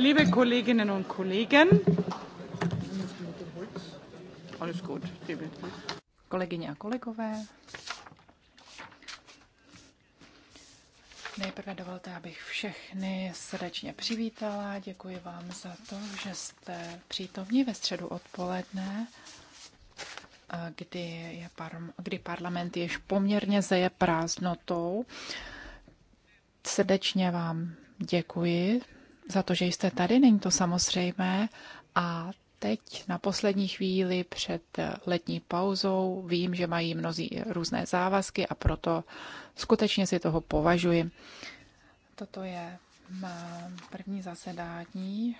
Liebe Kolleginnen und Kollegen, alles gut, kolegyně a kolegové, Nejprve dovolte, abych všechny srdečně přivítala. Děkuji vám za to, že jste přítomní ve středu odpoledne, kdy, je par, kdy parlament již poměrně zeje prázdnotou. Srdečně vám děkuji za to, že jste tady, není to samozřejmé. A teď na poslední chvíli před letní pauzou vím, že mají mnozí různé závazky a proto skutečně si toho považuji. Toto je první zasedání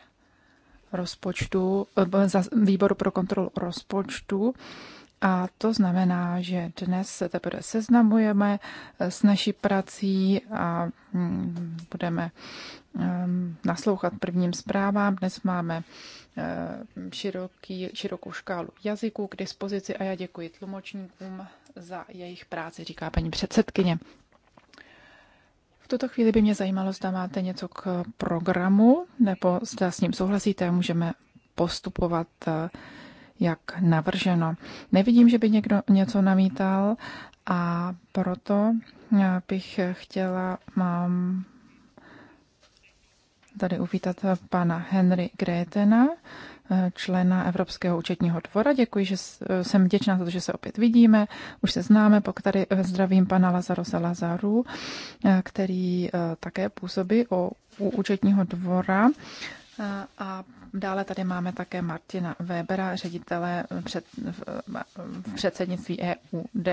rozpočtu, eh, výboru pro kontrolu rozpočtu. A to znamená, že dnes se teprve seznamujeme eh, s naší prací a mm, budeme Ehm, naslouchat prvním zprávám. Dnes máme ehm, široký, širokou škálu jazyků k dispozici a já děkuji tlumočníkům za jejich práci, říká paní předsedkyně. V tuto chvíli by mě zajímalo, zda máte něco k programu, nebo zda s ním souhlasíte a můžeme postupovat eh, jak navrženo. Nevidím, že by někdo něco namítal a proto eh, bych chtěla mám tady uvítat pana Henry Grétena, eh, člena Evropského účetního dvora. Děkuji, že eh, jsem vděčná za to, že se opět vidíme. Už se známe, pak tady eh, zdravím pana Lazarosa Lazaru, který také působí o, u účetního dvora. A dále tady máme také Martina Webera, ředitele před, v předsednictví EUD.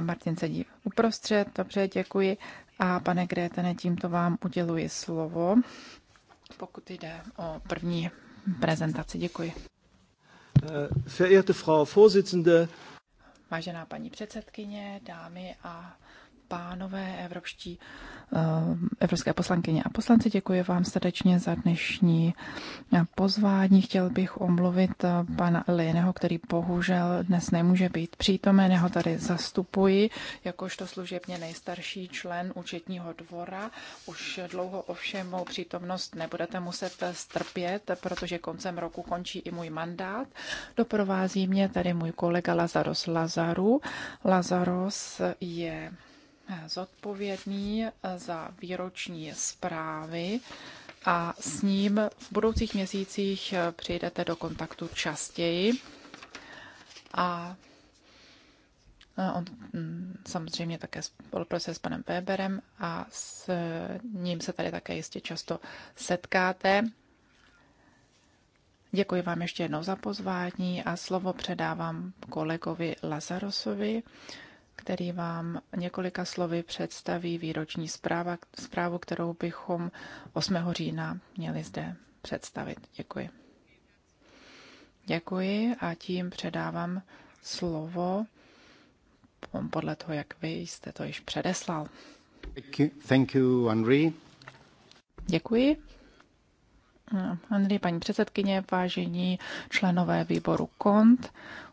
Martin sedí uprostřed, dobře, děkuji. A pane Grétene, tímto vám uděluji slovo, pokud jde o první prezentaci. Děkuji. Äh, verehrte Frau Vorsitzende, Vážená paní předsedkyně, dámy a pánové, evropští, eh, evropské poslankyně a poslanci, děkuji vám srdečně za dnešní pozvání. Chtěl bych omluvit eh, pana Lineho, který bohužel dnes nemůže být přítomen. Ho tady zastupuji jakožto služebně nejstarší člen účetního dvora. Už dlouho ovšem mou přítomnost nebudete muset eh, strpět, protože koncem roku končí i můj mandát. Doprovází mě tady můj kolega Lazaros Lazaru. Lazaros je zodpovědný eh, za výroční zprávy a s ním v budoucích měsících eh, přijdete do kontaktu častěji. A eh, on mm, samozřejmě také spolupracuje s panem Weberem a s ním se tady také jistě často setkáte. Děkuji vám ještě jednou za pozvání a slovo předávám kolegovi Lazarosovi který vám několika slovy představí výroční zpráva, zprávu, kterou bychom 8. října měli zde představit. Děkuji. Děkuji a tím předávám slovo podle toho, jak vy jste to již předeslal. Thank you, Thank you Děkuji. Henry, paní předsedkyně, vážení členové výboru KONT,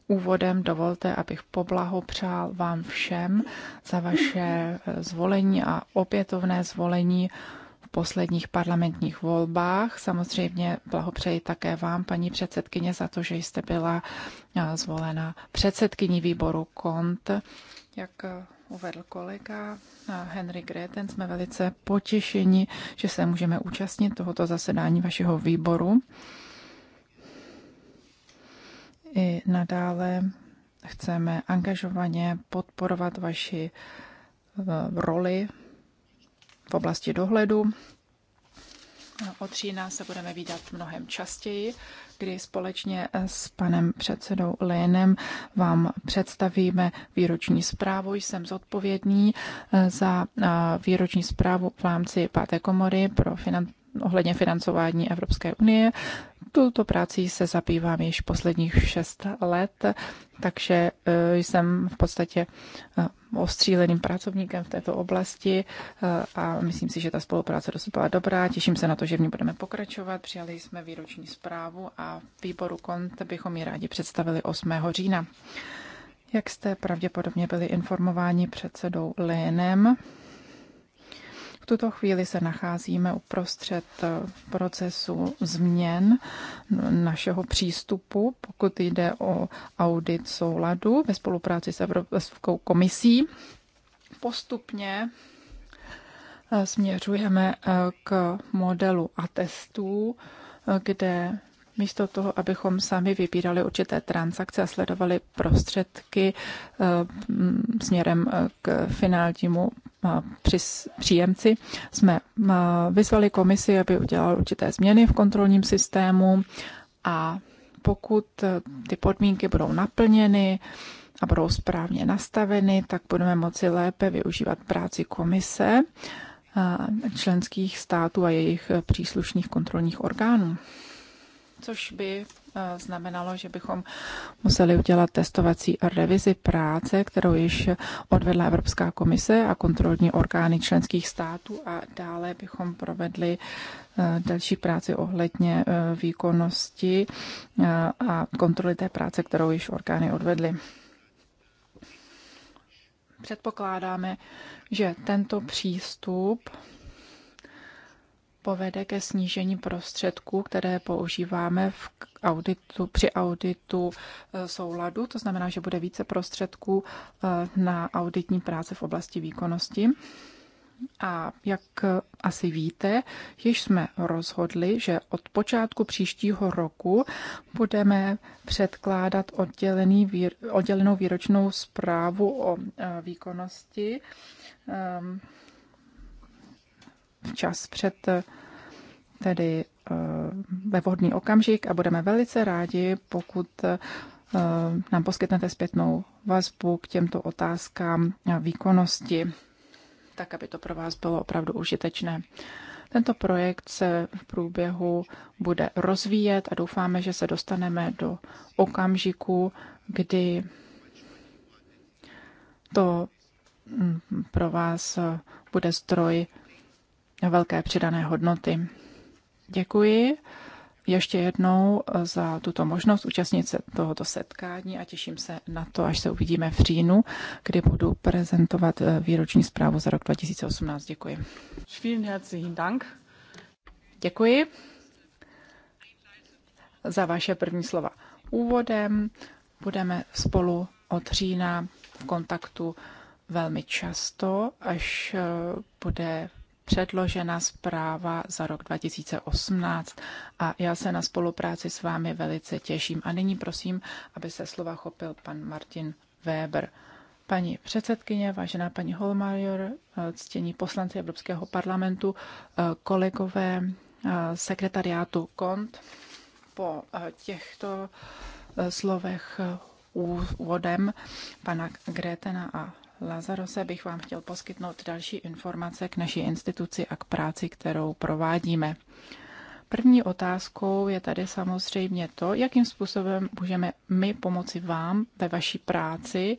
Úvodem dovolte, abych poblahopřál vám všem za vaše eh, zvolení a opětovné zvolení v posledních parlamentních volbách. Samozřejmě blahopřeji také vám, paní předsedkyně, za to, že jste byla eh, zvolena předsedkyní výboru KONT. Jak eh, uvedl kolega Henry Gréten, jsme velice potěšeni, že se můžeme účastnit tohoto zasedání vašeho výboru. I nadále chceme angažovaně podporovat vaši eh, roli v oblasti dohledu. Od října se budeme vidět mnohem častěji, kdy společně eh, s panem předsedou Lénem vám představíme výroční zprávu. Jsem zodpovědný eh, za výroční zprávu v rámci páté komory pro finanční ohledně financování Evropské unie. Tuto práci se zabývám již posledních šest let, takže eh, jsem v podstatě eh, ostříleným pracovníkem v této oblasti eh, a myslím si, že ta spolupráce dosud byla dobrá. Těším se na to, že v ní budeme pokračovat. Přijali jsme výroční zprávu a výboru KONT bychom ji rádi představili 8. října. Jak jste pravděpodobně byli informováni předsedou Lénem, v tuto chvíli se nacházíme uprostřed eh, procesu změn našeho přístupu, pokud jde o audit souladu ve spolupráci s Evropskou komisí. Postupně eh, směřujeme eh, k modelu atestů, kde místo toho, abychom sami vybírali určité transakce a sledovali prostředky eh, mm, směrem eh, k finálnímu eh, příjemci, jsme vyslali komisi, aby udělala určité změny v kontrolním systému a pokud ty podmínky budou naplněny a budou správně nastaveny, tak budeme moci lépe využívat práci komise členských států a jejich příslušných kontrolních orgánů což by eh, znamenalo, že bychom museli udělat testovací revizi práce, kterou již odvedla Evropská komise a kontrolní orgány členských států a dále bychom provedli eh, další práci ohledně eh, výkonnosti a kontroly té práce, kterou již orgány odvedly. Předpokládáme, že tento přístup povede ke snížení prostředků, které používáme v auditu, při auditu e, souladu. To znamená, že bude více prostředků e, na auditní práce v oblasti výkonnosti. A jak asi víte, již jsme rozhodli, že od počátku příštího roku budeme předkládat oddělený, oddělenou výročnou zprávu o e, výkonnosti ehm, včas před eh, tedy eh, ve vhodný okamžik a budeme velice rádi, pokud eh, nám poskytnete zpětnou vazbu k těmto otázkám výkonnosti, tak aby to pro vás bylo opravdu užitečné. Tento projekt se v průběhu bude rozvíjet a doufáme, že se dostaneme do okamžiku, kdy to mm, pro vás bude zdroj velké přidané hodnoty. Děkuji ještě jednou za tuto možnost účastnit se tohoto setkání a těším se na to, až se uvidíme v říjnu, kdy budu prezentovat eh, výroční zprávu za rok 2018. Děkuji. Dank. Děkuji za vaše první slova. Úvodem budeme spolu od října v kontaktu velmi často, až eh, bude předložena zpráva za rok 2018 a já se na spolupráci s vámi velice těším. A nyní prosím, aby se slova chopil pan Martin Weber. Paní předsedkyně, vážená paní Holmajor, ctění poslanci Evropského parlamentu, kolegové sekretariátu KONT, po těchto slovech úvodem pana Grétena a Lazarose bych vám chtěl poskytnout další informace k naší instituci a k práci, kterou provádíme. První otázkou je tady samozřejmě to, jakým způsobem můžeme my pomoci vám ve vaší práci,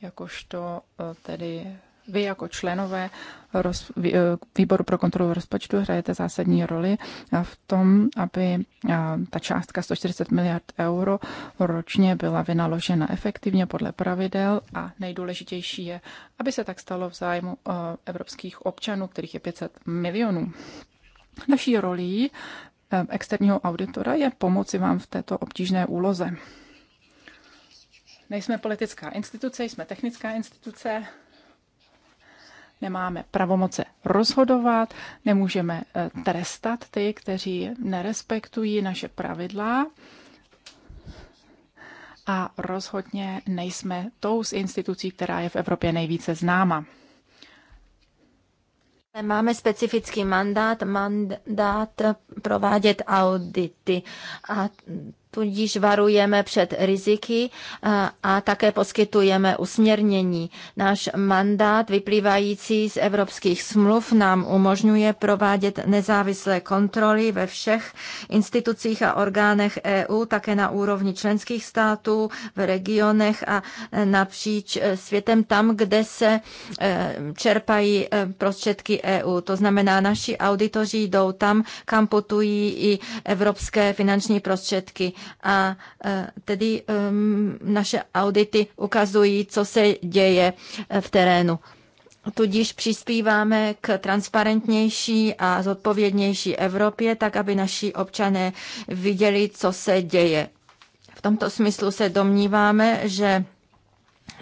jakožto eh, tedy vy jako členové roz, eh, výboru pro kontrolu rozpočtu hrajete zásadní roli v tom, aby eh, ta částka 140 miliard euro ročně byla vynaložena efektivně podle pravidel a nejdůležitější je, aby se tak stalo v zájmu eh, evropských občanů, kterých je 500 milionů. Naší rolí externího auditora je pomoci vám v této obtížné úloze. Nejsme politická instituce, jsme technická instituce, nemáme pravomoce rozhodovat, nemůžeme eh, trestat ty, kteří nerespektují naše pravidla a rozhodně nejsme tou z institucí, která je v Evropě nejvíce známa. Máme specifický mandát, mandát provádět audity a tudíž varujeme před riziky a také poskytujeme usměrnění. Náš mandát vyplývající z evropských smluv nám umožňuje provádět nezávislé kontroly ve všech institucích a orgánech EU, také na úrovni členských států, v regionech a e, napříč e, světem tam, kde se e, čerpají prostředky EU. To znamená, naši auditoři jdou tam, kam putují i evropské finanční prostředky a e, tedy naše audity ukazují, co se děje e, v terénu. Tudíž přispíváme k transparentnější a zodpovědnější Evropě, tak aby naši občané viděli, co se děje. V tomto smyslu se domníváme, že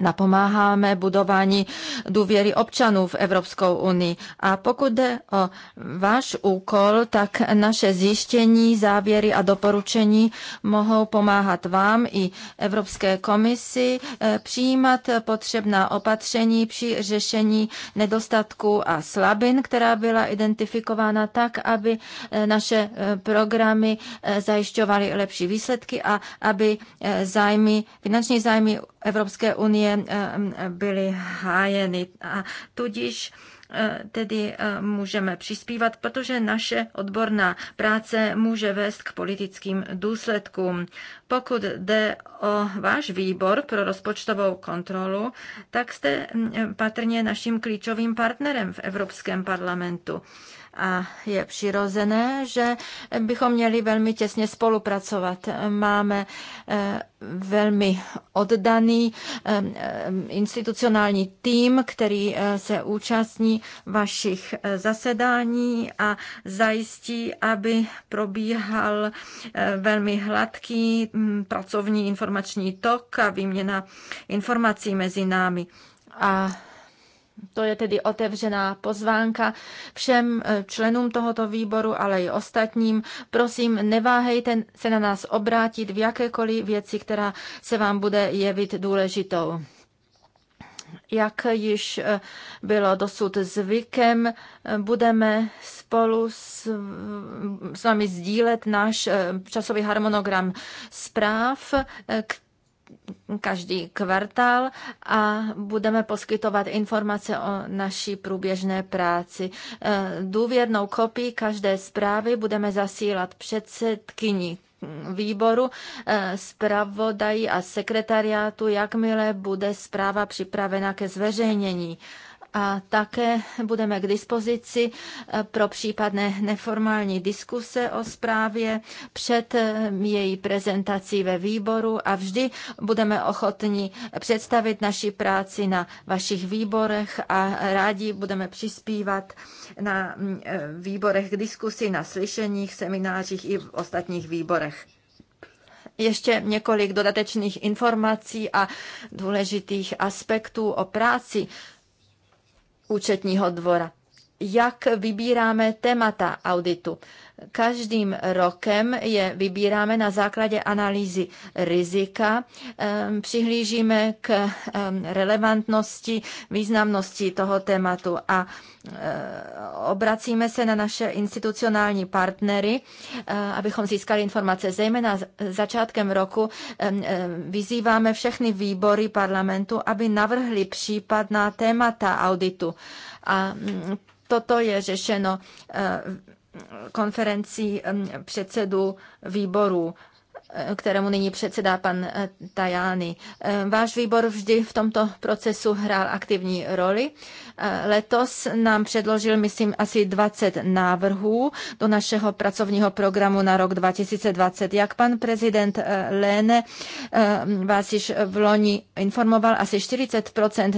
napomáháme budování důvěry občanů v Evropskou unii. A pokud jde o váš úkol, tak naše zjištění, závěry a doporučení mohou pomáhat vám i Evropské komisi eh, přijímat potřebná opatření při řešení nedostatků a slabin, která byla identifikována tak, aby eh, naše eh, programy zajišťovaly lepší výsledky a aby zájmy, finanční zájmy Evropské unie účelně eh, byly hájeny. A tudíž eh, tedy eh, můžeme přispívat, protože naše odborná práce může vést k politickým důsledkům. Pokud jde o váš výbor pro rozpočtovou kontrolu, tak jste patrně naším klíčovým partnerem v Evropském parlamentu. A je přirozené, že bychom měli velmi těsně spolupracovat. Máme eh, velmi oddaný eh, institucionální tým, který eh, se účastní vašich zasedání a zajistí, aby probíhal velmi hladký hm, pracovní informační tok a výměna informací mezi námi. A to je tedy otevřená pozvánka všem eh, členům tohoto výboru, ale i ostatním. Prosím, neváhejte se na nás obrátit v jakékoliv věci, která se vám bude jevit důležitou. Jak již eh, bylo dosud zvykem, eh, budeme spolu s, s vámi sdílet náš časový harmonogram zpráv, k každý kvartál a budeme poskytovat informace o naší průběžné práci. E, důvěrnou kopii každé zprávy budeme zasílat předsedkyni výboru, e, zpravodají a sekretariátu, jakmile bude zpráva připravena ke zveřejnění. A také budeme k dispozici eh, pro případné neformální diskuse o zprávě před eh, její prezentací ve výboru a vždy budeme ochotni představit naši práci na vašich výborech a rádi budeme přispívat na mm, eh, výborech k diskusi, na slyšeních, seminářích i v ostatních výborech ještě několik dodatečných informací a důležitých aspektů o práci účetního dvora jak vybíráme témata auditu. Každým rokem je vybíráme na základě analýzy rizika, přihlížíme k relevantnosti, významnosti toho tématu a eh, obracíme se na naše institucionální partnery, eh, abychom získali informace. Zejména začátkem roku eh, vyzýváme všechny výbory parlamentu, aby navrhli případná témata auditu. A mm, Toto je řešeno eh, konferencí mm, předsedů výborů kterému nyní předsedá pan eh, Tajány. Eh, váš výbor vždy v tomto procesu hrál aktivní roli. Eh, letos nám předložil, myslím, asi 20 návrhů do našeho pracovního programu na rok 2020. Jak pan prezident Léne vás již v loni informoval, asi 40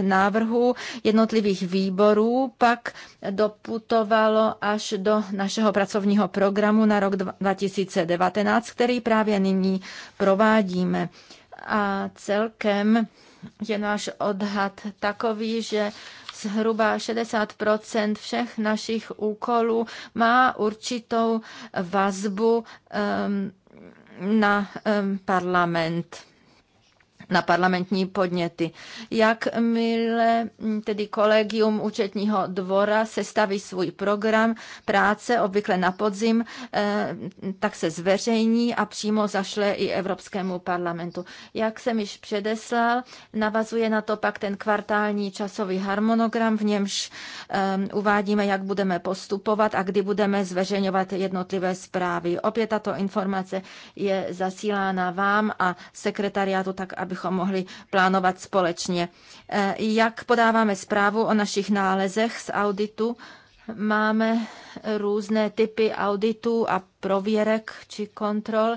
návrhů jednotlivých výborů pak doputovalo až do našeho pracovního programu na rok 2019, který právě nyní nyní provádíme. A celkem je náš odhad takový, že zhruba 60 všech našich úkolů má určitou vazbu um, na um, parlament na parlamentní podněty. Jakmile tedy kolegium účetního dvora sestaví svůj program práce, obvykle na podzim, eh, tak se zveřejní a přímo zašle i Evropskému parlamentu. Jak jsem již předeslal, navazuje na to pak ten kvartální časový harmonogram, v němž ehm, uvádíme, jak budeme postupovat a kdy budeme zveřejňovat jednotlivé zprávy. Opět tato informace je zasílána vám a sekretariátu tak, aby abychom mohli plánovat společně. Eh, jak podáváme zprávu o našich nálezech z auditu? Máme různé typy auditů a prověrek či kontrol.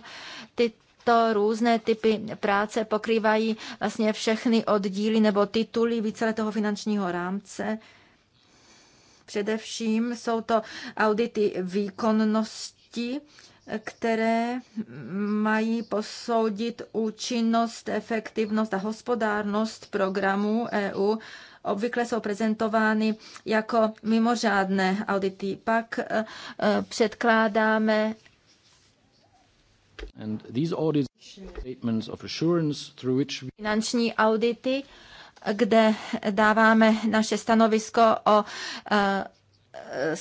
Ty to různé typy práce pokrývají vlastně všechny oddíly nebo tituly toho finančního rámce. Především jsou to audity výkonnosti, které mají posoudit účinnost, efektivnost a hospodárnost programů EU. Obvykle jsou prezentovány jako mimořádné audity. Pak eh, předkládáme And these audits, statements of assurance through which finanční audity, kde dáváme naše stanovisko o eh, Eh,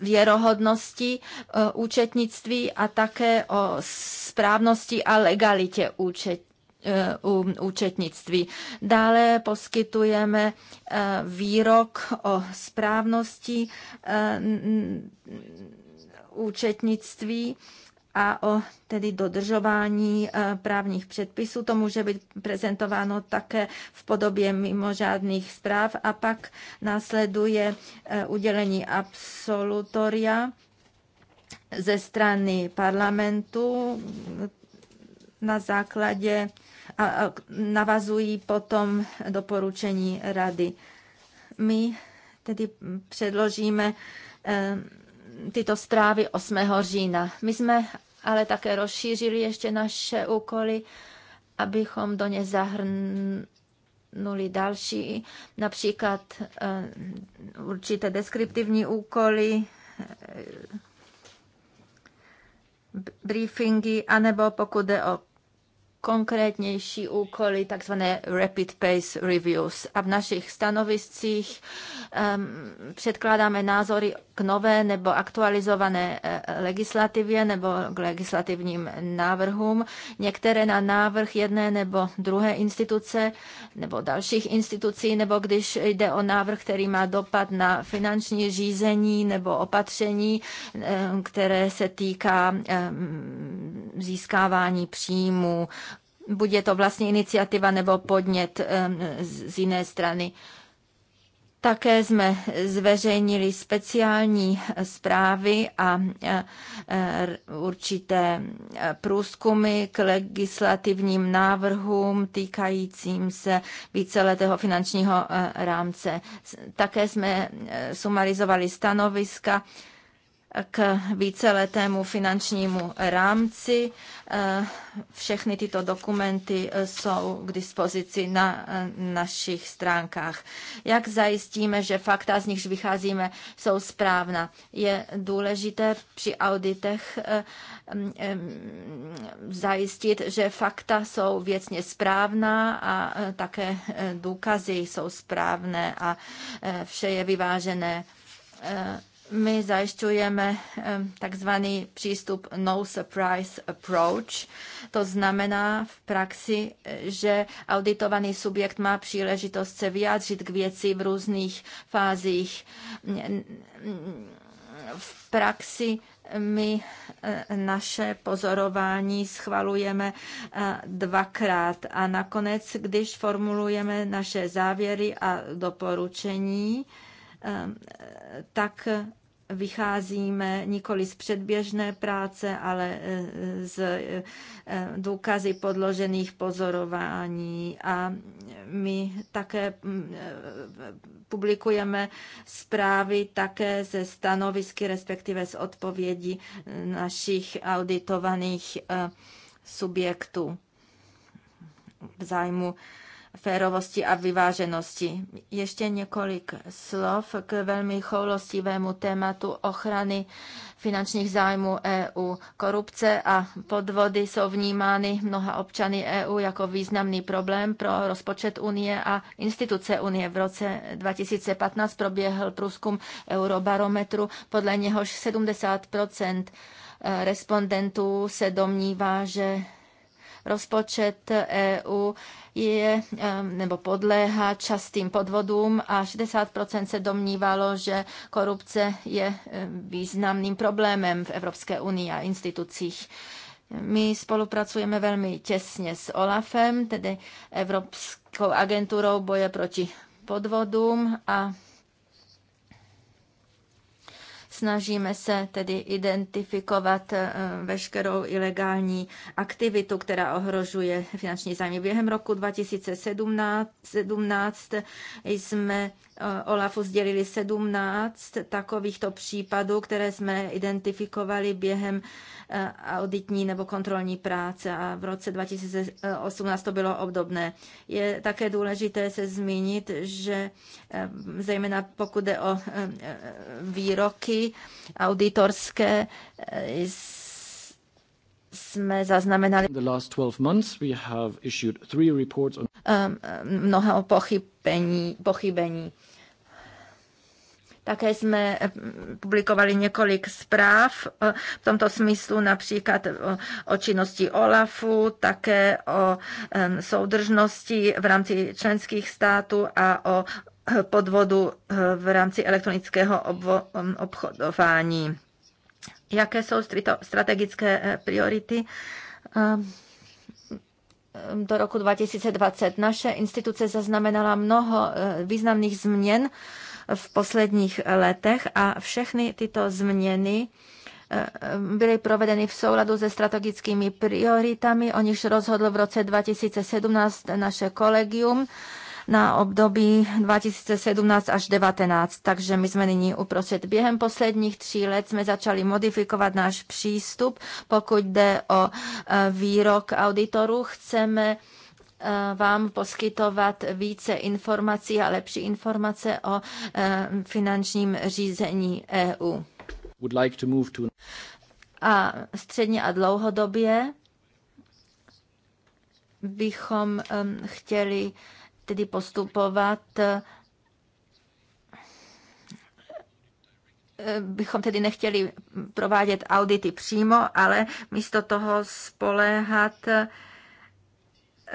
věrohodnosti eh, účetnictví a také o správnosti a legalitě účet, eh, u účetnictví. Dále poskytujeme výrok o správnosti účetnictví a o tedy dodržování e, právních předpisů. To může být prezentováno také v podobě mimořádných zpráv a pak následuje e, udělení absolutoria ze strany parlamentu na základě a navazují potom doporučení rady. My tedy předložíme e, tyto zprávy 8. října. My jsme ale také rozšířili ještě naše úkoly, abychom do ně zahrnuli další, například eh, určité deskriptivní úkoly, eh, briefingy, anebo pokud jde o konkrétnější úkoly, takzvané rapid pace reviews. A v našich stanoviscích um, předkládáme názory k nové nebo aktualizované e, legislativě nebo k legislativním návrhům. Některé na návrh jedné nebo druhé instituce nebo dalších institucí, nebo když jde o návrh, který má dopad na finanční řízení nebo opatření, e, které se týká získávání příjmů buď je to vlastně iniciativa nebo podnět eh, z jiné strany. Také jsme zveřejnili speciální zprávy a určité průzkumy k legislativním návrhům týkajícím se víceletého finančního eh, rámce. Také jsme eh, sumarizovali stanoviska k víceletému finančnímu rámci. Eh, všechny tyto dokumenty eh, jsou k dispozici na eh, našich stránkách. Jak zajistíme, že fakta, z nichž vycházíme, jsou správná? Je důležité při auditech mm, zajistit, že fakta jsou věcně správná a také důkazy jsou správné a vše je vyvážené my zajišťujeme takzvaný přístup no surprise approach. To znamená v praxi, že auditovaný subjekt má příležitost se vyjádřit k věci v různých fázích. V praxi my e, naše pozorování schvalujeme e, dvakrát a nakonec, když formulujeme naše závěry a doporučení, e, tak vycházíme nikoli z předběžné práce, ale e, z e, důkazy podložených pozorování. A my také e, publikujeme zprávy také ze stanovisky, respektive z odpovědí našich auditovaných subjektů v zájmu férovosti a vyváženosti. Ještě několik slov k velmi choulostivému tématu ochrany finančních zájmů EU. Korupce a podvody jsou vnímány mnoha občany EU jako významný problém pro rozpočet Unie a instituce Unie. V roce 2015 proběhl průzkum Eurobarometru, podle něhož 70 eh, respondentů se domnívá, že Rozpočet EU je nebo podléhá častým podvodům a 60% se domnívalo, že korupce je významným problémem v Evropské unii a institucích. My spolupracujeme velmi těsně s OLAFem, tedy Evropskou agenturou boje proti podvodům a Snažíme se tedy identifikovat eh, veškerou ilegální aktivitu, která ohrožuje finanční zájmy. Během roku 2017 jsme eh, Olafu sdělili 17 takovýchto případů, které jsme identifikovali během eh, auditní nebo kontrolní práce a v roce 2018 to bylo obdobné. Je také důležité se zmínit, že zejména pokud jde o výroky, auditorské eh, jsme zaznamenali eh, mnoho pochybení, pochybení. Také jsme eh, publikovali několik zpráv v tomto smyslu, například o činnosti OLAFu, také o soudržnosti v rámci členských států a o podvodu eh, v rámci elektronického mm, obchodování. Jaké jsou strategické eh, priority? Eh, do roku 2020. Naše instituce zaznamenala mnoho významných změn v posledních letech a všechny tyto změny byly provedeny v souladu se strategickými prioritami, o nichž rozhodlo v roce 2017 naše kolegium na období 2017 až 2019. Takže my jsme nyní uprostřed. Během posledních tří let jsme začali modifikovat náš přístup. Pokud jde o e, výrok auditorů, chceme e, vám poskytovat více informací a lepší informace o e, finančním řízení EU. A středně a dlouhodobě bychom chtěli tedy postupovat eh, bychom tedy nechtěli provádět audity přímo, ale místo toho spoléhat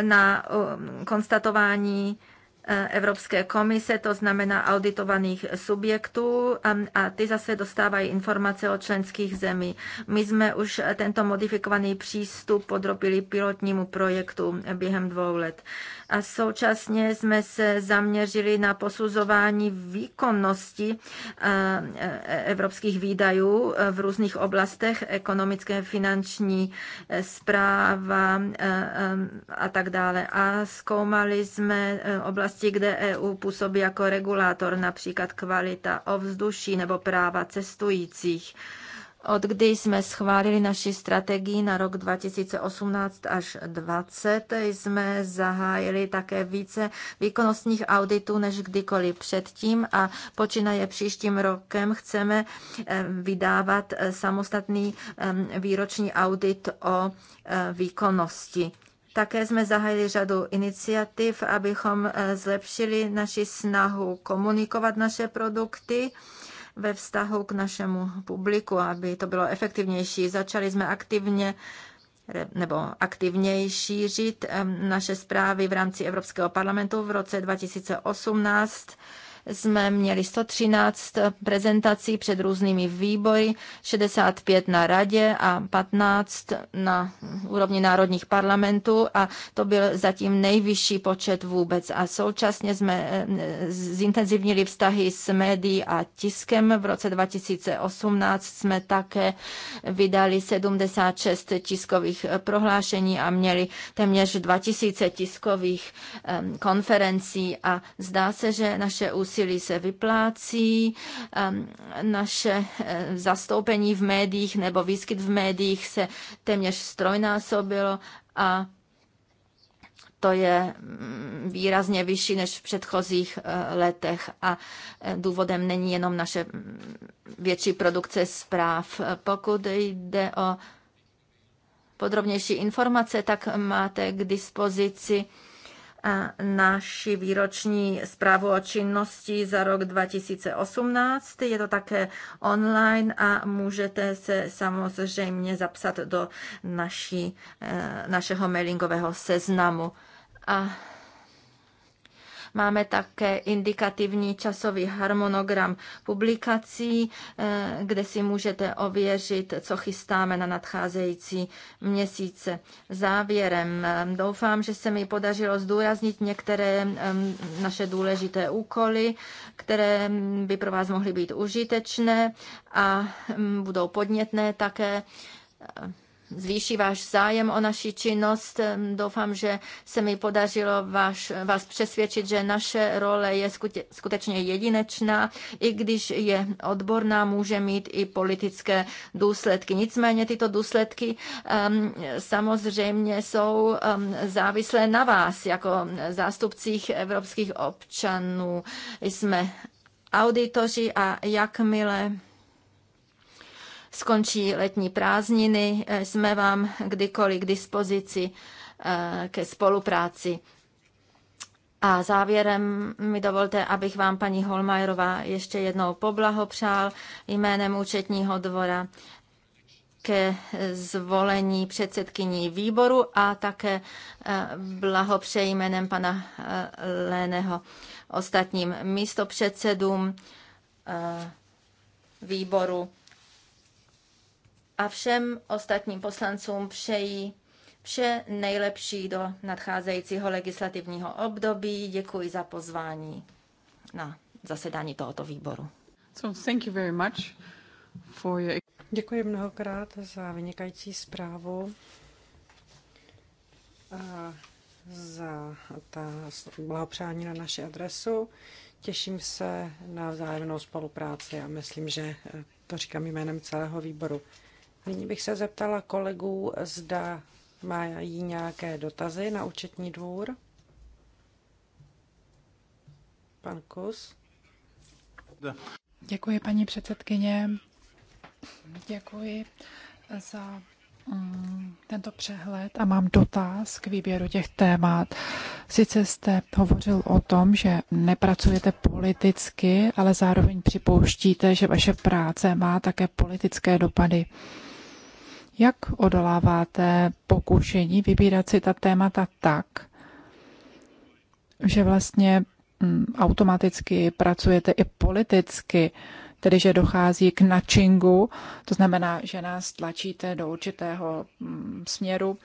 na eh, konstatování E, Evropské komise, to znamená auditovaných subjektů a ty zase dostávají informace o členských zemí. My jsme už tento modifikovaný přístup podrobili pilotnímu projektu během dvou let. A současně jsme se zaměřili na posuzování výkonnosti e, e, evropských výdajů v různých oblastech, ekonomické, finanční zpráva a tak dále. A zkoumali jsme oblast oblasti, kde EU působí jako regulátor, například kvalita ovzduší nebo práva cestujících. Od kdy jsme schválili naši strategii na rok 2018 až 2020, jsme zahájili také více výkonnostních auditů než kdykoliv předtím a počínaje příštím rokem chceme eh, vydávat eh, samostatný eh, výroční audit o výkonnosti. Také jsme zahájili řadu iniciativ, abychom eh, zlepšili naši snahu komunikovat naše produkty ve vztahu k našemu publiku, aby to bylo efektivnější. Začali jsme aktivně nebo aktivněji šířit eh, naše zprávy v rámci Evropského parlamentu v roce 2018 jsme měli 113 prezentací před různými výbory, 65 na radě a 15 na úrovni národních parlamentů a to byl zatím nejvyšší počet vůbec. A současně jsme eh, zintenzivnili vztahy s médií a tiskem. V roce 2018 jsme také vydali 76 tiskových prohlášení a měli téměř 2000 tiskových eh, konferencí a zdá se, že naše úsilí úsilí se vyplácí, ehm, naše eh, zastoupení v médiích nebo výskyt v médiích se téměř strojnásobilo a to je mm, výrazně vyšší než v předchozích eh, letech a eh, důvodem není jenom naše mm, větší produkce zpráv. Pokud jde o podrobnější informace, tak máte k dispozici naši výroční zprávu o činnosti za rok 2018. Je to také online a můžete se samozřejmě zapsat do naší, eh, našeho mailingového seznamu. A Máme také indikativní časový harmonogram publikací, eh, kde si můžete ověřit, co chystáme na nadcházející měsíce. Závěrem eh, doufám, že se mi podařilo zdůraznit některé eh, naše důležité úkoly, které mm, by pro vás mohly být užitečné a mm, budou podnětné také zvýší váš zájem o naši činnost. Doufám, že se mi podařilo vás, vás přesvědčit, že naše role je skutečně jedinečná, i když je odborná, může mít i politické důsledky. Nicméně tyto důsledky um, samozřejmě jsou um, závislé na vás, jako zástupcích evropských občanů. Jsme auditoři a jakmile skončí letní prázdniny, eh, jsme vám kdykoliv k dispozici eh, ke spolupráci. A závěrem mi dovolte, abych vám, paní Holmajerová, ještě jednou poblahopřál jménem účetního dvora ke eh, zvolení předsedkyní výboru a také blahopřeji jménem pana Léného ostatním místopředsedům výboru a všem ostatním poslancům přeji vše nejlepší do nadcházejícího legislativního období. Děkuji za pozvání na zasedání tohoto výboru. So thank you very much for your... Děkuji mnohokrát za vynikající zprávu a za ta blahopřání na naši adresu. Těším se na vzájemnou spolupráci a myslím, že to říkám jménem celého výboru. Nyní bych se zeptala kolegů, zda mají nějaké dotazy na účetní dvůr. Pan Kus. Děkuji, paní předsedkyně. Děkuji za mm, tento přehled a mám dotaz k výběru těch témat. Sice jste hovořil o tom, že nepracujete politicky, ale zároveň připouštíte, že vaše práce má také politické dopady. Jak odoláváte pokušení vybírat si ta témata tak, že vlastně mm, automaticky pracujete i politicky, tedy že dochází k načingu, to znamená, že nás tlačíte do určitého mm, směru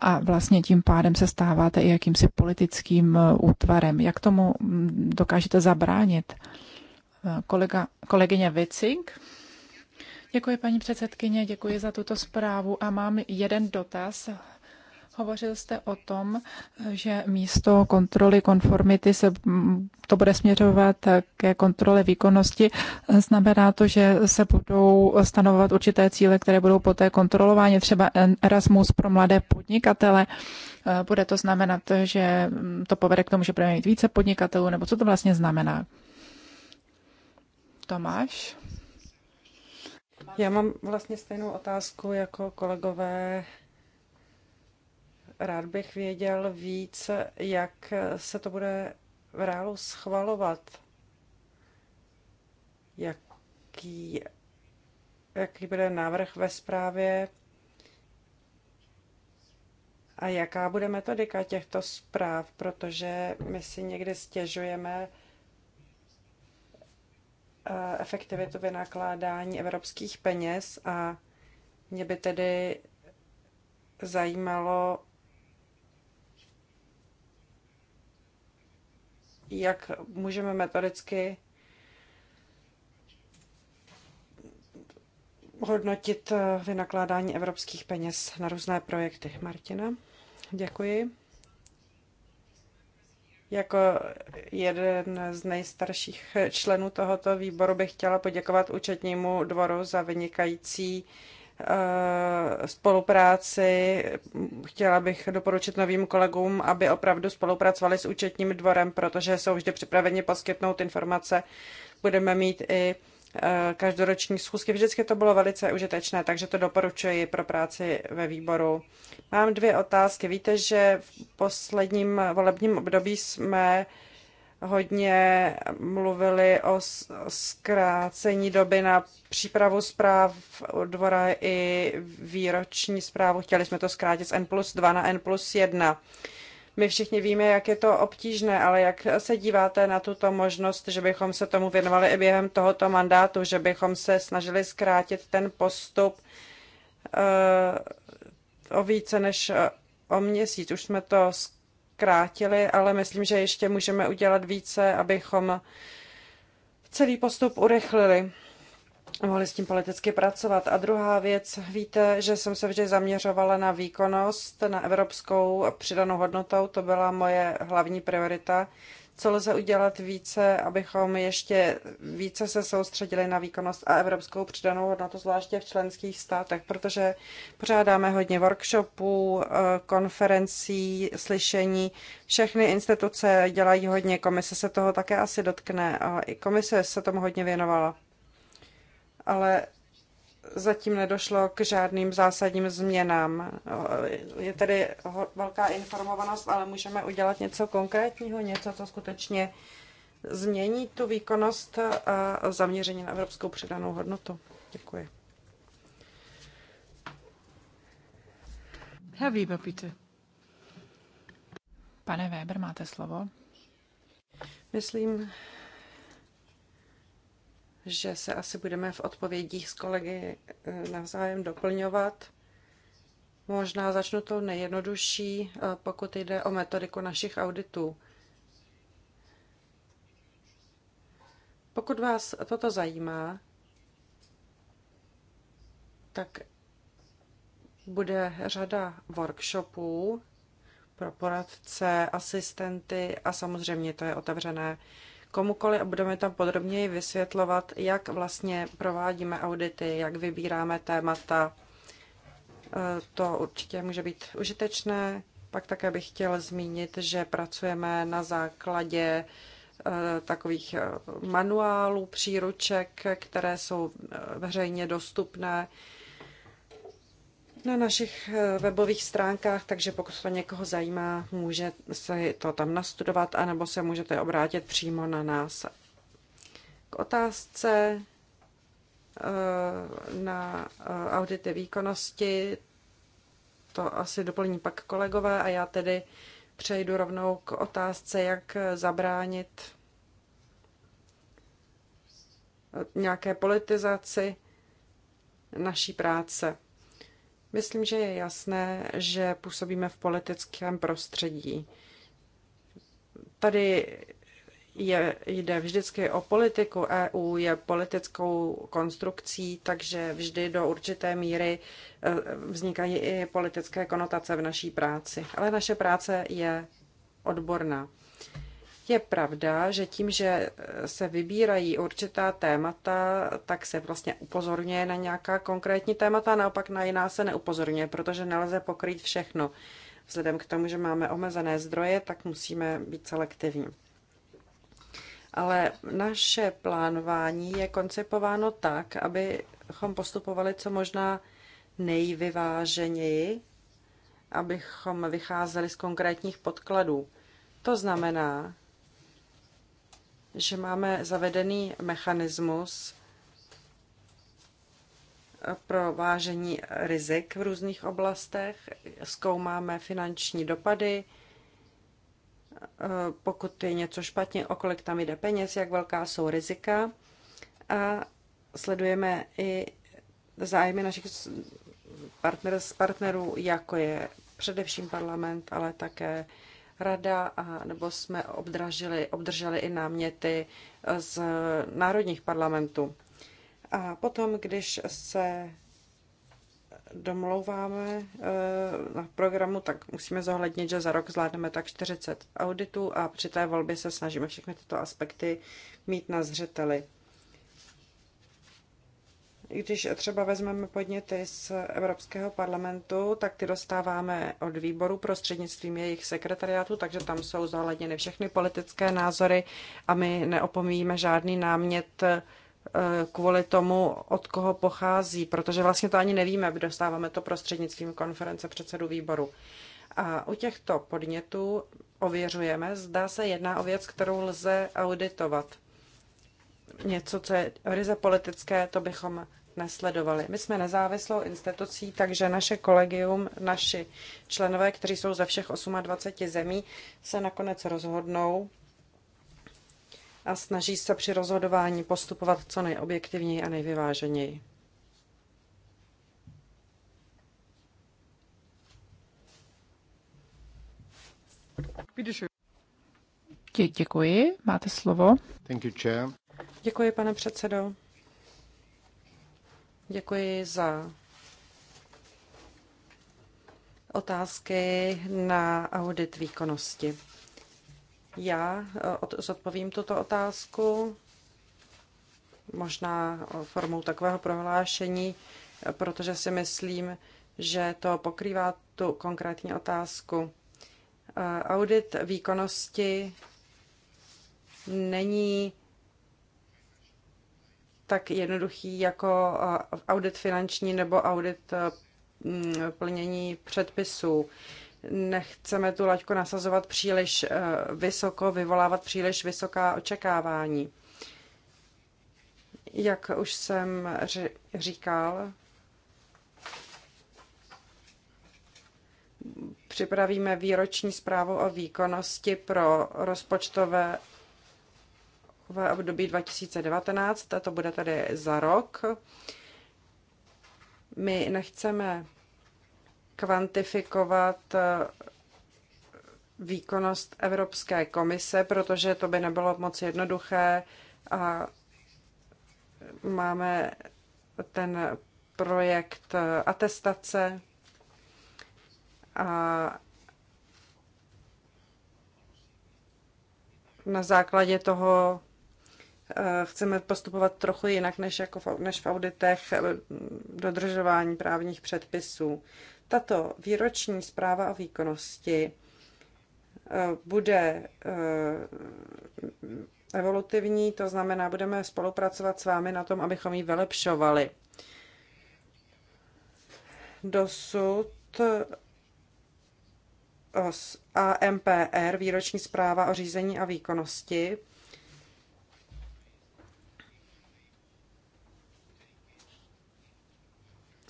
a vlastně tím pádem se stáváte i jakýmsi politickým e, útvarem. Jak tomu mm, dokážete zabránit? E, kolega, kolegyně Vicink? Děkuji, paní předsedkyně, děkuji za tuto zprávu a mám jeden dotaz. Hovořil jste o tom, že místo kontroly konformity se to bude směřovat ke kontrole výkonnosti. Znamená to, že se budou stanovovat určité cíle, které budou poté kontrolovány, třeba Erasmus pro mladé podnikatele. Bude to znamenat, že to povede k tomu, že budeme mít více podnikatelů, nebo co to vlastně znamená? Tomáš? Já mám vlastně stejnou otázku jako kolegové. Rád bych věděl víc, jak se to bude v reálu schvalovat. Jaký, jaký bude návrh ve zprávě a jaká bude metodika těchto zpráv, protože my si někdy stěžujeme, Eh, efektivitu vynakládání evropských peněz a mě by tedy zajímalo, jak můžeme metodicky hodnotit eh, vynakládání evropských peněz na různé projekty. Martina, děkuji. Jako jeden z nejstarších členů tohoto výboru bych chtěla poděkovat účetnímu dvoru za vynikající eh, spolupráci. Chtěla bych doporučit novým kolegům, aby opravdu spolupracovali s účetním dvorem, protože jsou vždy připraveni poskytnout informace. Budeme mít i Eh, každoroční schůzky. Vždycky to bylo velice užitečné, takže to doporučuji pro práci ve výboru. Mám dvě otázky. Víte, že v posledním volebním období jsme hodně mluvili o zkrácení doby na přípravu zpráv dvora i výroční zprávu. Chtěli jsme to zkrátit z N plus 2 na N plus 1. My všichni víme, jak je to obtížné, ale jak se díváte na tuto možnost, že bychom se tomu věnovali i během tohoto mandátu, že bychom se snažili zkrátit ten postup eh, o více než eh, o měsíc. Už jsme to zkrátili, ale myslím, že ještě můžeme udělat více, abychom celý postup urychlili mohli s tím politicky pracovat. A druhá věc, víte, že jsem se vždy zaměřovala na výkonnost, na evropskou přidanou hodnotou, to byla moje hlavní priorita. Co lze udělat více, abychom ještě více se soustředili na výkonnost a evropskou přidanou hodnotu, zvláště v členských státech, protože pořádáme hodně workshopů, eh, konferencí, slyšení. Všechny instituce dělají hodně, komise se toho také asi dotkne a i komise se tomu hodně věnovala ale zatím nedošlo k žádným zásadním změnám. Je tady velká informovanost, ale můžeme udělat něco konkrétního, něco, co skutečně změní tu výkonnost a zaměření na evropskou přidanou hodnotu. Děkuji. Herr Weber, bitte. Pane Weber, máte slovo. Myslím, že se asi budeme v odpovědích s kolegy eh, navzájem doplňovat. Možná začnu tou nejjednodušší, eh, pokud jde o metodiku našich auditů. Pokud vás toto zajímá, tak bude řada workshopů pro poradce, asistenty a samozřejmě to je otevřené komukoli a budeme tam podrobněji vysvětlovat, jak vlastně provádíme audity, jak vybíráme témata. E, to určitě může být užitečné. Pak také bych chtěl zmínit, že pracujeme na základě e, takových e, manuálů, příruček, které jsou veřejně dostupné na našich eh, webových stránkách, takže pokud to někoho zajímá, může se to tam nastudovat, anebo se můžete obrátit přímo na nás. K otázce eh, na eh, audity výkonnosti, to asi doplní pak kolegové a já tedy přejdu rovnou k otázce, jak zabránit nějaké politizaci naší práce. Myslím, že je jasné, že působíme v politickém prostředí. Tady je, jde vždycky o politiku. EU je politickou konstrukcí, takže vždy do určité míry e, vznikají i politické konotace v naší práci. Ale naše práce je odborná. Je pravda, že tím, že eh, se vybírají určitá témata, tak se vlastně upozorňuje na nějaká konkrétní témata, naopak na jiná se neupozorňuje, protože nelze pokrýt všechno. Vzhledem k tomu, že máme omezené zdroje, tak musíme být selektivní. Ale naše plánování je koncipováno tak, abychom postupovali co možná nejvyváženěji, abychom vycházeli z konkrétních podkladů. To znamená, že máme zavedený mechanismus pro vážení rizik v různých oblastech, zkoumáme finanční dopady, pokud je něco špatně, o kolik tam jde peněz, jak velká jsou rizika a sledujeme i zájmy našich partner, partnerů, jako je především parlament, ale také rada, a, nebo jsme obdražili, obdrželi i náměty e, z národních parlamentů. A potom, když se domlouváme e, na programu, tak musíme zohlednit, že za rok zvládneme tak 40 auditů a při té volbě se snažíme všechny tyto aspekty mít na zřeteli. Když třeba vezmeme podněty z Evropského parlamentu, tak ty dostáváme od výboru prostřednictvím jejich sekretariátu, takže tam jsou zohledněny všechny politické názory a my neopomíjíme žádný námět eh, kvůli tomu, od koho pochází, protože vlastně to ani nevíme, dostáváme to prostřednictvím konference předsedu výboru. A u těchto podnětů ověřujeme, Zdá se jedná o věc, kterou lze auditovat. Něco, co je ryze politické, to bychom nesledovali. My jsme nezávislou institucí, takže naše kolegium, naši členové, kteří jsou ze všech 28 zemí, se nakonec rozhodnou a snaží se při rozhodování postupovat co nejobjektivněji a nejvyváženěji. Děkuji, máte slovo. Thank you, chair. Děkuji, pane předsedo. Děkuji za otázky na audit výkonnosti. Já eh, zodpovím tuto otázku možná formou takového prohlášení, eh, protože si myslím, že to pokrývá tu konkrétní otázku. Eh, audit výkonnosti není tak jednoduchý jako eh, audit finanční nebo audit eh, mm, plnění předpisů. Nechceme tu laťku nasazovat příliš eh, vysoko, vyvolávat příliš vysoká očekávání. Jak už jsem říkal, připravíme výroční zprávu o výkonnosti pro rozpočtové v období 2019, to bude tady za rok. My nechceme kvantifikovat eh, výkonnost Evropské komise, protože to by nebylo moc jednoduché a máme ten projekt eh, atestace a na základě toho Eh, chceme postupovat trochu jinak než, jako v, než v auditech eh, dodržování právních předpisů. Tato výroční zpráva o výkonnosti eh, bude evolutivní, to znamená, budeme spolupracovat s vámi na tom, abychom ji vylepšovali. Dosud AMPR, výroční zpráva o řízení a výkonnosti,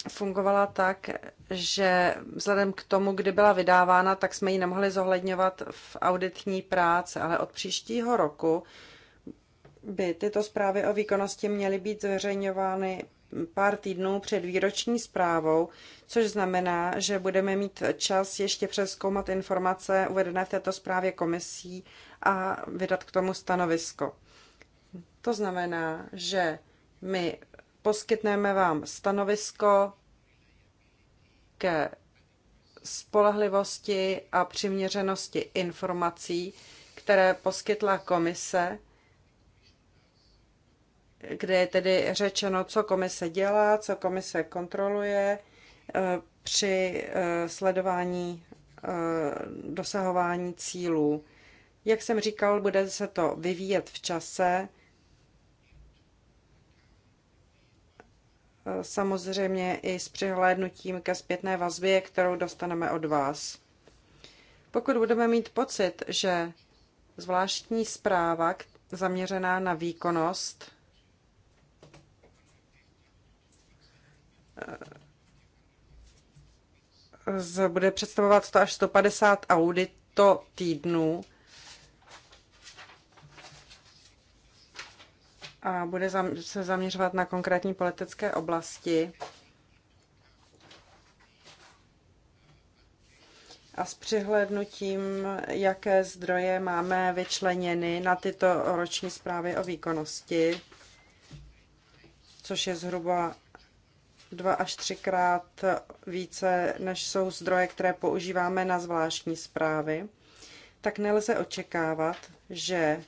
fungovala tak, že vzhledem k tomu, kdy byla vydávána, tak jsme ji nemohli zohledňovat v auditní práci, ale od příštího roku by tyto zprávy o výkonnosti měly být zveřejňovány pár týdnů před výroční zprávou, což znamená, že budeme mít čas ještě přeskoumat informace uvedené v této zprávě komisí a vydat k tomu stanovisko. To znamená, že my Poskytneme vám stanovisko ke spolehlivosti a přiměřenosti informací, které poskytla komise, kde je tedy řečeno, co komise dělá, co komise kontroluje eh, při eh, sledování eh, dosahování cílů. Jak jsem říkal, bude se to vyvíjet v čase. samozřejmě i s přihlédnutím ke zpětné vazbě, kterou dostaneme od vás. Pokud budeme mít pocit, že zvláštní zpráva zaměřená na výkonnost eh, bude představovat to až 150 auditů týdnu. a bude se zaměřovat na konkrétní politické oblasti. A s přihlednutím, jaké zdroje máme vyčleněny na tyto roční zprávy o výkonnosti, což je zhruba dva až třikrát více, než jsou zdroje, které používáme na zvláštní zprávy, tak nelze očekávat, že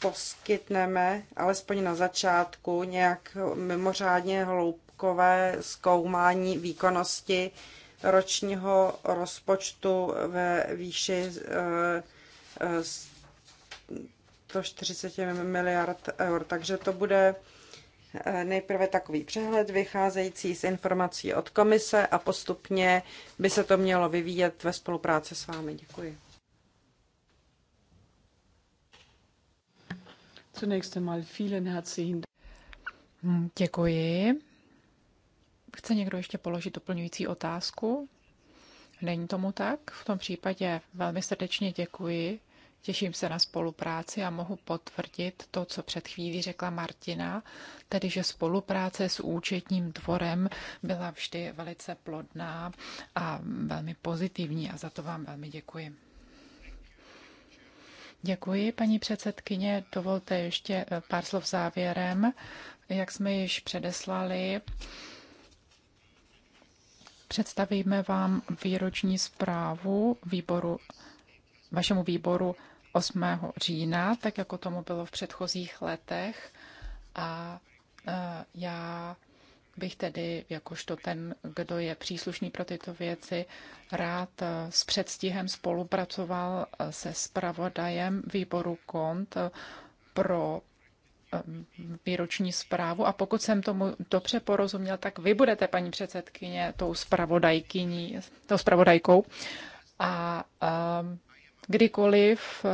poskytneme, alespoň na začátku, nějak mimořádně hloubkové zkoumání výkonnosti ročního rozpočtu ve výši 140 eh, eh, miliard eur. Takže to bude eh, nejprve takový přehled vycházející z informací od komise a postupně by se to mělo vyvíjet ve spolupráci s vámi. Děkuji. Zunächst einmal vielen herzlichen hm, Děkuji. Chce někdo ještě položit doplňující otázku? Není tomu tak? V tom případě velmi srdečně děkuji. Těším se na spolupráci a mohu potvrdit to, co před chvílí řekla Martina, tedy že spolupráce s účetním dvorem byla vždy velice plodná a velmi pozitivní a za to vám velmi děkuji. Děkuji, paní předsedkyně. Dovolte ještě eh, pár slov závěrem. Jak jsme již předeslali, představíme vám výroční zprávu výboru, vašemu výboru 8. října, tak jako tomu bylo v předchozích letech. A eh, já bych tedy, jakožto ten, kdo je příslušný pro tyto věci, rád eh, s předstihem spolupracoval eh, se spravodajem výboru KONT eh, pro výroční zprávu a pokud jsem tomu dobře porozuměl, tak vy budete, paní předsedkyně, tou spravodajkyní, tou spravodajkou a kdykoliv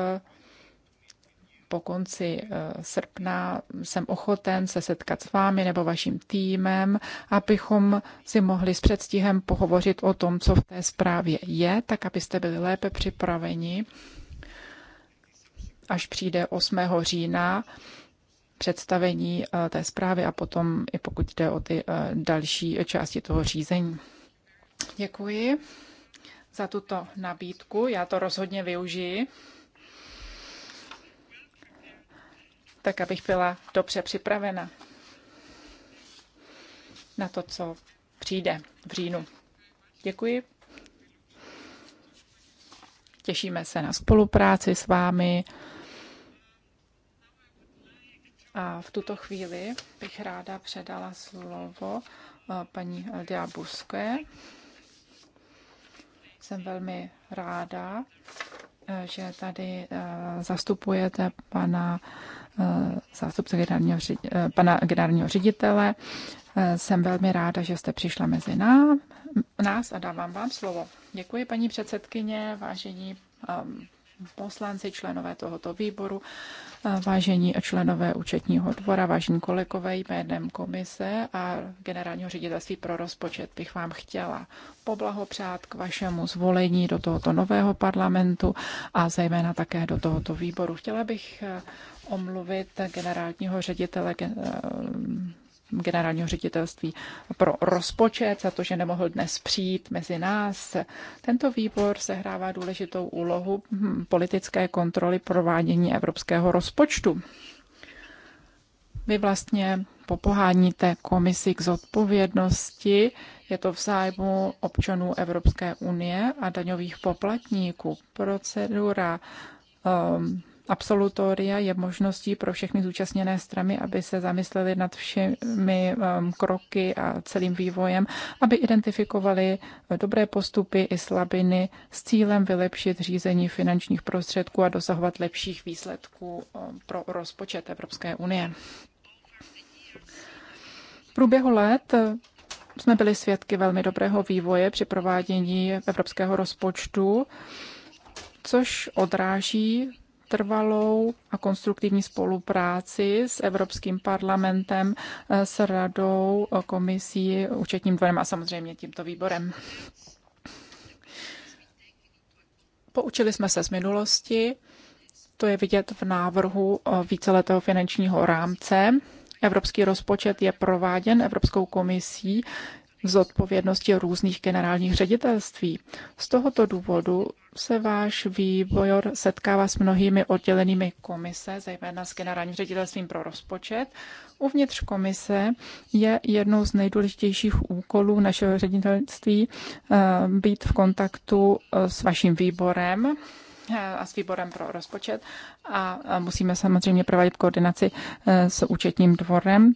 po konci eh, srpna jsem ochoten se setkat s vámi nebo vaším týmem, abychom si mohli s předstihem pohovořit o tom, co v té zprávě je, tak abyste byli lépe připraveni, až přijde 8. října představení eh, té zprávy a potom i pokud jde o ty eh, další části toho řízení. Děkuji za tuto nabídku, já to rozhodně využiji. tak abych byla dobře připravena na to, co přijde v říjnu. Děkuji. Těšíme se na spolupráci s vámi. A v tuto chvíli bych ráda předala slovo eh, paní Eldia Jsem velmi ráda, eh, že tady eh, zastupujete pana Eh, zástupce generálního, eh, pana generálního ředitele. Eh, jsem velmi ráda, že jste přišla mezi nás a dávám vám slovo. Děkuji, paní předsedkyně, vážení ehm, poslanci, členové tohoto výboru, vážení členové účetního dvora, vážení kolegové jménem komise a generálního ředitelství pro rozpočet bych vám chtěla poblahopřát k vašemu zvolení do tohoto nového parlamentu a zejména také do tohoto výboru. Chtěla bych eh, omluvit generálního ředitele eh, generálního ředitelství pro rozpočet za to, že nemohl dnes přijít mezi nás. Tento výbor sehrává důležitou úlohu hm, politické kontroly provádění evropského rozpočtu. Vy vlastně popoháníte komisi k zodpovědnosti, je to v zájmu občanů Evropské unie a daňových poplatníků. Procedura um, absolutoria je možností pro všechny zúčastněné strany, aby se zamysleli nad všemi um, kroky a celým vývojem, aby identifikovali uh, dobré postupy i slabiny s cílem vylepšit řízení finančních prostředků a dosahovat lepších výsledků um, pro rozpočet Evropské unie. V průběhu let uh, jsme byli svědky velmi dobrého vývoje při provádění evropského rozpočtu, což odráží trvalou a konstruktivní spolupráci s Evropským parlamentem, eh, s radou, eh, komisí, účetním dvorem a samozřejmě tímto výborem. Poučili jsme se z minulosti, to je vidět v návrhu eh, víceletého finančního rámce. Evropský rozpočet je prováděn Evropskou komisí z odpovědnosti různých generálních ředitelství. Z tohoto důvodu se váš výbor setkává s mnohými oddělenými komise, zejména s generálním ředitelstvím pro rozpočet. Uvnitř komise je jednou z nejdůležitějších úkolů našeho ředitelství eh, být v kontaktu eh, s vaším výborem eh, a s výborem pro rozpočet a musíme samozřejmě provádět koordinaci s účetním dvorem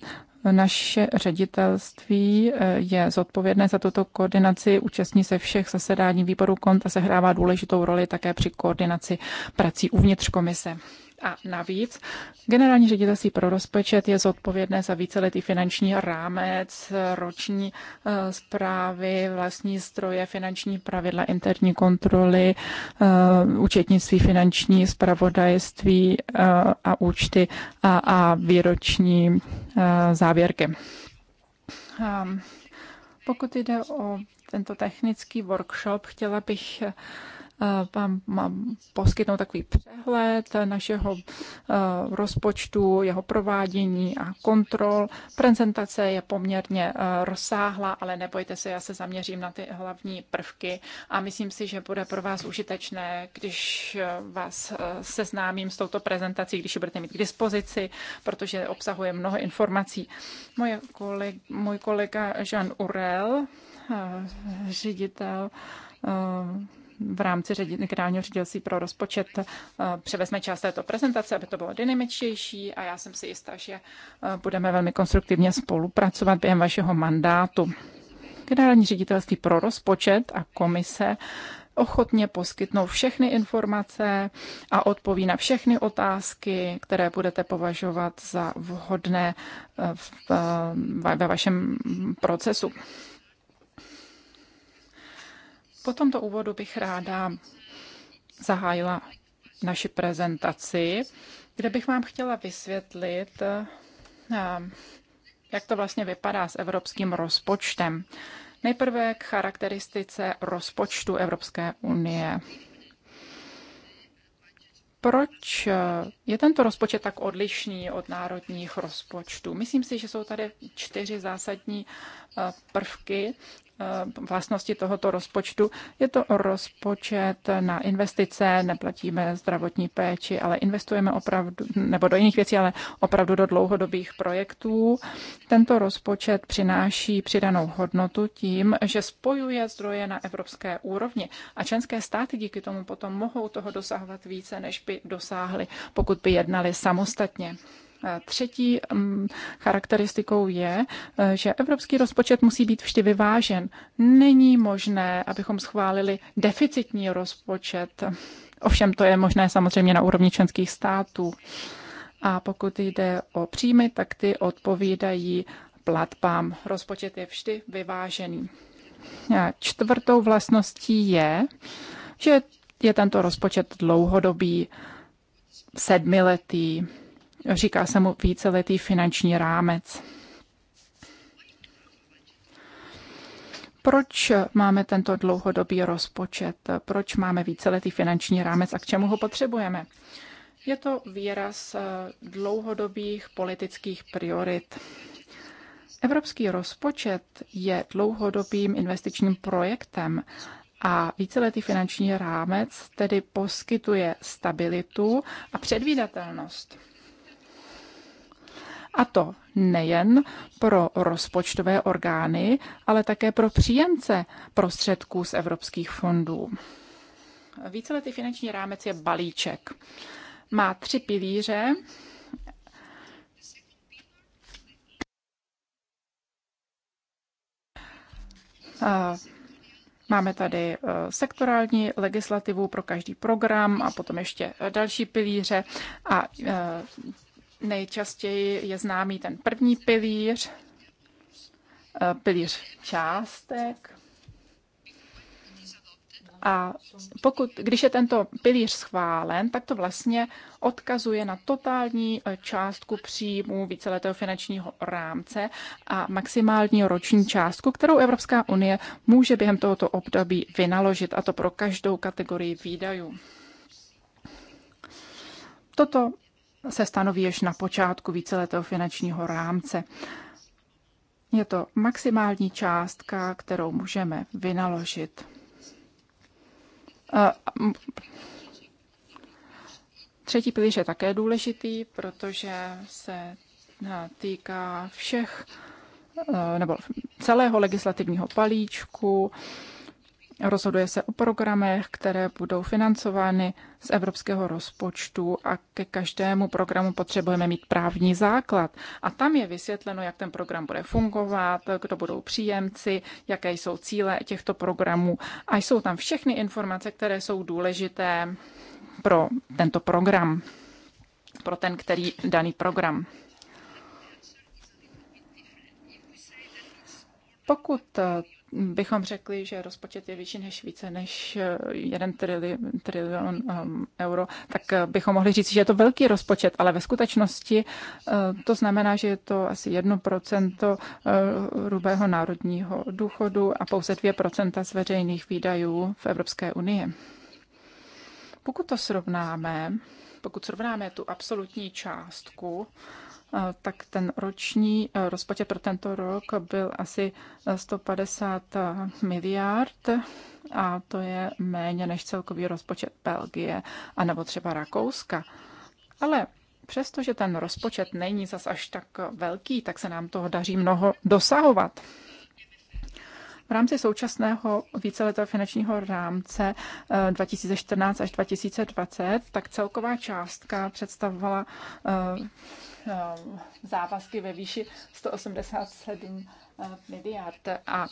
naše ředitelství eh, je zodpovědné za tuto koordinaci, účastní se všech zasedání výboru kont a sehrává důležitou roli také při koordinaci prací uvnitř komise. A navíc generální ředitelství pro rozpočet je zodpovědné za víceletý finanční rámec, roční eh, zprávy, vlastní stroje, finanční pravidla, interní kontroly, eh, účetnictví, finanční zpravodajství eh, a účty a, a výroční závěrky. Ehm, pokud jde o tento technický workshop, chtěla bych vám eh, mám poskytnout takový přehled našeho eh, rozpočtu, jeho provádění a kontrol. Prezentace je poměrně eh, rozsáhlá, ale nebojte se, já se zaměřím na ty hlavní prvky a myslím si, že bude pro vás užitečné, když vás seznámím s touto prezentací, když ji budete mít k dispozici, protože obsahuje mnoho informací. Moje koleg, můj kolega Jean Urel, ředitel v rámci generálního ředitelství pro rozpočet eh, převezme část této prezentace, aby to bylo dynamičtější a já jsem si jistá, že eh, budeme velmi konstruktivně spolupracovat během vašeho mandátu. Generální ředitelství pro rozpočet a komise ochotně poskytnou všechny informace a odpoví na všechny otázky, které budete považovat za vhodné eh, ve vašem procesu. Po tomto úvodu bych ráda zahájila naši prezentaci, kde bych vám chtěla vysvětlit, eh, jak to vlastně vypadá s evropským rozpočtem. Nejprve k charakteristice rozpočtu Evropské unie. Proč eh, je tento rozpočet tak odlišný od národních rozpočtů? Myslím si, že jsou tady čtyři zásadní eh, prvky, Eh, vlastnosti tohoto rozpočtu. Je to rozpočet na investice, neplatíme zdravotní péči, ale investujeme opravdu, nebo do jiných věcí, ale opravdu do dlouhodobých projektů. Tento rozpočet přináší přidanou hodnotu tím, že spojuje zdroje na evropské úrovni a členské státy díky tomu potom mohou toho dosahovat více, než by dosáhly, pokud by jednali samostatně. Eh, třetí mm, charakteristikou je, eh, že evropský rozpočet musí být vždy vyvážen. Není možné, abychom schválili deficitní rozpočet. Ovšem to je možné samozřejmě na úrovni členských států. A pokud jde o příjmy, tak ty odpovídají platbám. Rozpočet je vždy vyvážený. A eh, čtvrtou vlastností je, že je tento rozpočet dlouhodobý, sedmiletý Říká se mu víceletý finanční rámec. Proč máme tento dlouhodobý rozpočet? Proč máme víceletý finanční rámec a k čemu ho potřebujeme? Je to výraz eh, dlouhodobých politických priorit. Evropský rozpočet je dlouhodobým investičním projektem a víceletý finanční rámec tedy poskytuje stabilitu a předvídatelnost. A to nejen pro rozpočtové orgány, ale také pro příjemce prostředků z evropských fondů. Víceletý finanční rámec je balíček. Má tři pilíře. A Máme tady e, sektorální legislativu pro každý program a potom ještě další pilíře a e, Nejčastěji je známý ten první pilíř, eh, pilíř částek. A pokud, když je tento pilíř schválen, tak to vlastně odkazuje na totální eh, částku příjmů víceletého finančního rámce a maximální roční částku, kterou Evropská unie může během tohoto období vynaložit, a to pro každou kategorii výdajů. Toto se stanoví až na počátku víceletého finančního rámce. Je to maximální částka, kterou můžeme vynaložit. Třetí pilíř je také důležitý, protože se týká všech nebo celého legislativního palíčku, Rozhoduje se o programech, které budou financovány z evropského rozpočtu a ke každému programu potřebujeme mít právní základ. A tam je vysvětleno, jak ten program bude fungovat, kdo budou příjemci, jaké jsou cíle těchto programů a jsou tam všechny informace, které jsou důležité pro tento program, pro ten, který daný program. Pokud bychom řekli, že rozpočet je větší než více než 1 eh, trili, trilion um, euro, tak eh, bychom mohli říct, že je to velký rozpočet, ale ve skutečnosti uh, to znamená, že je to asi 1% uh, rubého národního důchodu a pouze 2% z veřejných výdajů v Evropské unii. Pokud to srovnáme, pokud srovnáme tu absolutní částku, tak ten roční e, rozpočet pro tento rok byl asi 150 e, e, miliard a to je méně než celkový rozpočet Belgie a nebo třeba Rakouska. Ale přestože ten rozpočet není zas až tak velký, tak se nám toho daří mnoho dosahovat. V rámci současného víceletého finančního rámce 2014 eh, až 2020, tak celková částka představovala eh, eh, závazky ve výši 187 miliard. A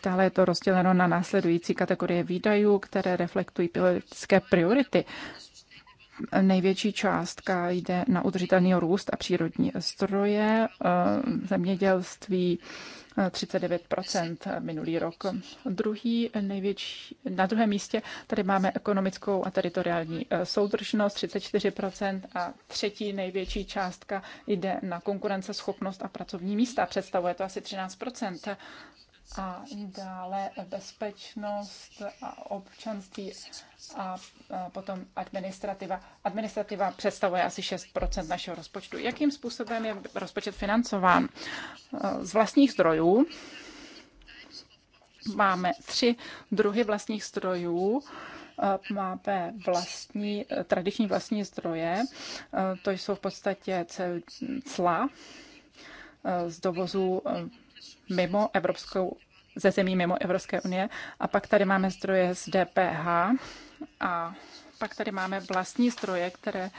tahle je to rozděleno na následující kategorie výdajů, které reflektují politické priority. Největší částka jde na udržitelný růst a přírodní stroje, zemědělství, 39 minulý rok. Druhý největší, na druhém místě tady máme ekonomickou a teritoriální eh, soudržnost 34 a třetí největší částka jde na konkurenceschopnost a pracovní místa. Představuje to asi 13 a dále bezpečnost a občanství a potom administrativa. Administrativa představuje asi 6 našeho rozpočtu. Jakým způsobem je rozpočet financován? Z vlastních zdrojů máme tři druhy vlastních zdrojů máme vlastní, tradiční vlastní zdroje. To jsou v podstatě cla z dovozu mimo Evropskou, ze zemí mimo Evropské unie. A pak tady máme zdroje z DPH a pak tady máme vlastní zdroje, které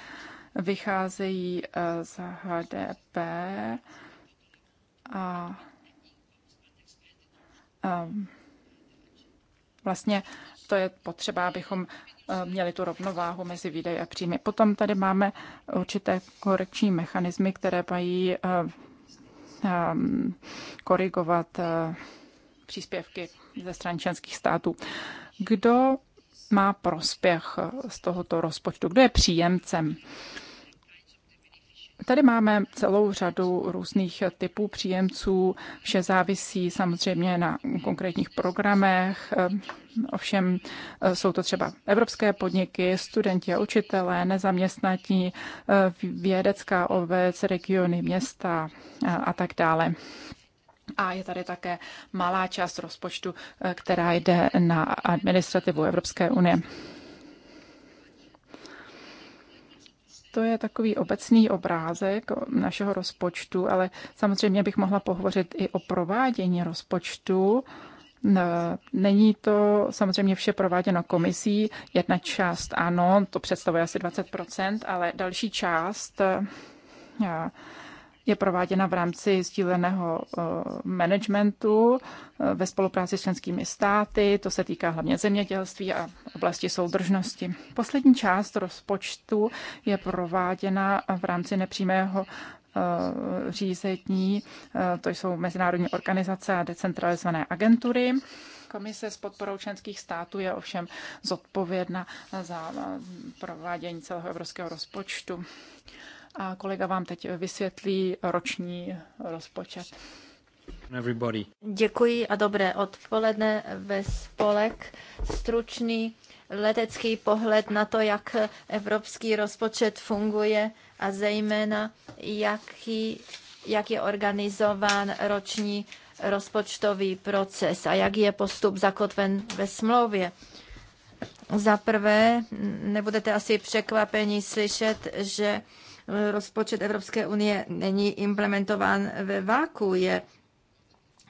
vycházejí eh, z HDP a, a ehm, vlastně to je potřeba, abychom eh, měli tu rovnováhu mezi výdaji a příjmy. Potom tady máme určité korekční mechanismy, které mají eh, Ehm, korigovat eh, příspěvky ze stran členských států. Kdo má prospěch z tohoto rozpočtu? Kdo je příjemcem? Tady máme celou řadu různých typů příjemců, vše závisí samozřejmě na konkrétních programech, ovšem jsou to třeba evropské podniky, studenti a učitelé, nezaměstnatí, vědecká obec, regiony, města a tak dále. A je tady také malá část rozpočtu, která jde na administrativu Evropské unie. To je takový obecný obrázek našeho rozpočtu, ale samozřejmě bych mohla pohovořit i o provádění rozpočtu. Není to samozřejmě vše prováděno komisí. Jedna část ano, to představuje asi 20%, ale další část eh, je prováděna v rámci sdíleného eh, managementu eh, ve spolupráci s členskými státy. To se týká hlavně zemědělství a oblasti soudržnosti. Poslední část rozpočtu je prováděna v rámci nepřímého eh, řízení. To jsou mezinárodní organizace a decentralizované agentury. Komise s podporou členských států je ovšem zodpovědna za provádění celého evropského rozpočtu a kolega vám teď vysvětlí roční rozpočet. Everybody. Děkuji a dobré odpoledne ve spolek. Stručný letecký pohled na to, jak evropský rozpočet funguje a zejména, jaký, jak je organizován roční rozpočtový proces a jak je postup zakotven ve smlouvě. Za prvé, nebudete asi překvapeni slyšet, že rozpočet Evropské unie není implementován ve váku, je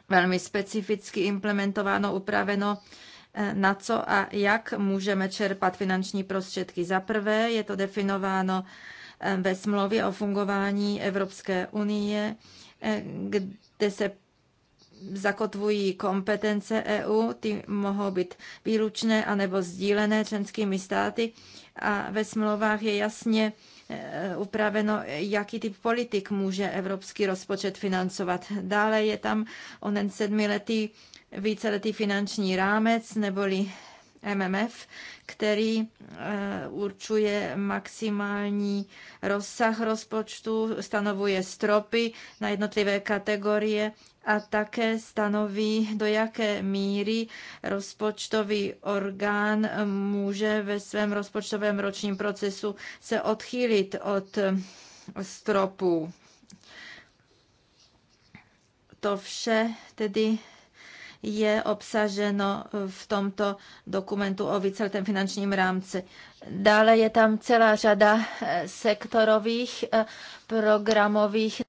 velmi specificky implementováno, upraveno eh, na co a jak můžeme čerpat finanční prostředky. Za prvé je to definováno eh, ve smlouvě o fungování Evropské unie, eh, kde se zakotvují kompetence EU, ty mohou být výlučné anebo sdílené členskými státy a ve smlouvách je jasně Eh, upraveno, jaký typ politik může evropský rozpočet financovat. Dále je tam onen sedmiletý víceletý finanční rámec neboli MMF, který eh, určuje maximální rozsah rozpočtu, stanovuje stropy na jednotlivé kategorie a také stanoví, do jaké míry rozpočtový orgán může ve svém rozpočtovém ročním procesu se odchýlit od eh, stropu. To vše tedy je obsaženo v tomto dokumentu o víceletém finančním rámci. Dále je tam celá řada eh, sektorových eh, programových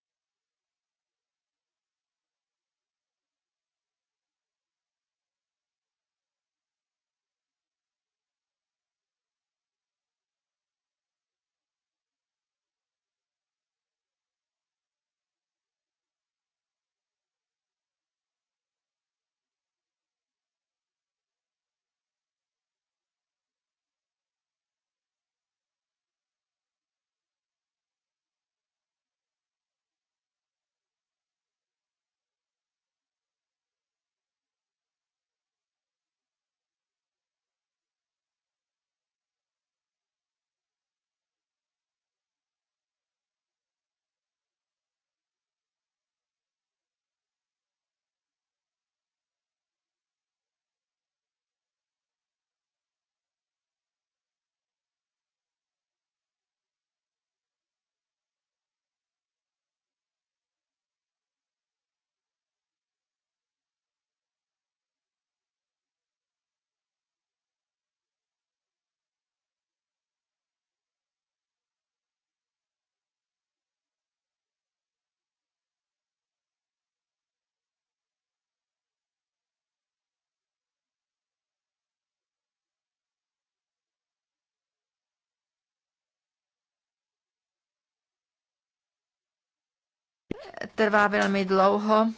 Trvá velmi dlouho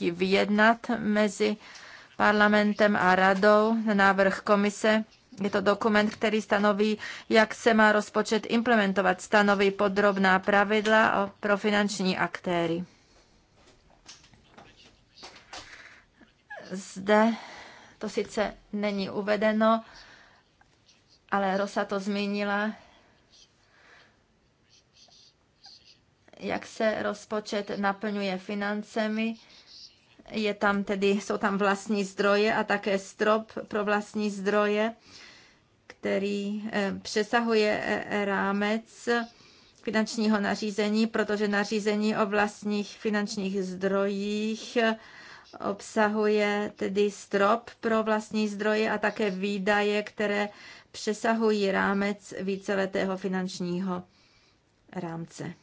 ji vyjednat mezi parlamentem a radou na návrh komise. Je to dokument, který stanoví, jak se má rozpočet implementovat. Stanoví podrobná pravidla pro finanční aktéry. Zde to sice není uvedeno, ale Rosa to zmínila, jak se rozpočet naplňuje financemi. Je tam tedy, jsou tam vlastní zdroje a také strop pro vlastní zdroje, který eh, přesahuje eh, rámec finančního nařízení, protože nařízení o vlastních finančních zdrojích eh, obsahuje tedy strop pro vlastní zdroje a také výdaje, které přesahují rámec víceletého finančního rámce.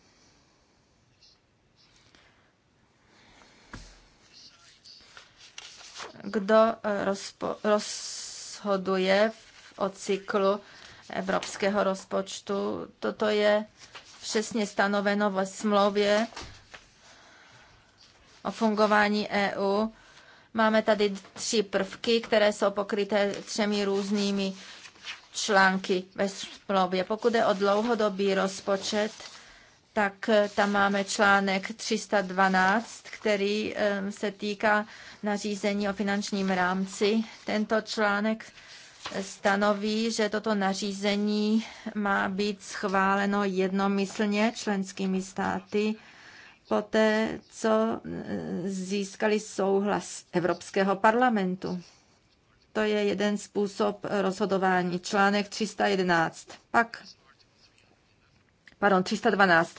kdo eh, rozpo, rozhoduje o cyklu evropského rozpočtu. Toto je přesně stanoveno ve smlouvě o fungování EU. Máme tady tři prvky, které jsou pokryté třemi různými články ve smlouvě. Pokud je o dlouhodobý rozpočet, tak eh, tam máme článek 312, který eh, se týká nařízení o finančním rámci. Tento článek eh, stanoví, že toto nařízení má být schváleno jednomyslně členskými státy poté, co získali souhlas Evropského parlamentu. To je jeden způsob rozhodování, článek 311. Pak pardon, 312.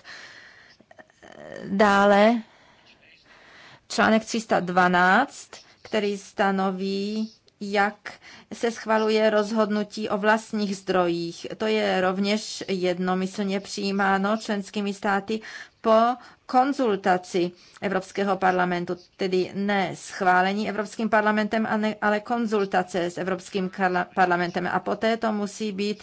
Dále článek 312, který stanoví, jak se schvaluje rozhodnutí o vlastních zdrojích. To je rovněž jednomyslně přijímáno členskými státy po konzultaci Evropského parlamentu, tedy ne schválení Evropským parlamentem, ale konzultace s Evropským parlamentem. A poté to musí být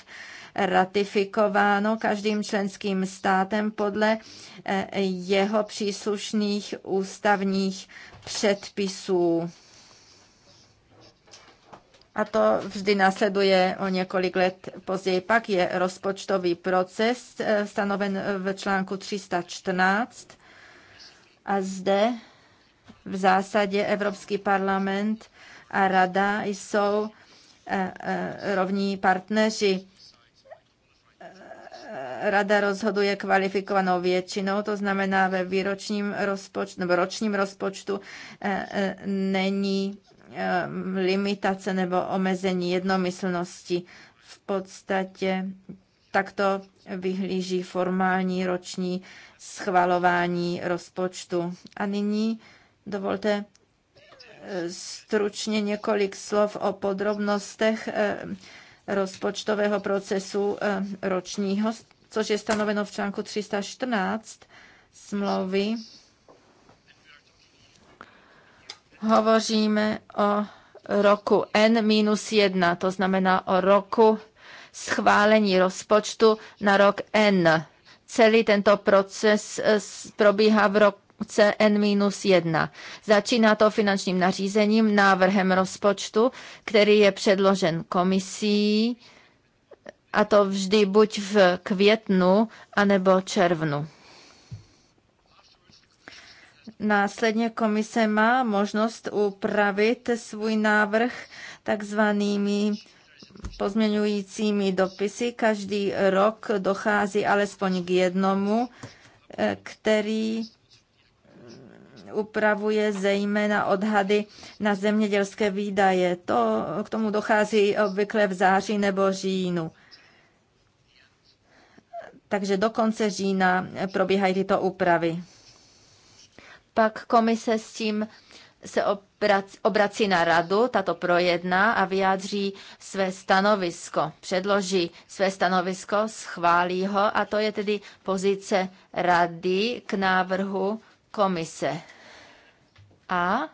ratifikováno každým členským státem podle eh, jeho příslušných ústavních předpisů. A to vždy následuje o několik let později. Pak je rozpočtový proces eh, stanoven v článku 314. A zde v zásadě Evropský parlament a Rada jsou eh, rovní partneři rada rozhoduje kvalifikovanou většinou, to znamená ve výročním rozpočtu nebo ročním rozpočtu eh, eh, není eh, limitace nebo omezení jednomyslnosti. V podstatě takto vyhlíží formální roční schvalování rozpočtu. A nyní dovolte stručně několik slov o podrobnostech rozpočtového procesu eh, ročního, což je stanoveno v článku 314 smlouvy. Hovoříme o roku N-1, to znamená o roku schválení rozpočtu na rok N. Celý tento proces eh, probíhá v, rok, CN-1. Začíná to finančním nařízením, návrhem rozpočtu, který je předložen komisí, a to vždy buď v květnu, anebo červnu. Následně komise má možnost upravit svůj návrh takzvanými pozměňujícími dopisy. Každý rok dochází alespoň k jednomu, eh, který upravuje zejména odhady na zemědělské výdaje. To, k tomu dochází obvykle v září nebo říjnu. Takže do konce října probíhají tyto úpravy. Pak komise s tím se obrací na radu, tato projedná a vyjádří své stanovisko, předloží své stanovisko, schválí ho a to je tedy pozice rady k návrhu komise. A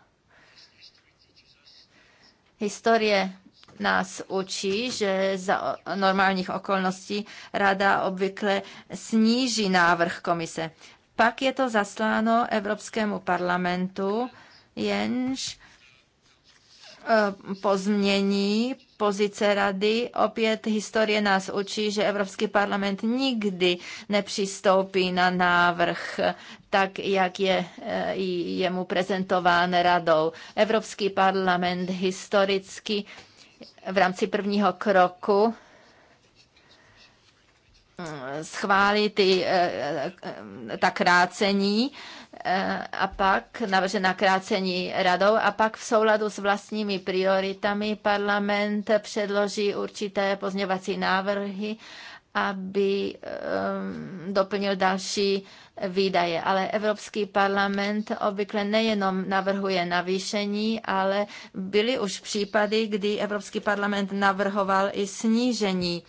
historie nás učí, že za normálních okolností rada obvykle sníží návrh komise. Pak je to zasláno Evropskému parlamentu, jenž eh, pozmění pozice rady. Opět historie nás učí, že Evropský parlament nikdy nepřistoupí na návrh tak, jak je eh, jemu prezentován radou. Evropský parlament historicky v rámci prvního kroku schválí ty, eh, eh, ta krácení eh, a pak navržená krácení radou a pak v souladu s vlastními prioritami parlament předloží určité pozměvací návrhy, aby doplnil další výdaje. Ale Evropský parlament obvykle nejenom navrhuje navýšení, ale byly už případy, kdy Evropský parlament navrhoval i snížení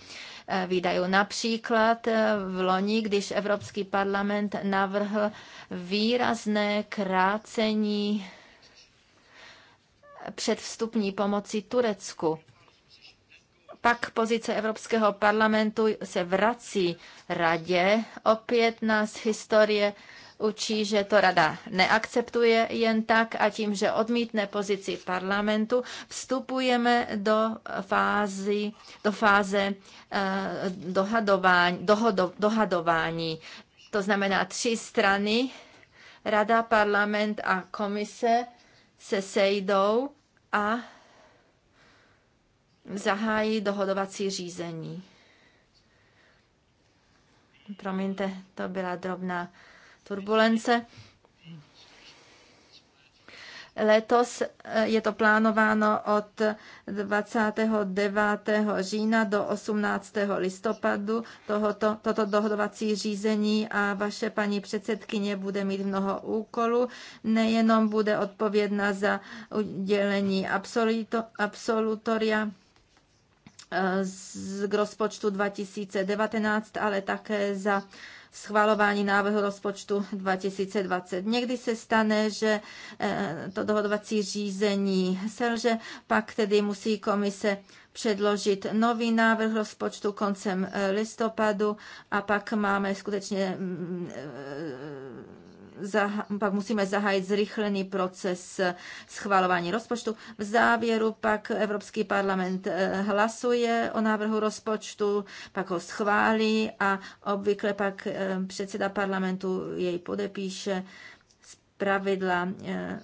výdajů. Například eh, v loni, když Evropský parlament navrhl výrazné krácení předvstupní pomoci Turecku. Pak pozice Evropského parlamentu se vrací radě. Opět nás historie učí, že to rada neakceptuje jen tak a tím, že odmítne pozici parlamentu, vstupujeme do, fázy, do fáze eh, dohadování, dohodo, dohadování. To znamená tři strany, rada, parlament a komise se sejdou a zahájí dohodovací řízení. Promiňte, to byla drobná turbulence. Letos eh, je to plánováno od 29. října do 18. listopadu. Tohoto, toto dohodovací řízení a vaše paní předsedkyně bude mít mnoho úkolů. Nejenom bude odpovědna za udělení absoluto, absolutoria eh, z rozpočtu 2019, ale také za schvalování návrhu rozpočtu 2020. Někdy se stane, že eh, to dohodovací řízení selže, pak tedy musí komise předložit nový návrh rozpočtu koncem eh, listopadu a pak máme skutečně mm, eh, pak musíme zahájit zrychlený proces schvalování rozpočtu. V závěru pak Evropský parlament eh, hlasuje o návrhu rozpočtu, pak ho schválí a obvykle pak eh, předseda parlamentu jej podepíše pravidla u eh,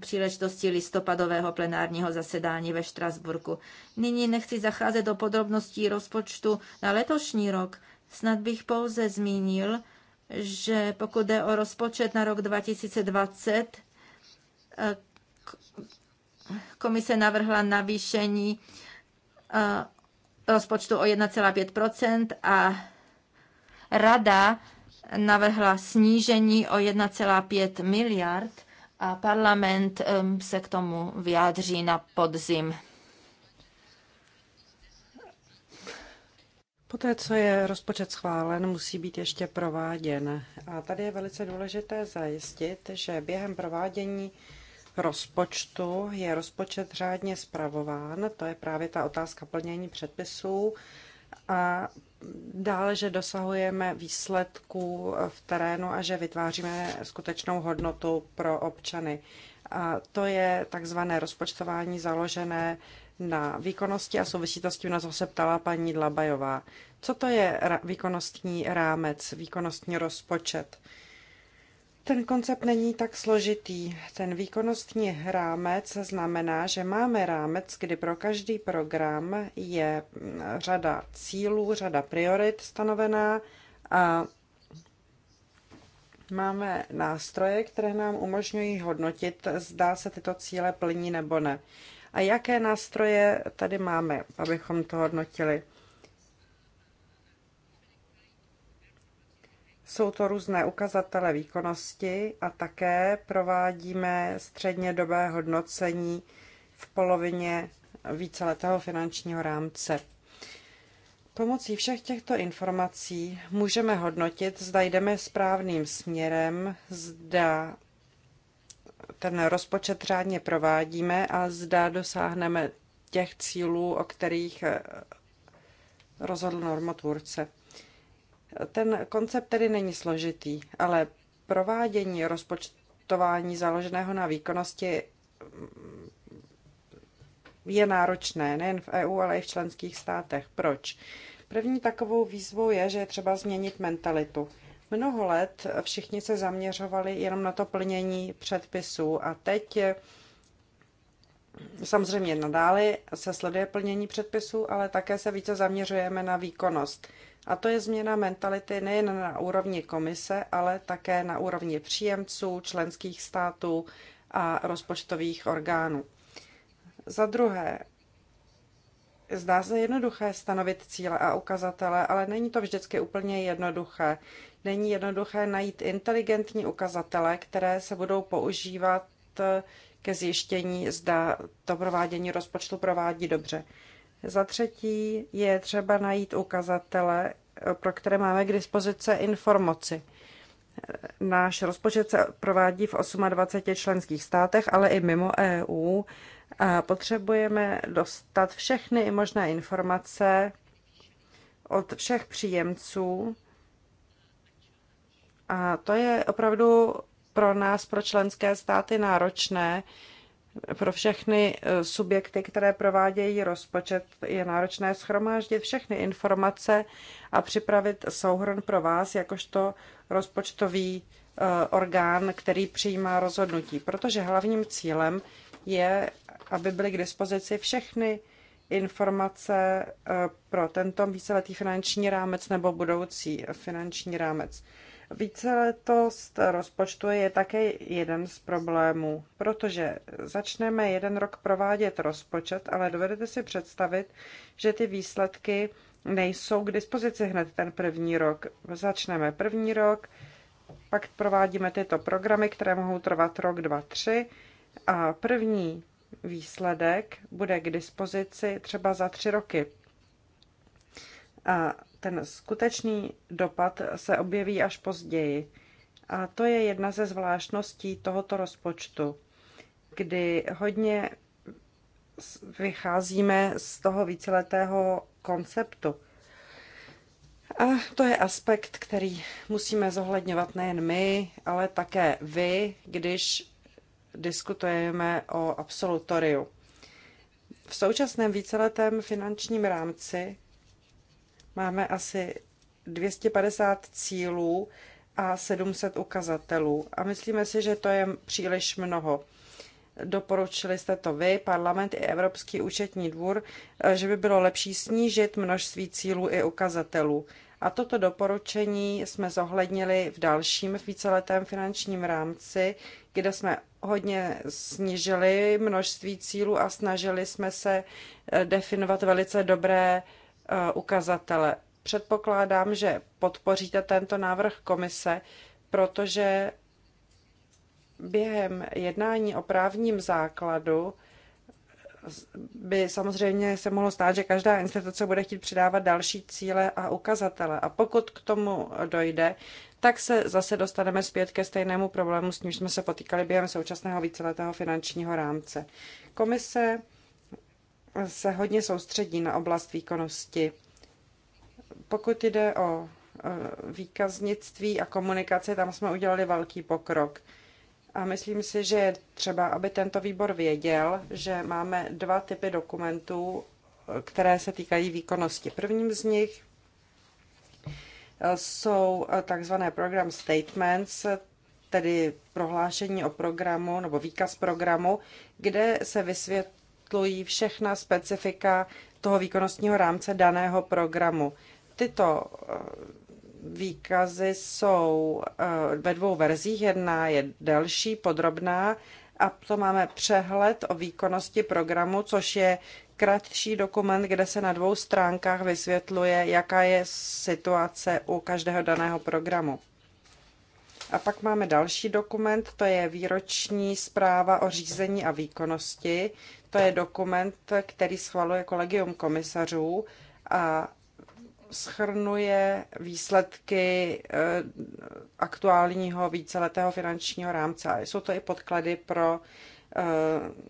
příležitosti listopadového plenárního zasedání ve Štrasburku. Nyní nechci zacházet do podrobností rozpočtu na letošní rok. Snad bych pouze zmínil, že pokud jde o rozpočet na rok 2020, eh, komise navrhla navýšení eh, rozpočtu o 1,5 a rada navrhla snížení o 1,5 miliard a parlament eh, se k tomu vyjádří na podzim. Poté, co je rozpočet schválen, musí být ještě prováděn. A tady je velice důležité zajistit, že během provádění rozpočtu je rozpočet řádně zpravován. To je právě ta otázka plnění předpisů. A dále, že dosahujeme výsledků v terénu a že vytváříme skutečnou hodnotu pro občany. A to je takzvané rozpočtování založené na výkonnosti a souvisí to s tím, na co se ptala paní Dlabajová. Co to je výkonnostní rámec, výkonnostní rozpočet? Ten koncept není tak složitý. Ten výkonnostní rámec znamená, že máme rámec, kdy pro každý program je mm, řada cílů, řada priorit stanovená a máme nástroje, které nám umožňují hodnotit, zdá se tyto cíle plní nebo ne a jaké nástroje tady máme, abychom to hodnotili. Jsou to různé ukazatele výkonnosti a také provádíme střednědobé hodnocení v polovině víceletého finančního rámce. Pomocí všech těchto informací můžeme hodnotit, zda jdeme správným směrem, zda ten rozpočet řádně provádíme a zda dosáhneme těch cílů, o kterých eh, rozhodl normotvůrce. Ten koncept tedy není složitý, ale provádění rozpočtování založeného na výkonnosti mm, je náročné nejen v EU, ale i v členských státech. Proč? První takovou výzvou je, že je třeba změnit mentalitu. Mnoho let všichni se zaměřovali jenom na to plnění předpisů a teď samozřejmě nadále se sleduje plnění předpisů, ale také se více zaměřujeme na výkonnost. A to je změna mentality nejen na úrovni komise, ale také na úrovni příjemců, členských států a rozpočtových orgánů. Za druhé, Zdá se jednoduché stanovit cíle a ukazatele, ale není to vždycky úplně jednoduché. Není jednoduché najít inteligentní ukazatele, které se budou používat eh, ke zjištění, zda to provádění rozpočtu provádí dobře. Za třetí je třeba najít ukazatele, eh, pro které máme k dispozici informaci. Eh, náš rozpočet se provádí v 28 členských státech, ale i mimo EU potřebujeme dostat všechny možné informace od všech příjemců. A to je opravdu pro nás, pro členské státy náročné, pro všechny eh, subjekty, které provádějí rozpočet, je náročné schromáždit všechny informace a připravit souhrn pro vás, jakožto rozpočtový eh, orgán, který přijímá rozhodnutí. Protože hlavním cílem je aby byly k dispozici všechny informace eh, pro tento víceletý finanční rámec nebo budoucí finanční rámec. Víceletost rozpočtu je také jeden z problémů, protože začneme jeden rok provádět rozpočet, ale dovedete si představit, že ty výsledky nejsou k dispozici hned ten první rok. Začneme první rok, pak provádíme tyto programy, které mohou trvat rok, dva, tři a první výsledek bude k dispozici třeba za tři roky. A ten skutečný dopad se objeví až později. A to je jedna ze zvláštností tohoto rozpočtu, kdy hodně vycházíme z toho víceletého konceptu. A to je aspekt, který musíme zohledňovat nejen my, ale také vy, když diskutujeme o absolutoriu. V současném víceletém finančním rámci máme asi 250 cílů a 700 ukazatelů. A myslíme si, že to je příliš mnoho. Doporučili jste to vy, parlament i Evropský účetní dvůr, že by bylo lepší snížit množství cílů i ukazatelů. A toto doporučení jsme zohlednili v dalším víceletém finančním rámci, kde jsme hodně snížili množství cílů a snažili jsme se eh, definovat velice dobré eh, ukazatele. Předpokládám, že podpoříte tento návrh komise, protože během jednání o právním základu by samozřejmě se mohlo stát, že každá instituce bude chtít přidávat další cíle a ukazatele. A pokud k tomu dojde, tak se zase dostaneme zpět ke stejnému problému, s nímž jsme se potýkali během současného víceletého finančního rámce. Komise se hodně soustředí na oblast výkonnosti. Pokud jde o e, výkaznictví a komunikaci, tam jsme udělali velký pokrok. A myslím si, že je třeba, aby tento výbor věděl, že máme dva typy dokumentů, které se týkají výkonnosti. Prvním z nich jsou eh, takzvané program statements, tedy prohlášení o programu nebo výkaz programu, kde se vysvětlují všechna specifika toho výkonnostního rámce daného programu. Tyto eh, výkazy jsou eh, ve dvou verzích. Jedna je delší, podrobná, a to máme přehled o výkonnosti programu, což je kratší dokument, kde se na dvou stránkách vysvětluje, jaká je situace u každého daného programu. A pak máme další dokument, to je výroční zpráva o řízení a výkonnosti. To je dokument, který schvaluje kolegium komisařů a schrnuje výsledky eh, aktuálního víceletého finančního rámce. Jsou to i podklady pro eh,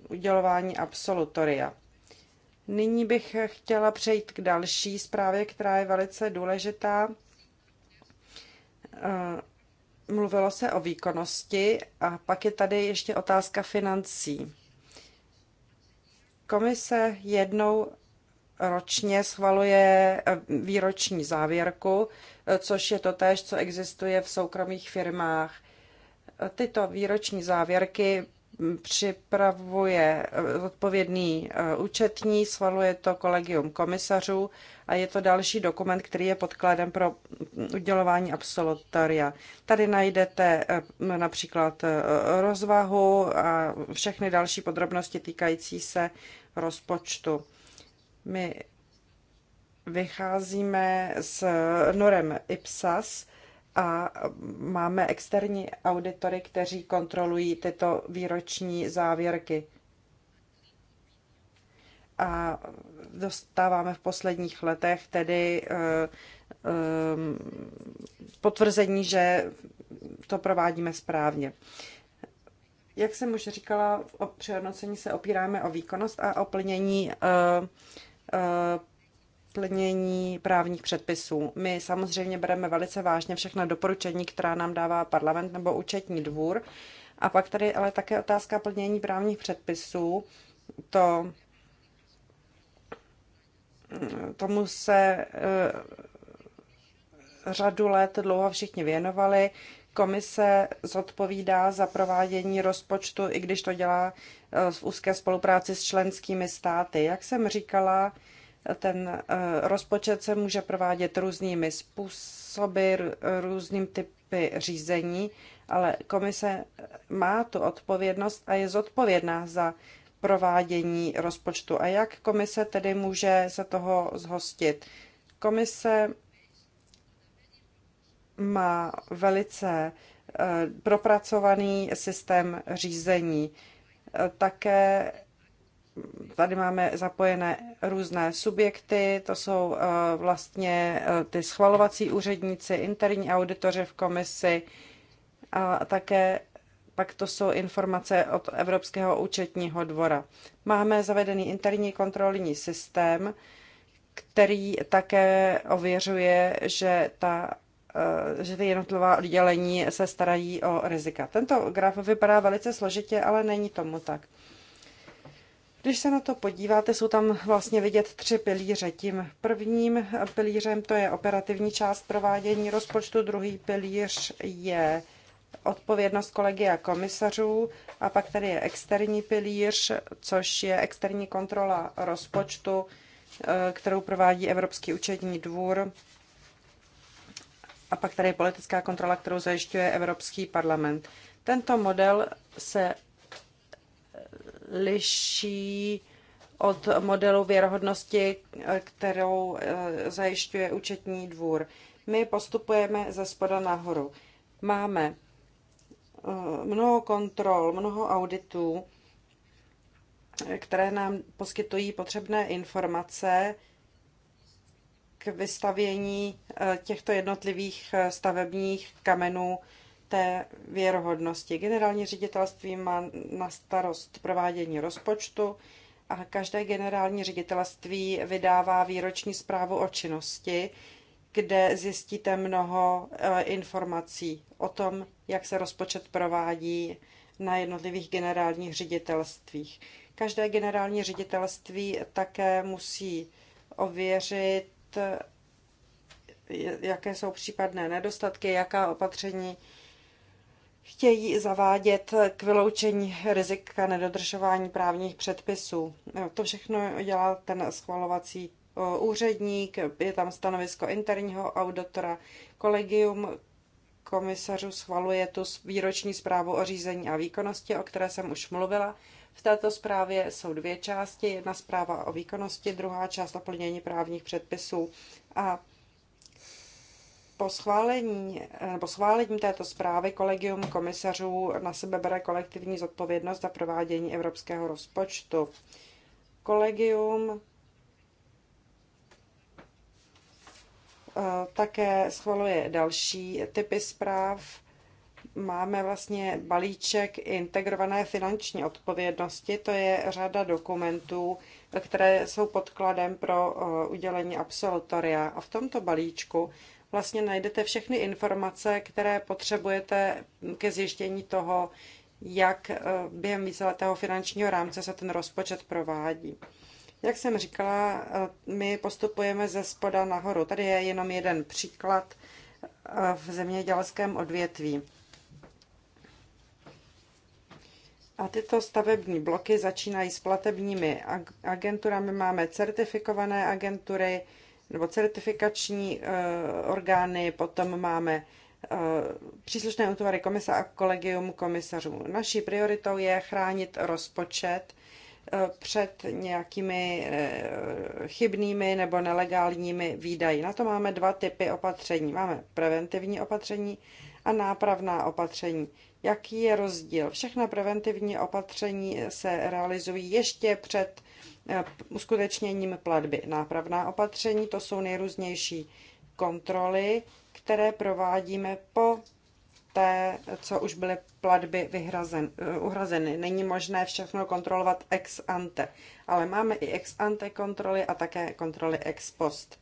udělování absolutoria. Nyní bych chtěla přejít k další zprávě, která je velice důležitá. Eh, mluvilo se o výkonnosti a pak je tady ještě otázka financí. Komise jednou ročně schvaluje eh, výroční závěrku, eh, což je to též, co existuje v soukromých firmách. Eh, tyto výroční závěrky mm, připravuje odpovědný účetní, schvaluje to kolegium komisařů a je to další dokument, který je podkladem pro mm, udělování absolutoria. Tady najdete například rozvahu a všechny další podrobnosti týkající se rozpočtu. My vycházíme s norem IPSAS a máme externí auditory, kteří kontrolují tyto výroční závěrky. A dostáváme v posledních letech tedy eh, eh, potvrzení, že to provádíme správně. Jak jsem už říkala, při hodnocení se opíráme o výkonnost a o plnění eh, plnění právních předpisů. My samozřejmě bereme velice vážně všechna doporučení, která nám dává parlament nebo účetní dvůr. A pak tady ale také otázka plnění právních předpisů. To tomu se eh, řadu let dlouho všichni věnovali. Komise zodpovídá za provádění rozpočtu, i když to dělá eh, v úzké spolupráci s členskými státy. Jak jsem říkala, ten eh, rozpočet se může provádět různými způsoby, různým typy řízení, ale komise má tu odpovědnost a je zodpovědná za provádění rozpočtu. A jak komise tedy může se toho zhostit? Komise má velice eh, propracovaný systém řízení. Eh, také tady máme zapojené různé subjekty, to jsou eh, vlastně ty schvalovací úředníci, interní auditoři v komisi a také pak to jsou informace od Evropského účetního dvora. Máme zavedený interní kontrolní systém, který také ověřuje, že ta Eh, že ty jednotlivá oddělení se starají o rizika. Tento graf vypadá velice složitě, ale není tomu tak. Když se na to podíváte, jsou tam vlastně vidět tři pilíře. Tím prvním pilířem to je operativní část provádění rozpočtu, druhý pilíř je odpovědnost kolegy a komisařů a pak tady je externí pilíř, což je externí kontrola rozpočtu, eh, kterou provádí Evropský účetní dvůr a pak tady je politická kontrola, kterou zajišťuje Evropský parlament. Tento model se liší od modelu věrohodnosti, kterou eh, zajišťuje účetní dvůr. My postupujeme ze spoda nahoru. Máme eh, mnoho kontrol, mnoho auditů, které nám poskytují potřebné informace, k vystavění eh, těchto jednotlivých eh, stavebních kamenů té věrohodnosti. Generální ředitelství má na starost provádění rozpočtu a každé generální ředitelství vydává výroční zprávu o činnosti, kde zjistíte mnoho eh, informací o tom, jak se rozpočet provádí na jednotlivých generálních ředitelstvích. Každé generální ředitelství také musí ověřit jaké jsou případné nedostatky, jaká opatření chtějí zavádět k vyloučení rizika nedodržování právních předpisů. To všechno dělá ten schvalovací úředník, je tam stanovisko interního auditora, kolegium komisařů schvaluje tu výroční zprávu o řízení a výkonnosti, o které jsem už mluvila, v této zprávě jsou dvě části. Jedna zpráva o výkonnosti, druhá část o plnění právních předpisů. A po schválení, nebo schválení této zprávy kolegium komisařů na sebe bere kolektivní zodpovědnost za provádění evropského rozpočtu. Kolegium eh, také schvaluje další typy zpráv, máme vlastně balíček integrované finanční odpovědnosti. To je řada dokumentů, které jsou podkladem pro eh, udělení absolutoria. A v tomto balíčku vlastně najdete všechny informace, které potřebujete ke zjištění toho, jak eh, během víceletého finančního rámce se ten rozpočet provádí. Jak jsem říkala, eh, my postupujeme ze spoda nahoru. Tady je jenom jeden příklad v zemědělském odvětví. A tyto stavební bloky začínají s platebními agenturami. Máme certifikované agentury nebo certifikační eh, orgány, potom máme eh, příslušné útvary komise a kolegium komisařů. Naší prioritou je chránit rozpočet eh, před nějakými chybnými nebo nelegálními výdaji. Na to máme dva typy opatření. Máme preventivní opatření a nápravná opatření. Jaký je rozdíl? Všechna preventivní opatření se realizují ještě před eh, uskutečněním platby. Nápravná opatření to jsou nejrůznější kontroly, které provádíme po té, co už byly platby vyhrazen, eh, uhrazeny. Není možné všechno kontrolovat ex ante, ale máme i ex ante kontroly a také kontroly ex post.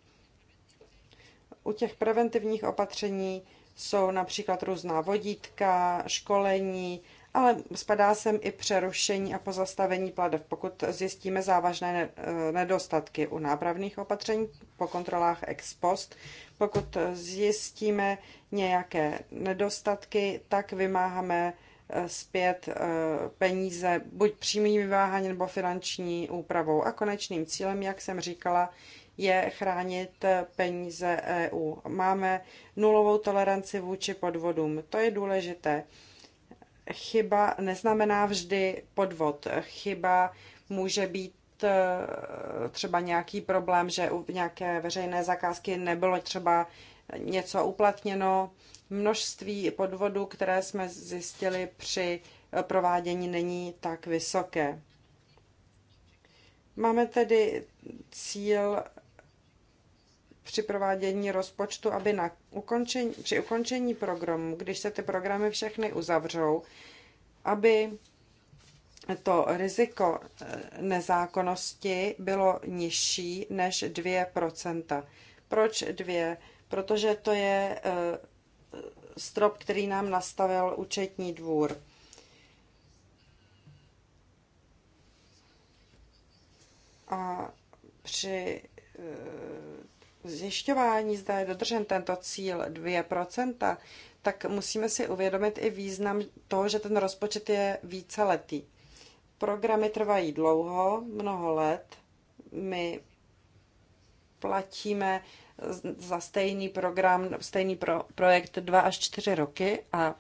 U těch preventivních opatření jsou například různá vodítka, školení, ale spadá sem i přerušení a pozastavení pladev, pokud zjistíme závažné eh, nedostatky u nápravných opatření po kontrolách ex post. Pokud zjistíme nějaké nedostatky, tak vymáháme eh, zpět eh, peníze buď přímým vymáháním nebo finanční úpravou. A konečným cílem, jak jsem říkala, je chránit eh, peníze EU. Máme nulovou toleranci vůči podvodům. To je důležité. Chyba neznamená vždy podvod. Chyba může být eh, třeba nějaký problém, že u nějaké veřejné zakázky nebylo třeba něco uplatněno. Množství podvodů, které jsme zjistili při eh, provádění, není tak vysoké. Máme tedy cíl při provádění rozpočtu, aby na ukončení, při ukončení programu, když se ty programy všechny uzavřou, aby to riziko eh, nezákonnosti bylo nižší než 2%. Proč 2? Protože to je eh, strop, který nám nastavil účetní dvůr. A při eh, zjišťování, zda je dodržen tento cíl 2%, tak musíme si uvědomit i význam toho, že ten rozpočet je víceletý. Programy trvají dlouho, mnoho let. My platíme za stejný program, stejný pro, projekt 2 až 4 roky a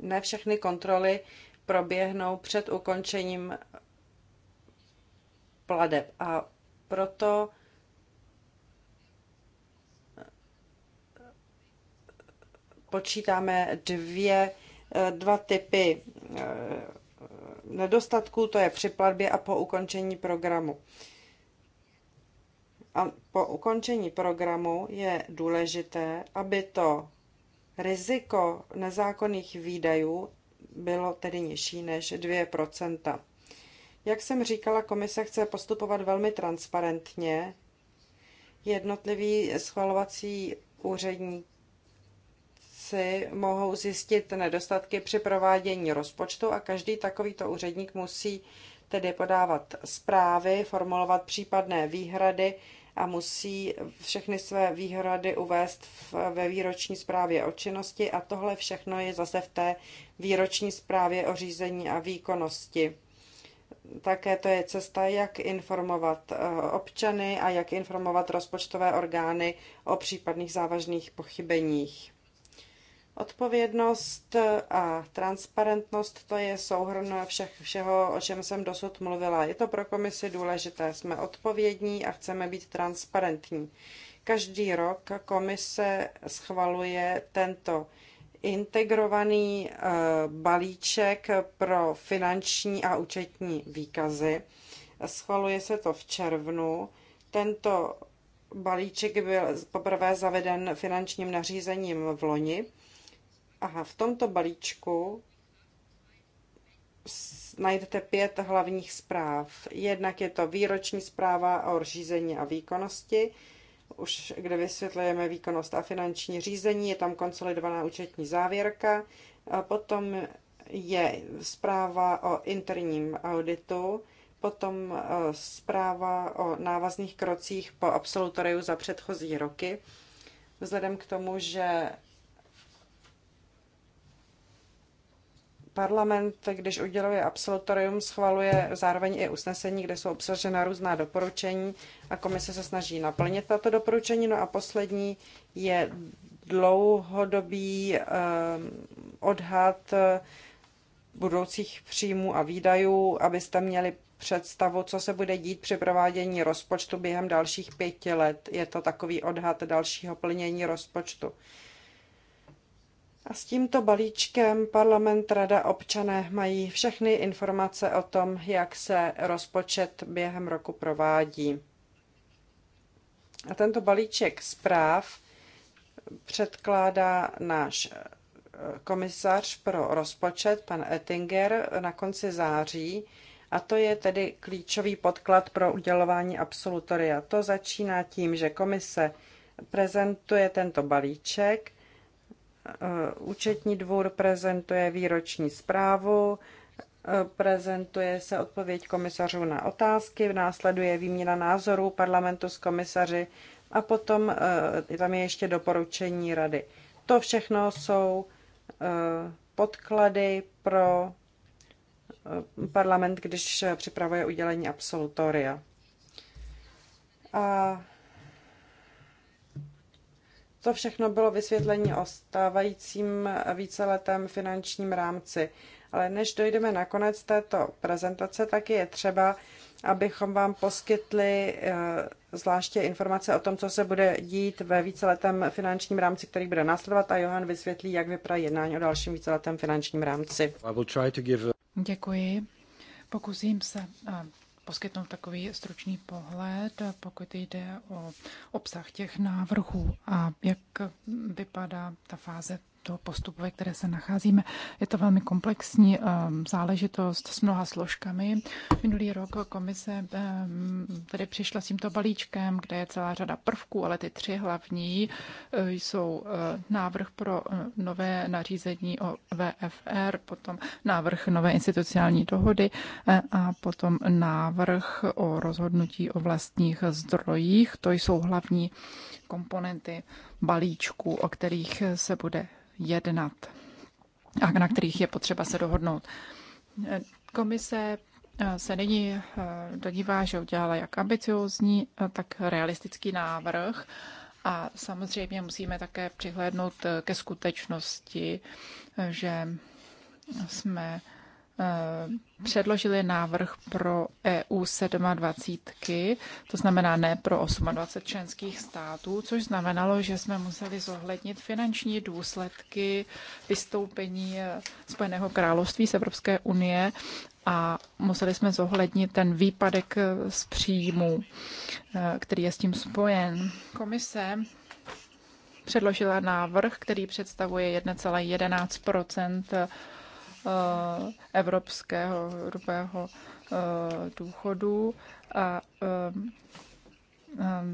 ne všechny kontroly proběhnou před ukončením pladeb. A proto počítáme dvě, eh, dva typy eh, nedostatků, to je při platbě a po ukončení programu. A po ukončení programu je důležité, aby to riziko nezákonných výdajů bylo tedy nižší než 2 Jak jsem říkala, komise chce postupovat velmi transparentně. Jednotliví schvalovací úředník úředníci mohou zjistit nedostatky při provádění rozpočtu a každý takovýto úředník musí tedy podávat zprávy, formulovat případné výhrady a musí všechny své výhrady uvést ve výroční zprávě o činnosti a tohle všechno je zase v té výroční zprávě o řízení a výkonnosti. Také to je cesta, jak informovat eh, občany a jak informovat rozpočtové orgány o případných závažných pochybeních. Odpovědnost a transparentnost, to je souhrn všech, všeho, o čem jsem dosud mluvila. Je to pro komisi důležité. Jsme odpovědní a chceme být transparentní. Každý rok komise schvaluje tento integrovaný eh, balíček pro finanční a účetní výkazy. Schvaluje se to v červnu. Tento balíček byl poprvé zaveden finančním nařízením v loni. Aha, v tomto balíčku najdete pět hlavních zpráv. Jednak je to výroční zpráva o řízení a výkonnosti, už kde vysvětlujeme výkonnost a finanční řízení, je tam konsolidovaná účetní závěrka, a potom je zpráva o interním auditu, potom e, zpráva o návazných krocích po absolutoriu za předchozí roky. Vzhledem k tomu, že Parlament, když uděluje absolutorium, schvaluje zároveň i usnesení, kde jsou obsažena různá doporučení a komise se snaží naplnit tato doporučení. No a poslední je dlouhodobý ehm, odhad eh, budoucích příjmů a výdajů, abyste měli představu, co se bude dít při provádění rozpočtu během dalších pěti let. Je to takový odhad dalšího plnění rozpočtu. A s tímto balíčkem parlament, rada, občané mají všechny informace o tom, jak se rozpočet během roku provádí. A tento balíček zpráv předkládá náš eh, komisař pro rozpočet, pan Ettinger, na konci září. A to je tedy klíčový podklad pro udělování absolutoria. To začíná tím, že komise prezentuje tento balíček – Eh, účetní dvůr prezentuje výroční zprávu, eh, prezentuje se odpověď komisařů na otázky, následuje výměna názorů parlamentu s komisaři a potom eh, tam je ještě doporučení rady. To všechno jsou podklady pro parlament, když připravuje udělení absolutoria. A to všechno bylo vysvětlení o stávajícím víceletém finančním rámci. Ale než dojdeme na konec této prezentace, tak je třeba, abychom vám poskytli eh, zvláště informace o tom, co se bude dít ve víceletém finančním rámci, který bude následovat a Johan vysvětlí, jak vypadá jednání o dalším víceletém finančním rámci. Děkuji. Pokusím se eh, poskytnout takový stručný pohled, pokud jde o obsah těch návrhů a jak vypadá ta fáze to postupu, ve které se nacházíme. Je to velmi komplexní ehm, záležitost s mnoha složkami. Minulý rok komise ehm, tedy přišla s tímto balíčkem, kde je celá řada prvků, ale ty tři hlavní eh, jsou eh, návrh pro eh, nové nařízení o VFR, potom návrh nové institucionální dohody a potom návrh o rozhodnutí o vlastních zdrojích. To jsou hlavní komponenty balíčku o kterých se bude jednat a na kterých je potřeba se dohodnout. Komise se nyní eh, dodívá, že udělala jak ambiciozní, eh, tak realistický návrh. A samozřejmě musíme také přihlédnout eh, ke skutečnosti, že jsme Eh, předložili návrh pro EU 27, to znamená ne pro 28 členských států, což znamenalo, že jsme museli zohlednit finanční důsledky vystoupení eh, Spojeného království z Evropské unie a museli jsme zohlednit ten výpadek eh, z příjmu, který je s tím spojen. Komise předložila návrh, který představuje 1,11 Eh, evropského hrubého eh, důchodu a eh,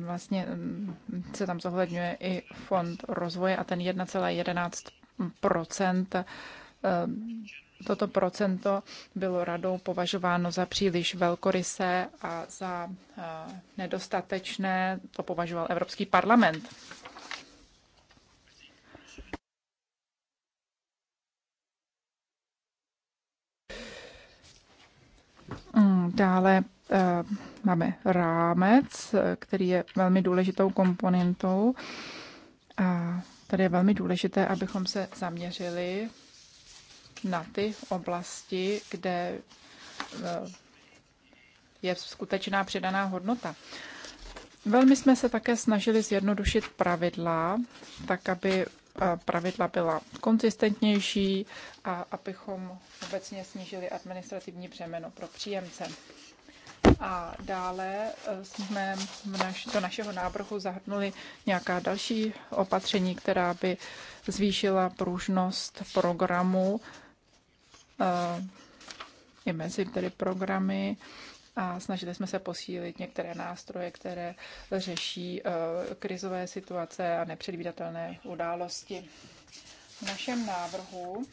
vlastně mm, se tam zohledňuje i fond rozvoje a ten 1,11 Toto procento bylo radou považováno za příliš velkorysé a za nedostatečné. To považoval Evropský parlament. Dále eh, máme rámec, eh, který je velmi důležitou komponentou. A tady je velmi důležité, abychom se zaměřili na ty oblasti, kde eh, je skutečná přidaná hodnota. Velmi jsme se také snažili zjednodušit pravidla, tak aby pravidla byla konzistentnější a abychom obecně snížili administrativní břemeno pro příjemce. A dále eh, jsme naš, do našeho návrhu zahrnuli nějaká další opatření, která by zvýšila pružnost programu eh, i mezi tedy programy a snažili jsme se posílit některé nástroje, které řeší eh, krizové situace a nepředvídatelné události. V našem návrhu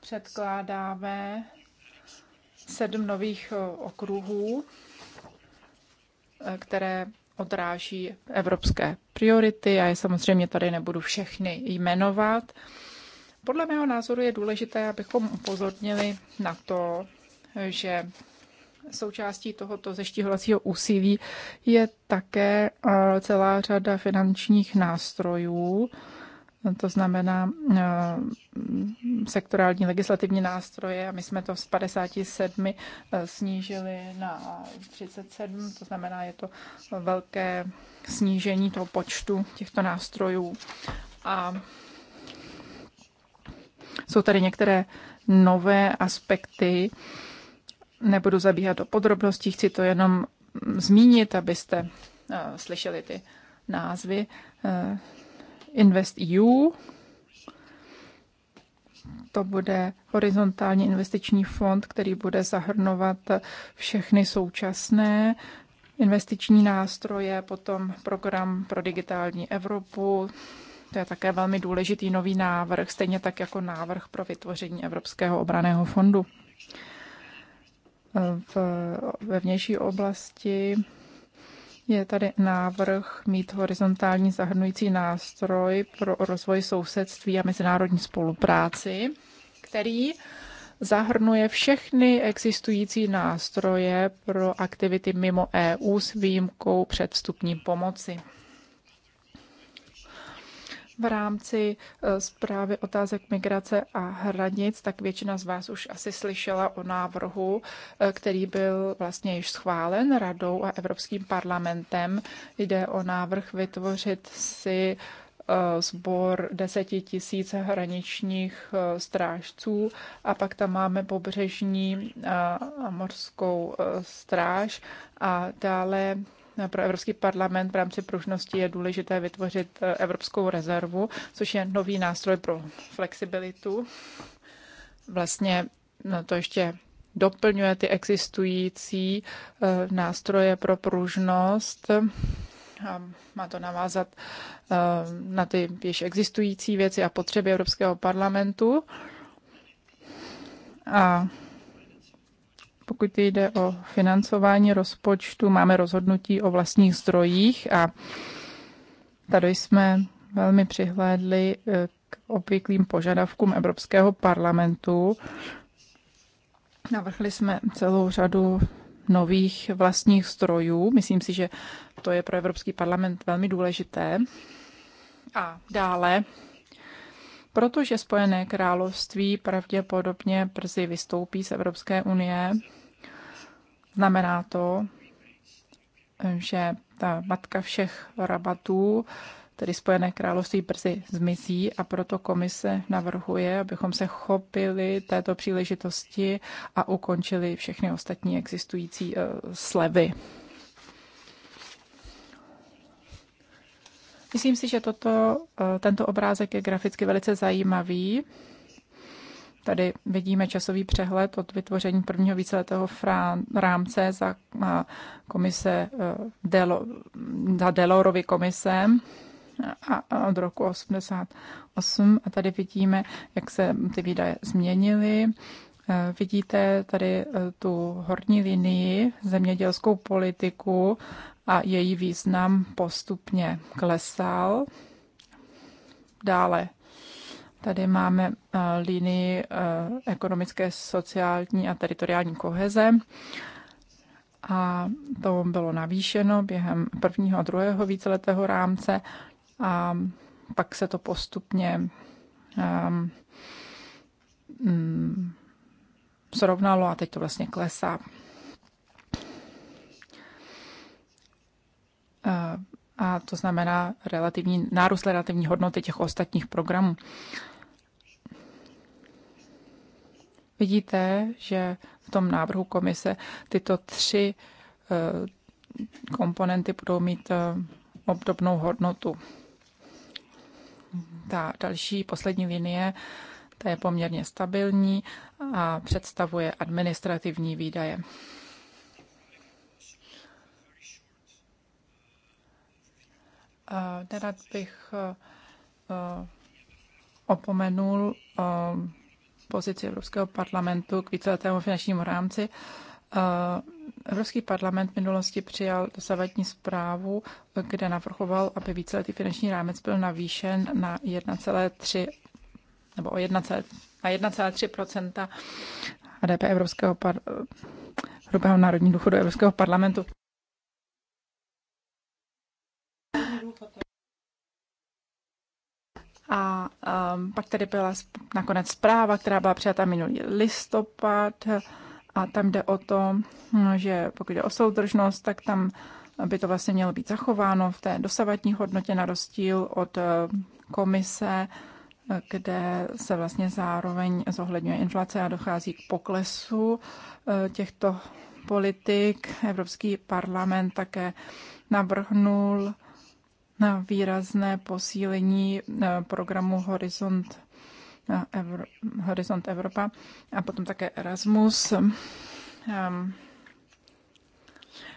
předkládáme sedm nových eh, okruhů, eh, které odráží evropské priority. Já je samozřejmě tady nebudu všechny jmenovat. Podle mého názoru je důležité, abychom upozornili na to, že součástí tohoto zeštíhlovacího úsilí je také eh, celá řada finančních nástrojů, to znamená eh, sektorální legislativní nástroje a my jsme to z 57 eh, snížili na 37, to znamená, je to velké snížení toho počtu těchto nástrojů. A jsou tady některé nové aspekty, nebudu zabíhat do podrobností, chci to jenom mm, zmínit, abyste eh, slyšeli ty názvy. Eh, Invest EU, to bude horizontální investiční fond, který bude zahrnovat všechny současné investiční nástroje, potom program pro digitální Evropu, to je také velmi důležitý nový návrh, stejně tak jako návrh pro vytvoření Evropského obraného fondu v, ve vnější oblasti je tady návrh mít horizontální zahrnující nástroj pro rozvoj sousedství a mezinárodní spolupráci, který zahrnuje všechny existující nástroje pro aktivity mimo EU s výjimkou předvstupní pomoci v rámci eh, zprávy otázek migrace a hranic, tak většina z vás už asi slyšela o návrhu, eh, který byl vlastně již schválen Radou a Evropským parlamentem. Jde o návrh vytvořit si eh, sbor deseti tisíc hraničních strážců a pak tam máme pobřežní a morskou stráž a dále pro Evropský parlament v rámci pružnosti je důležité vytvořit eh, Evropskou rezervu, což je nový nástroj pro flexibilitu. Vlastně no to ještě doplňuje ty existující eh, nástroje pro pružnost a má to navázat eh, na ty již existující věci a potřeby Evropského parlamentu. A pokud jde o financování rozpočtu, máme rozhodnutí o vlastních zdrojích a tady jsme velmi přihlédli eh, k obvyklým požadavkům Evropského parlamentu. Navrhli jsme celou řadu nových vlastních strojů. Myslím si, že to je pro Evropský parlament velmi důležité. A dále, protože Spojené království pravděpodobně brzy vystoupí z Evropské unie, Znamená to, že ta matka všech rabatů, tedy Spojené království, brzy zmizí a proto komise navrhuje, abychom se chopili této příležitosti a ukončili všechny ostatní existující eh, slevy. Myslím si, že toto, eh, tento obrázek je graficky velice zajímavý. Tady vidíme časový přehled od vytvoření prvního víceletého rámce za komise e, Delo, za Delorovy komise a od roku 88 a tady vidíme, jak se ty výdaje změnily. E, vidíte tady e, tu horní linii, zemědělskou politiku a její význam postupně klesal. Dále Tady máme eh, linii eh, ekonomické, sociální a teritoriální koheze a to bylo navýšeno během prvního a druhého víceletého rámce a pak se to postupně um, srovnalo a teď to vlastně klesá. Eh, a to znamená relativní, nárůst relativní hodnoty těch ostatních programů. Vidíte, že v tom návrhu komise tyto tři eh, komponenty budou mít eh, obdobnou hodnotu. Ta další, poslední linie, ta je poměrně stabilní a představuje administrativní výdaje. nerad bych eh, eh, opomenul eh, pozici Evropského parlamentu k víceletému finančnímu rámci. Evropský parlament v minulosti přijal dosavadní zprávu, kde navrhoval, aby víceletý finanční rámec byl navýšen na 1,3 nebo o 1, na 1,3 HDP Evropského par, hrubého národní důchodu Evropského parlamentu. A um, pak tady byla nakonec zpráva, která byla přijata minulý listopad a tam jde o to, hm, že pokud jde o soudržnost, tak tam by to vlastně mělo být zachováno v té dosavadní hodnotě na rozdíl od eh, komise, kde se vlastně zároveň zohledňuje inflace a dochází k poklesu eh, těchto politik. Evropský parlament také navrhnul na výrazné posílení eh, programu Horizont, eh, Evro, Horizont Evropa a potom také Erasmus. Ehm,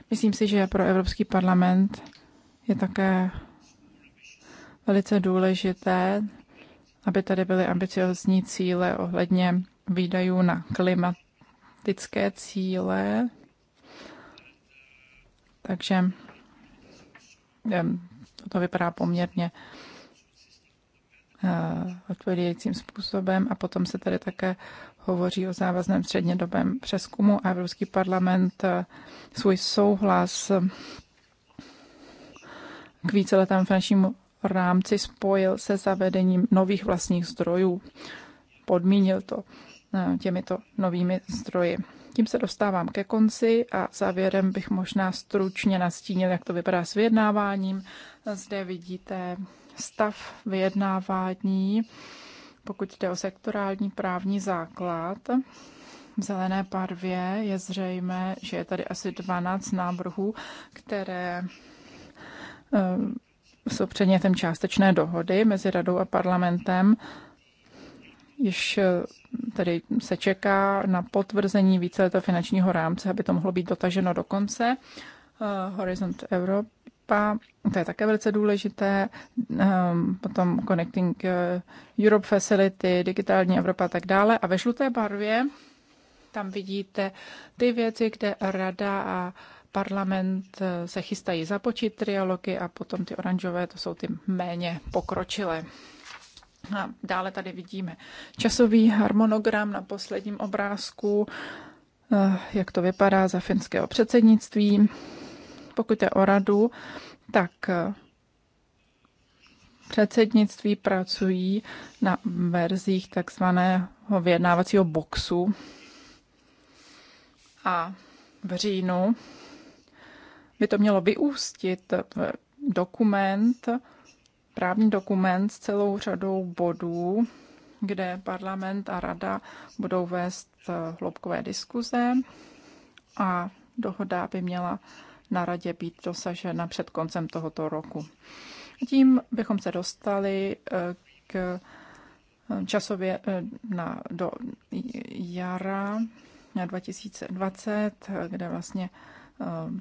myslím si, že pro Evropský parlament je také velice důležité, aby tady byly ambiciozní cíle ohledně výdajů na klimatické cíle. Takže ehm, to vypadá poměrně eh, odpovědějícím způsobem a potom se tady také hovoří o závazném střednědobém přeskumu a Evropský parlament eh, svůj souhlas eh, k víceletému finančnímu rámci spojil se zavedením nových vlastních zdrojů. Podmínil to těmito novými zdroji. Tím se dostávám ke konci a závěrem bych možná stručně nastínil, jak to vypadá s vyjednáváním zde vidíte stav vyjednávání, pokud jde o sektorální právní základ. V zelené barvě je zřejmé, že je tady asi 12 návrhů, které eh, jsou předmětem částečné dohody mezi radou a parlamentem. Již eh, tedy se čeká na potvrzení víceletého finančního rámce, aby to mohlo být dotaženo do konce. Eh, Horizont Europe Evropa, to je také velice důležité, ehm, potom Connecting eh, Europe Facility, Digitální Evropa a tak dále. A ve žluté barvě tam vidíte ty věci, kde rada a parlament eh, se chystají započít trialogy a potom ty oranžové, to jsou ty méně pokročilé. A dále tady vidíme časový harmonogram na posledním obrázku, eh, jak to vypadá za finského předsednictví. Pokud je o radu, tak eh, předsednictví pracují na verzích takzvaného vyjednávacího boxu a v říjnu by to mělo vyústit v dokument, právní dokument s celou řadou bodů, kde parlament a rada budou vést eh, hloubkové diskuze a dohoda by měla na radě být dosažena před koncem tohoto roku. Tím bychom se dostali eh, k eh, časově eh, na, do jara 2020, kde vlastně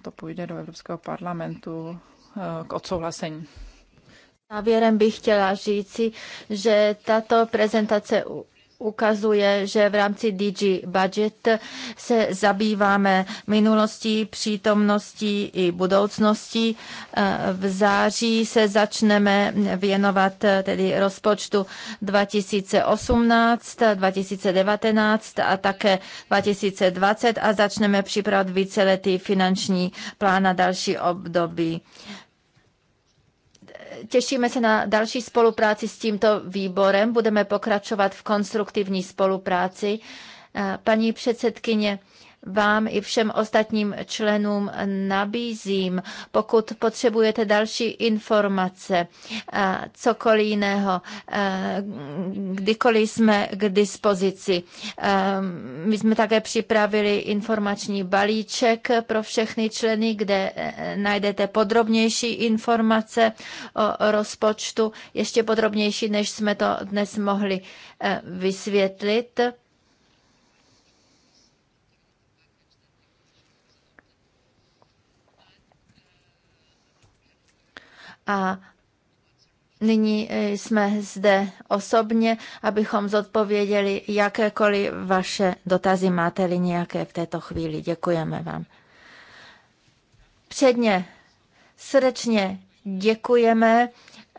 to půjde do Evropského parlamentu k odsouhlasení. Závěrem bych chtěla říci, že tato prezentace ukazuje, že v rámci DG Budget se zabýváme minulostí, přítomností i budoucností. Eh, v září se začneme věnovat tedy rozpočtu 2018, 2019 a také 2020 a začneme připravovat víceletý finanční plán na další období. Těšíme se na další spolupráci s tímto výborem. Budeme pokračovat v konstruktivní spolupráci. Paní předsedkyně, vám i všem ostatním členům nabízím. Pokud potřebujete další informace, eh, cokoliv jiného, eh, kdykoliv jsme k dispozici. Eh, my jsme také připravili informační balíček pro všechny členy, kde najdete podrobnější informace o rozpočtu, ještě podrobnější, než jsme to dnes mohli vysvětlit. a Nyní e, jsme zde osobně, abychom zodpověděli jakékoliv vaše dotazy. Máte-li nějaké v této chvíli? Děkujeme vám. Předně srdečně děkujeme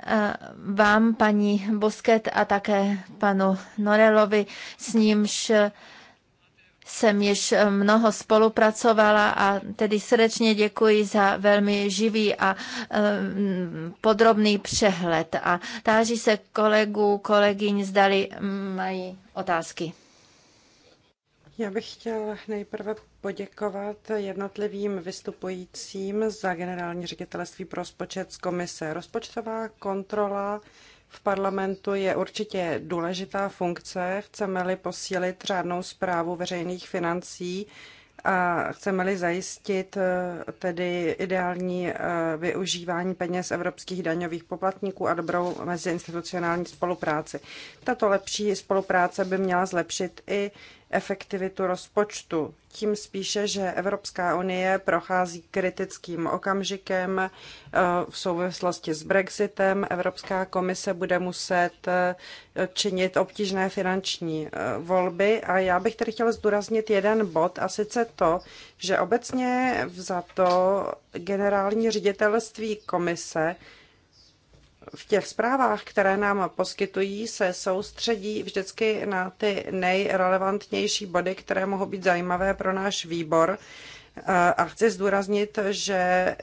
e, vám, paní Bosket, a také panu Norelovi, s nímž jsem již eh, mnoho spolupracovala a tedy srdečně děkuji za velmi živý a eh, podrobný přehled. A táží se kolegů, kolegyň, zdali mm, mají otázky. Já bych chtěl nejprve poděkovat jednotlivým vystupujícím za generální ředitelství pro rozpočet z komise. Rozpočtová kontrola v parlamentu je určitě důležitá funkce, chceme-li posílit řádnou zprávu veřejných financí, a chceme-li zajistit eh, tedy ideální eh, využívání peněz evropských daňových poplatníků a dobrou meziinstitucionální spolupráci. Tato lepší spolupráce by měla zlepšit i efektivitu rozpočtu. Tím spíše, že Evropská unie prochází kritickým okamžikem eh, v souvislosti s Brexitem. Evropská komise bude muset činit obtížné finanční volby a já bych tady chtěla zdůraznit jeden bod a sice to, že obecně to generální ředitelství komise v těch zprávách, které nám poskytují, se soustředí vždycky na ty nejrelevantnější body, které mohou být zajímavé pro náš výbor. A chci zdůraznit, že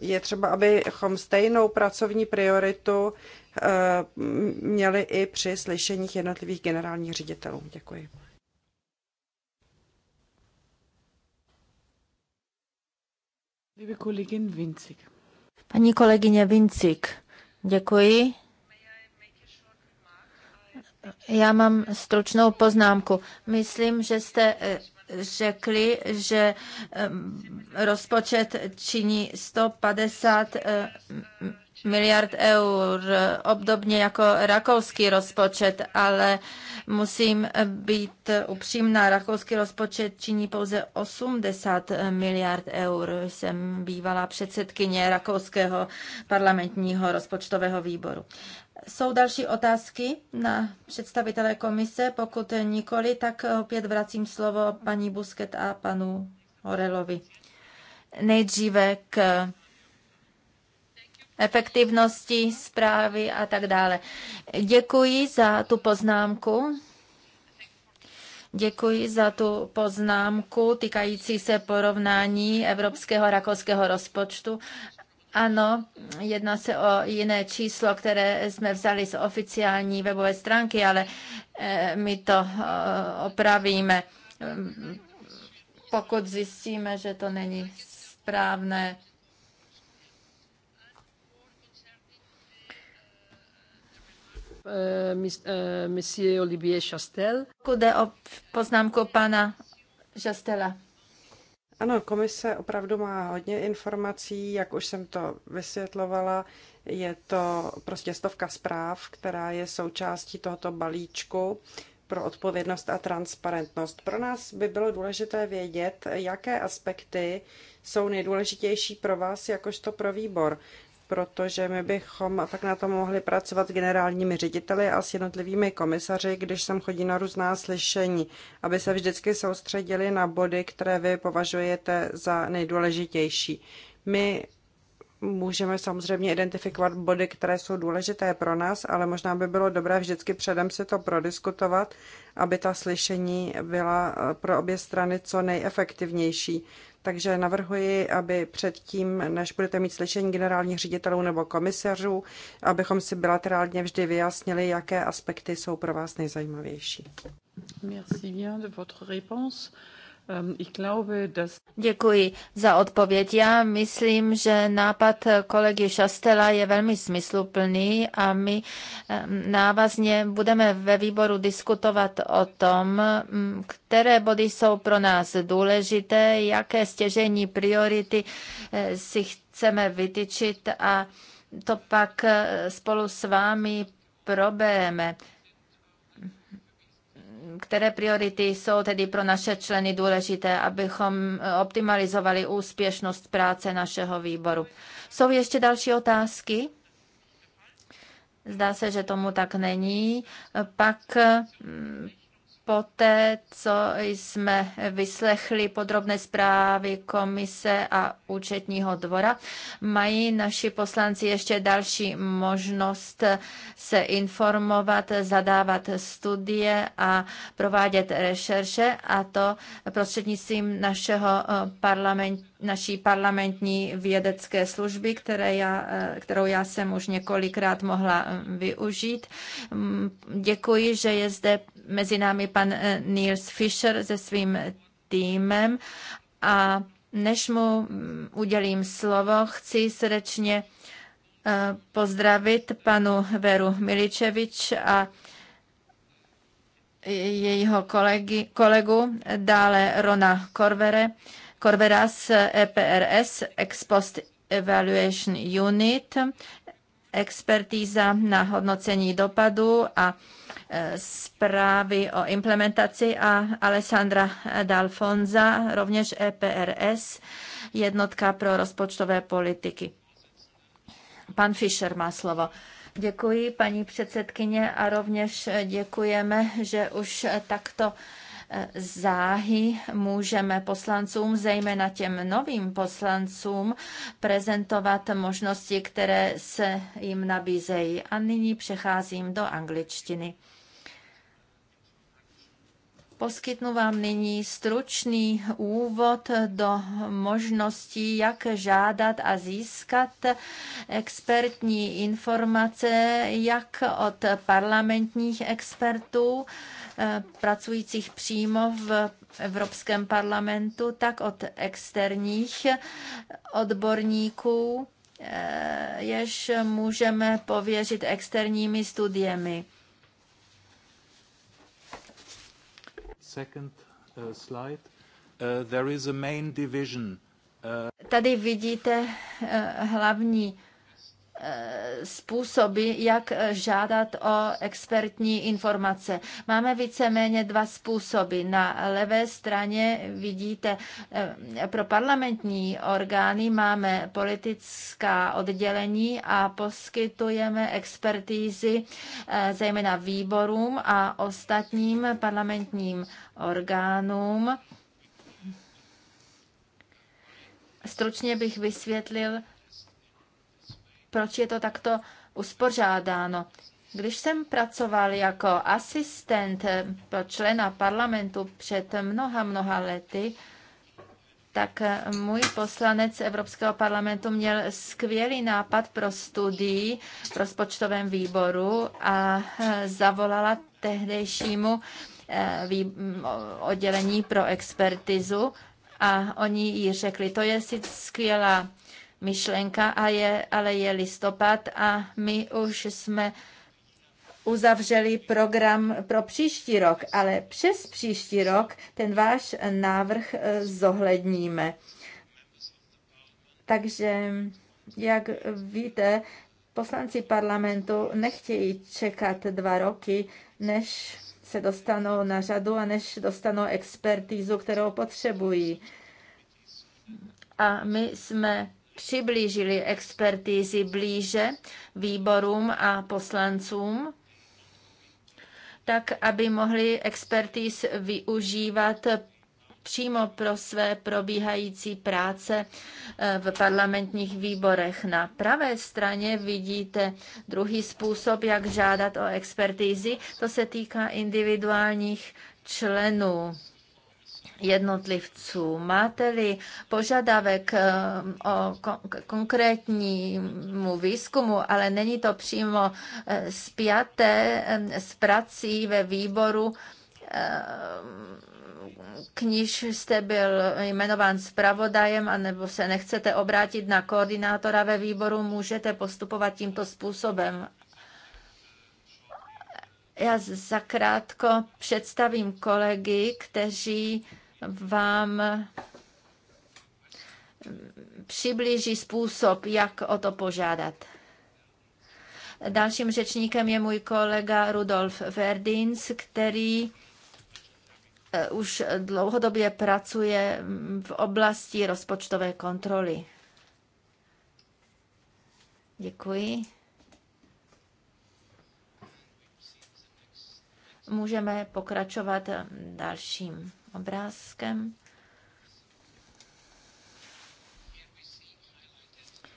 je třeba, abychom stejnou pracovní prioritu eh, měli i při slyšeních jednotlivých generálních ředitelů. Děkuji. Liebe Kollegin Winzig. Paní kolegyně Vincik, děkuji. Já mám stručnou poznámku. Myslím, že jste eh, řekli, že eh, rozpočet činí 150 miliard eur, obdobně jako rakouský rozpočet, ale musím být upřímná, rakouský rozpočet činí pouze 80 miliard eur. Jsem bývalá předsedkyně rakouského parlamentního rozpočtového výboru. Jsou další otázky na představitelé komise? Pokud nikoli, tak opět vracím slovo paní Busket a panu Orelovi. Nejdříve k efektivnosti zprávy a tak dále. Děkuji za tu poznámku. Děkuji za tu poznámku týkající se porovnání evropského a rakouského rozpočtu. Ano, jedná se o jiné číslo, které jsme vzali z oficiální webové stránky, ale eh, my to eh, opravíme, ehm, pokud zjistíme, že to není správné. Eh, eh, monsieur Olivier Chastel. Kde o poznámku pana Chastela. Ano, komise opravdu má hodně informací, jak už jsem to vysvětlovala. Je to prostě stovka zpráv, která je součástí tohoto balíčku pro odpovědnost a transparentnost. Pro nás by bylo důležité vědět, jaké aspekty jsou nejdůležitější pro vás, jakožto pro výbor protože my bychom tak na tom mohli pracovat generálními řediteli a s jednotlivými komisaři, když sem chodí na různá slyšení, aby se vždycky soustředili na body, které vy považujete za nejdůležitější. My můžeme samozřejmě identifikovat body, které jsou důležité pro nás, ale možná by bylo dobré vždycky předem si to prodiskutovat, aby ta slyšení byla pro obě strany co nejefektivnější. Takže navrhuji, aby předtím, než budete mít slyšení generálních ředitelů nebo komisařů, abychom si bilaterálně vždy vyjasnili, jaké aspekty jsou pro vás nejzajímavější. Merci bien de votre réponse. Ehm, Děkuji za odpověď. Já myslím, že nápad kolegy Šastela je velmi smysluplný a my ehm, návazně budeme ve výboru diskutovat o tom, mm, které body jsou pro nás důležité, jaké stěžení priority eh, si chceme vytyčit a to pak eh, spolu s vámi probereme které priority jsou tedy pro naše členy důležité, abychom eh, optimalizovali úspěšnost práce našeho výboru. Jsou ještě další otázky? Zdá se, že tomu tak není. Pak mm, Poté, co jsme vyslechli podrobné zprávy komise a účetního dvora, mají naši poslanci ještě další možnost se informovat, zadávat studie a provádět rešerše a to prostřednictvím našeho eh, parlament, naší parlamentní vědecké služby, které já, eh, kterou já jsem už několikrát mohla eh, využít. Mm, děkuji, že je zde mezi námi pan eh, Niels Fischer se svým týmem a než mu mm, udělím slovo, chci srdečně eh, pozdravit panu Veru Miličevič a jejího kolegy, kolegu, dále Rona Korvere, Korvera z EPRS, ex post Evaluation Unit, expertíza na hodnocení dopadu a zprávy o implementaci a Alessandra Dalfonza, rovněž EPRS, jednotka pro rozpočtové politiky. Pan Fischer má slovo. Děkuji, paní předsedkyně, a rovněž děkujeme, že už takto záhy můžeme poslancům, zejména těm novým poslancům, prezentovat možnosti, které se jim nabízejí. A nyní přecházím do angličtiny. Poskytnu vám nyní stručný úvod do možností, jak žádat a získat expertní informace, jak od parlamentních expertů eh, pracujících přímo v Evropském parlamentu, tak od externích odborníků, eh, jež můžeme pověřit externími studiemi. second uh, slide, uh, there is a main division. Uh... Tady vidíte uh, hlavní Eh, způsoby, jak eh, žádat o expertní informace. Máme víceméně dva způsoby. Na levé straně vidíte, eh, pro parlamentní orgány máme politická oddělení a poskytujeme expertízy zejména výborům a ostatním parlamentním orgánům. Stručně bych vysvětlil, proč je to takto uspořádáno. Když jsem pracoval jako asistent pro člena parlamentu před mnoha, mnoha lety, tak můj poslanec Evropského parlamentu měl skvělý nápad pro studii v rozpočtovém výboru a zavolala tehdejšímu eh, oddělení pro expertizu a oni jí řekli, to je sice skvělá myšlenka, a je, ale je listopad a my už jsme uzavřeli program pro příští rok, ale přes příští rok ten váš návrh e, zohledníme. Takže, jak víte, poslanci parlamentu nechtějí čekat dva roky, než se dostanou na řadu a než dostanou expertízu, kterou potřebují. A my jsme přiblížili expertízy blíže výborům a poslancům, tak aby mohli expertíz využívat přímo pro své probíhající práce eh, v parlamentních výborech. Na pravé straně vidíte druhý způsob, jak žádat o expertízy. To se týká individuálních členů jednotlivců. Máte-li požadavek eh, o konkrétnímu výzkumu, ale není to přímo eh, spjaté eh, s prací ve výboru, k níž jste byl jmenován zpravodajem, anebo se nechcete obrátit na koordinátora ve výboru, můžete postupovat tímto způsobem. Já zakrátko představím kolegy, kteří vám přiblíží způsob, jak o to požádat. Dalším řečníkem je můj kolega Rudolf Verdins, který eh, už dlouhodobě pracuje v oblasti rozpočtové kontroly. Děkuji. Můžeme pokračovat dalším obrázkem.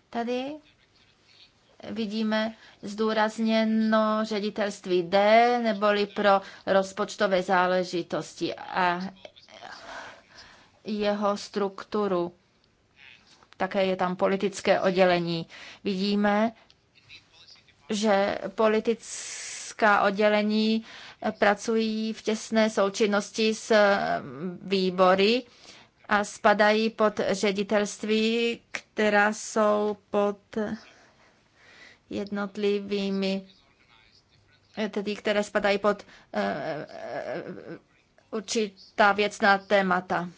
Tady vidíme zdůrazněno ředitelství D, neboli pro rozpočtové záležitosti a jeho strukturu. Také je tam politické oddělení. Vidíme, že politická oddělení pracují v těsné součinnosti s eh, výbory a spadají pod ředitelství, která jsou pod jednotlivými, tedy které spadají pod eh, eh, určitá věcná témata.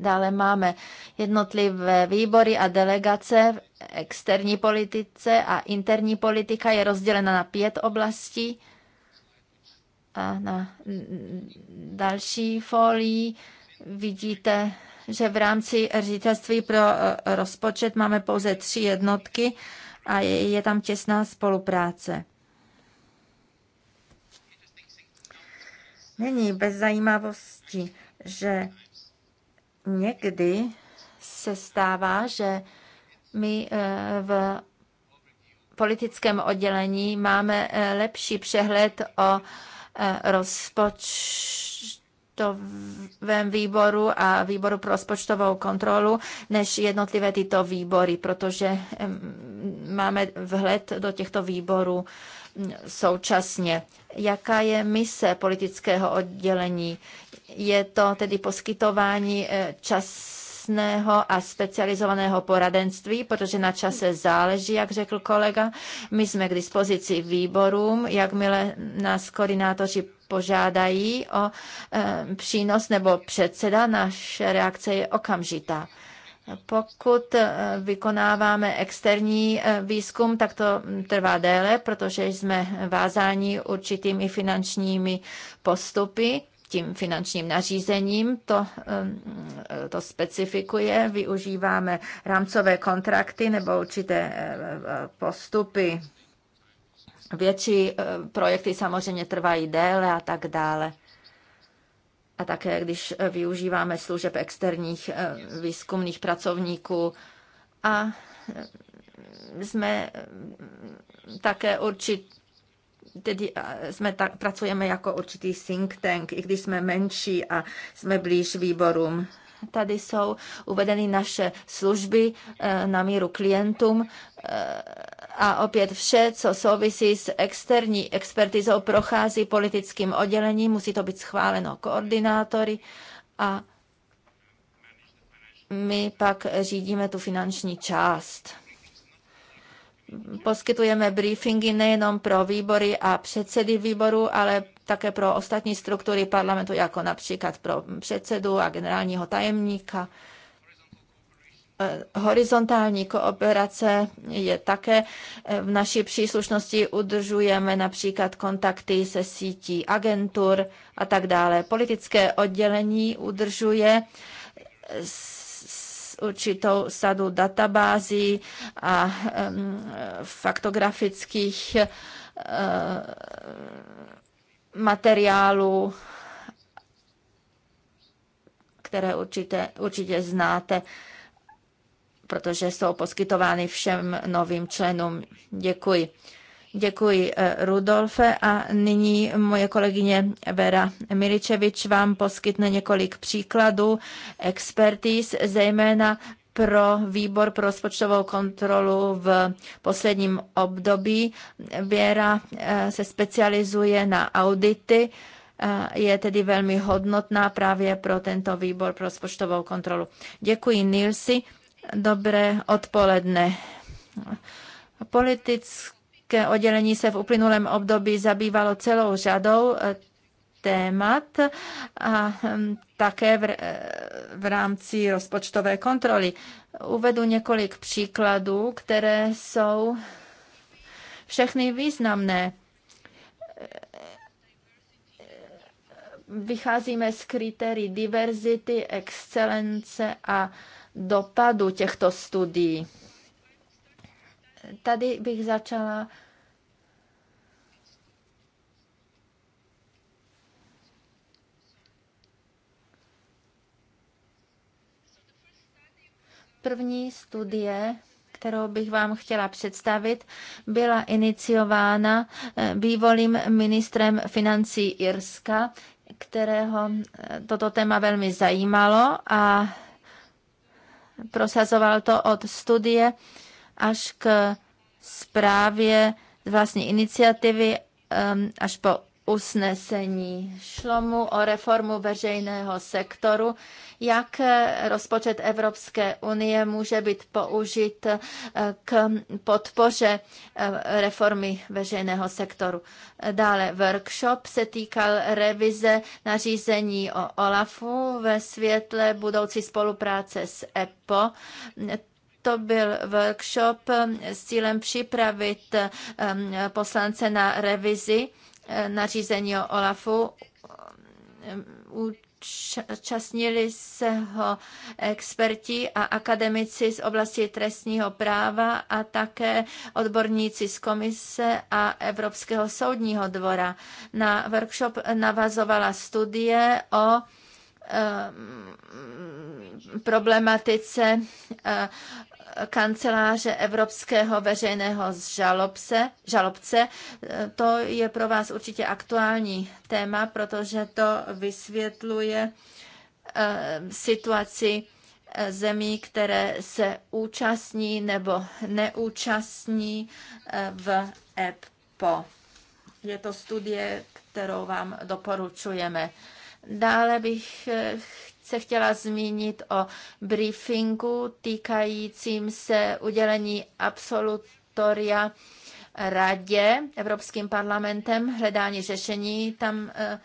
Dále máme jednotlivé výbory a delegace v externí politice a interní politika je rozdělena na pět oblastí. A na další folii vidíte, že v rámci ředitelství pro e, rozpočet máme pouze tři jednotky a je tam těsná spolupráce. Není bez zajímavosti, že někdy se stává, že my e, v politickém oddělení máme e, lepší přehled o rozpočtovém výboru a výboru pro rozpočtovou kontrolu než jednotlivé tyto výbory, protože máme vhled do těchto výborů mm, současně. Jaká je mise politického oddělení? Je to tedy poskytování eh, čas jasného a specializovaného poradenství, protože na čase záleží, jak řekl kolega. My jsme k dispozici výborům, jakmile nás koordinátoři požádají o e, přínos nebo předseda, naše reakce je okamžitá. Pokud eh, vykonáváme externí eh, výzkum, tak to trvá déle, protože jsme vázáni určitými finančními postupy tím finančním nařízením. To, um, to specifikuje. Využíváme rámcové kontrakty nebo určité eh, eh, postupy. Větší eh, projekty samozřejmě trvají déle a tak dále. A také, když využíváme služeb externích výzkumných pracovníků a jsme také určitě tedy jsme tak, pracujeme jako určitý think tank, i když jsme menší a jsme blíž výborům. Tady jsou uvedeny naše služby e, na míru klientům e, a opět vše, co souvisí s externí expertizou, prochází politickým oddělením, musí to být schváleno koordinátory a my pak řídíme tu finanční část poskytujeme briefingy nejenom pro výbory a předsedy výboru, ale také pro ostatní struktury parlamentu, jako například pro předsedu a generálního tajemníka. Eh, horizontální kooperace je také eh, v naší příslušnosti. Udržujeme například kontakty se sítí agentur a tak dále. Politické oddělení udržuje s určitou sadu databází a faktografických eh, materiálů, které určitě, určitě znáte, protože jsou poskytovány všem novým členům. Děkuji. Děkuji eh, Rudolfe a nyní moje kolegyně Vera Miličevič vám poskytne několik příkladů expertíz, zejména pro výbor pro rozpočtovou kontrolu v posledním období. Věra eh, se specializuje na audity, eh, je tedy velmi hodnotná právě pro tento výbor pro rozpočtovou kontrolu. Děkuji Nilsi, dobré odpoledne. Politické k oddělení se v uplynulém období zabývalo celou řadou eh, témat a hm, také v, eh, v rámci rozpočtové kontroly. Uvedu několik příkladů, které jsou všechny významné. Vycházíme z kritérií diverzity, excelence a dopadu těchto studií. Tady bych začala první studie, kterou bych vám chtěla představit, byla iniciována eh, bývalým ministrem financí Irska, kterého eh, toto téma velmi zajímalo a prosazoval to od studie až k zprávě vlastní iniciativy um, až po usnesení. šlomu o reformu veřejného sektoru, jak rozpočet Evropské unie může být použit uh, k podpoře uh, reformy veřejného sektoru. Dále workshop se týkal revize nařízení o OLAFu ve světle budoucí spolupráce s EPO. To byl workshop eh, s cílem připravit ehm, poslance na revizi eh, nařízení o OLAFu. Ehm, účastnili se ho experti a akademici z oblasti trestního práva a také odborníci z komise a Evropského soudního dvora. Na workshop navazovala studie o Ehm, problematice eh, kanceláře Evropského veřejného žalobce, žalobce. Eh, to je pro vás určitě aktuální téma, protože to vysvětluje ehm, situaci eh, zemí, které se účastní nebo neúčastní v EPPO. Je to studie, kterou vám doporučujeme. Dále bych eh, se chtěla zmínit o briefingu týkajícím se udělení absolutoria radě Evropským parlamentem hledání řešení. Tam eh,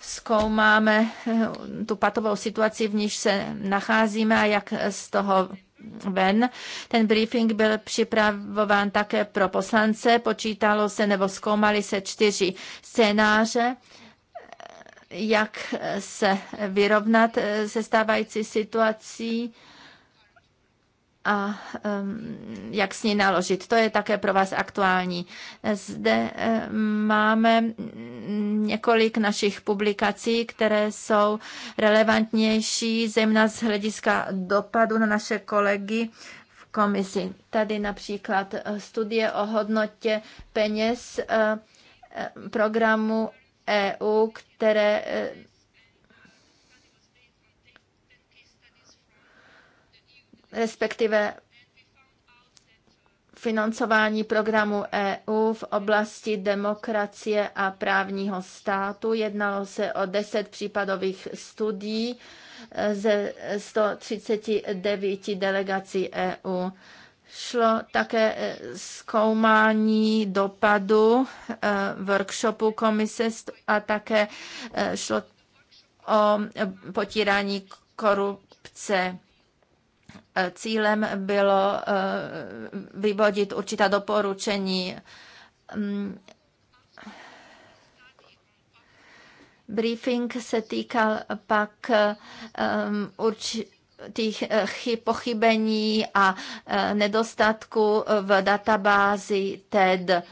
zkoumáme eh, tu patovou situaci, v níž se nacházíme a jak z toho ven. Ten briefing byl připravován také pro poslance, počítalo se nebo zkoumali se čtyři scénáře jak se vyrovnat eh, se stávající situací a ehm, jak s ní naložit. To je také pro vás aktuální. Zde eh, máme několik našich publikací, které jsou relevantnější, zejména z hlediska dopadu na naše kolegy v komisi. Tady například eh, studie o hodnotě peněz programu EU, které e, respektive financování programu EU v oblasti demokracie a právního státu. Jednalo se o 10 případových studií e, ze 139 delegací EU šlo také eh, zkoumání dopadu eh, workshopu komise a také eh, šlo o potírání korupce. Cílem bylo vyvodit určitá doporučení. Mm. Briefing se týkal pak um, těch eh, chyb, pochybení a eh, nedostatku v databázi TED. Eh,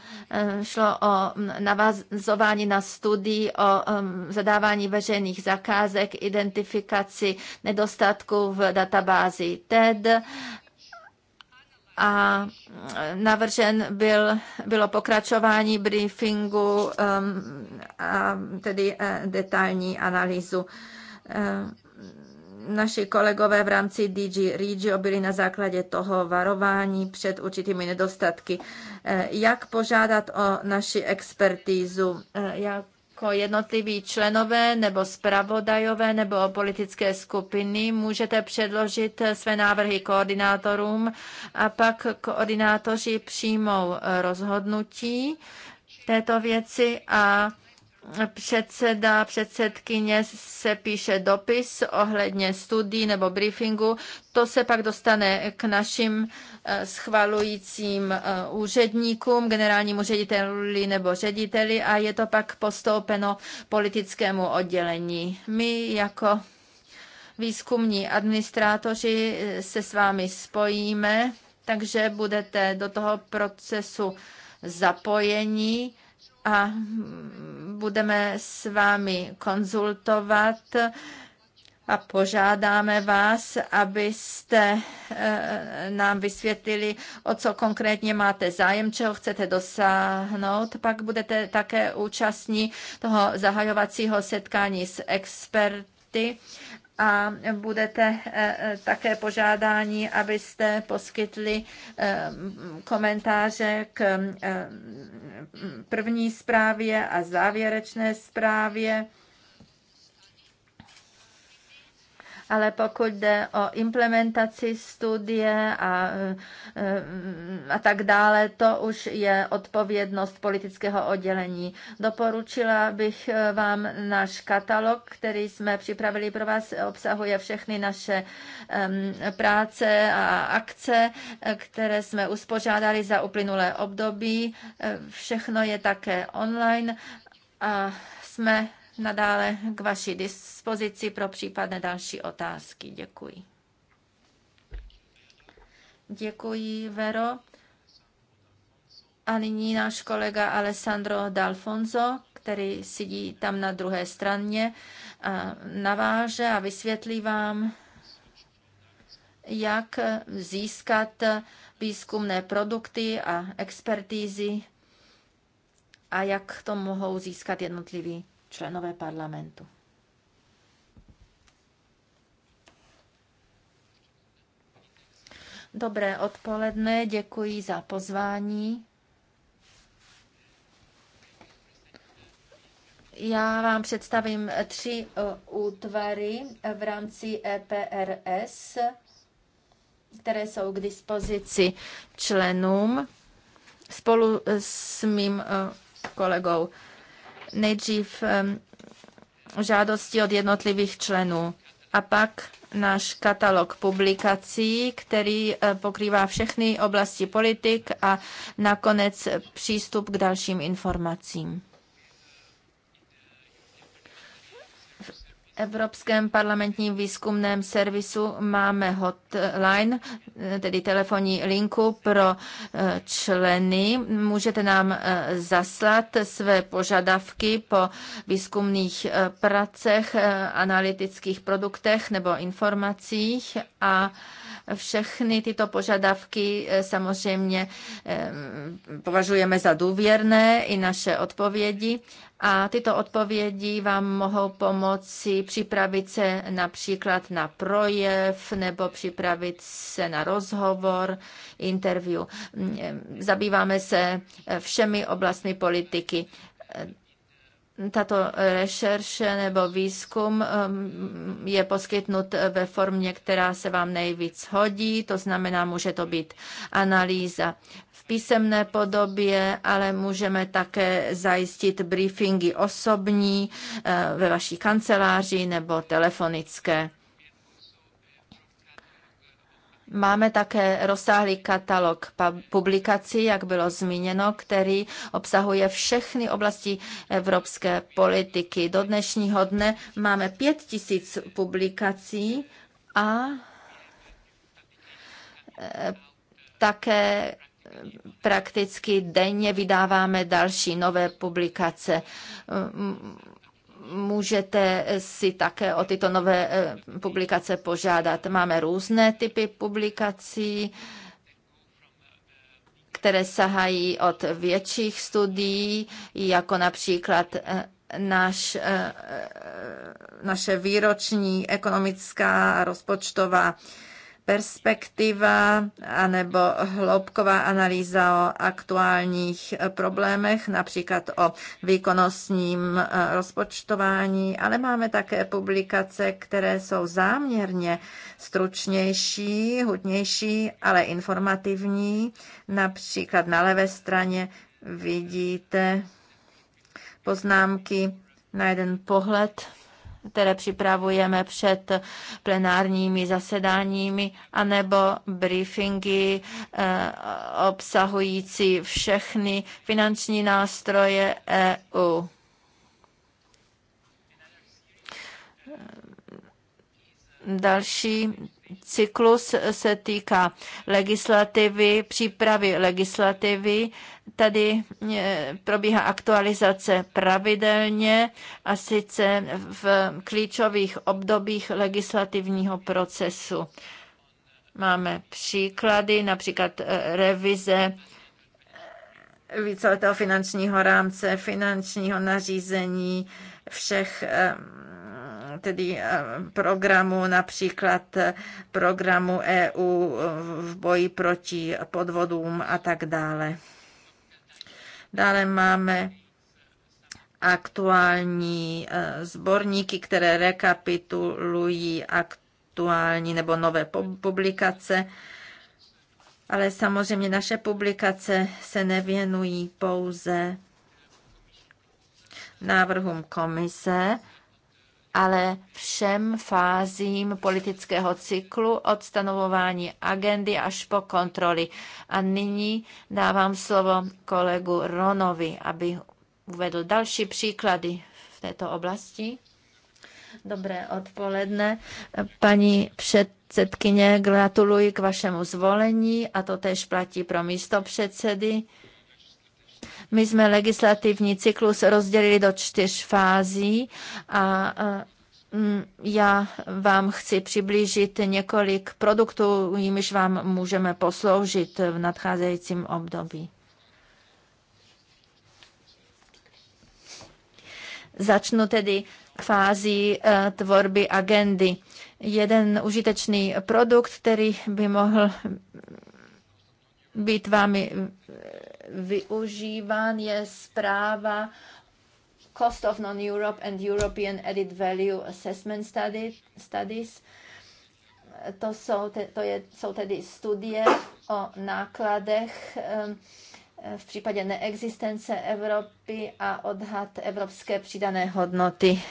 šlo o navazování na studii o zadávání veřejných zakázek, identifikaci nedostatku v databázi TED a navržen byl, bylo pokračování briefingu, a tedy detailní analýzu naši kolegové v rámci DG Regio byli na základě toho varování před určitými nedostatky. Eh, jak požádat o naši expertízu? Jak eh, jako jednotliví členové nebo zpravodajové nebo politické skupiny můžete předložit eh, své návrhy koordinátorům a pak koordinátoři přijmou rozhodnutí této věci a předseda, předsedkyně se píše dopis ohledně studií nebo briefingu. To se pak dostane k našim eh, schvalujícím eh, úředníkům, generálnímu řediteli nebo řediteli a je to pak postoupeno politickému oddělení. My jako výzkumní administrátoři eh, se s vámi spojíme, takže budete do toho procesu zapojení a budeme s vámi konzultovat a požádáme vás, abyste e, nám vysvětlili, o co konkrétně máte zájem, čeho chcete dosáhnout. Pak budete také účastní toho zahajovacího setkání s experty a budete eh, eh, také požádání, abyste poskytli eh, komentáře k první zprávě a závěrečné zprávě. ale pokud jde o implementaci studie a, eh, a tak dále, to už je odpovědnost politického oddělení. Doporučila bych eh, vám náš katalog, který jsme připravili pro vás, obsahuje všechny naše ehm, práce a akce, eh, které jsme uspořádali za uplynulé období. Všechno je také online a jsme nadále k vaší dispozici pro případné další otázky. Děkuji. Děkuji, Vero. A nyní náš kolega Alessandro D'Alfonso, který sedí tam na druhé straně, a naváže a vysvětlí vám, jak získat výzkumné produkty a expertízy a jak to mohou získat jednotliví členové parlamentu. Dobré odpoledne, děkuji za pozvání. Já vám představím tři eh, útvary v rámci EPRS, které jsou k dispozici členům spolu s mým eh, kolegou nejdřív žádosti od jednotlivých členů a pak náš katalog publikací, který eh, pokrývá všechny oblasti politik a nakonec přístup k dalším informacím. Evropském parlamentním výzkumném servisu máme hotline, tedy telefonní linku pro eh, členy. Můžete nám eh, zaslat své požadavky po výzkumných eh, pracech, analytických produktech nebo informacích a všechny tyto požadavky samozřejmě považujeme za důvěrné i naše odpovědi a tyto odpovědi vám mohou pomoci připravit se například na projev nebo připravit se na rozhovor, interview. Zabýváme se všemi oblastmi politiky tato rešerše nebo výzkum um, je poskytnut ve formě, která se vám nejvíc hodí, to znamená, může to být analýza písemné podobě, ale můžeme také zajistit briefingy osobní eh, ve vaší kanceláři nebo telefonické. Máme také rozsáhlý katalog publikací, jak bylo zmíněno, který obsahuje všechny oblasti evropské politiky. Do dnešního dne máme pět tisíc publikací a eh, také prakticky denně vydáváme další nové publikace můžete si také o tyto nové eh, publikace požádat. Máme různé typy publikací, které sahají od větších studií, jako například eh, naš, eh, naše výroční ekonomická a rozpočtová perspektiva anebo hloubková analýza o aktuálních problémech, například o výkonnostním eh, rozpočtování, ale máme také publikace, které jsou záměrně stručnější, hudnější, ale informativní. Například na levé straně vidíte poznámky na jeden pohled které připravujeme před plenárními zasedáními, anebo briefingy eh, obsahující všechny finanční nástroje EU. Další cyklus se týká legislativy, přípravy legislativy. Tady eh, probíhá aktualizace pravidelně a sice v klíčových obdobích legislativního procesu. Máme příklady, například eh, revize eh, víceletého finančního rámce, finančního nařízení, všech tedy eh, programu, například eh, programu EU v boji proti podvodům a tak dále. Dále máme aktuální eh, sborníky, které rekapitulují aktuální nebo nové publikace, ale samozřejmě naše publikace se nevěnují pouze návrhům komise, ale všem fázím politického cyklu od stanovování agendy až po kontroly. A nyní dávám slovo kolegu Ronovi, aby uvedl další příklady v této oblasti. Dobré odpoledne, paní předsedkyně, gratuluji k vašemu zvolení a to tež platí pro místo předsedy. My jsme legislativní cyklus rozdělili do čtyř fází a mm, já vám chci přiblížit několik produktů, jimiž vám můžeme posloužit v nadcházejícím období. Začnu tedy fází e, tvorby agendy. Jeden užitečný produkt, který by mohl být vámi využíván, je zpráva Cost of Non-Europe and European Added Value Assessment Studies. To jsou, te, to je, jsou tedy studie o nákladech ehm, v případě neexistence Evropy a odhad evropské přidané hodnoty.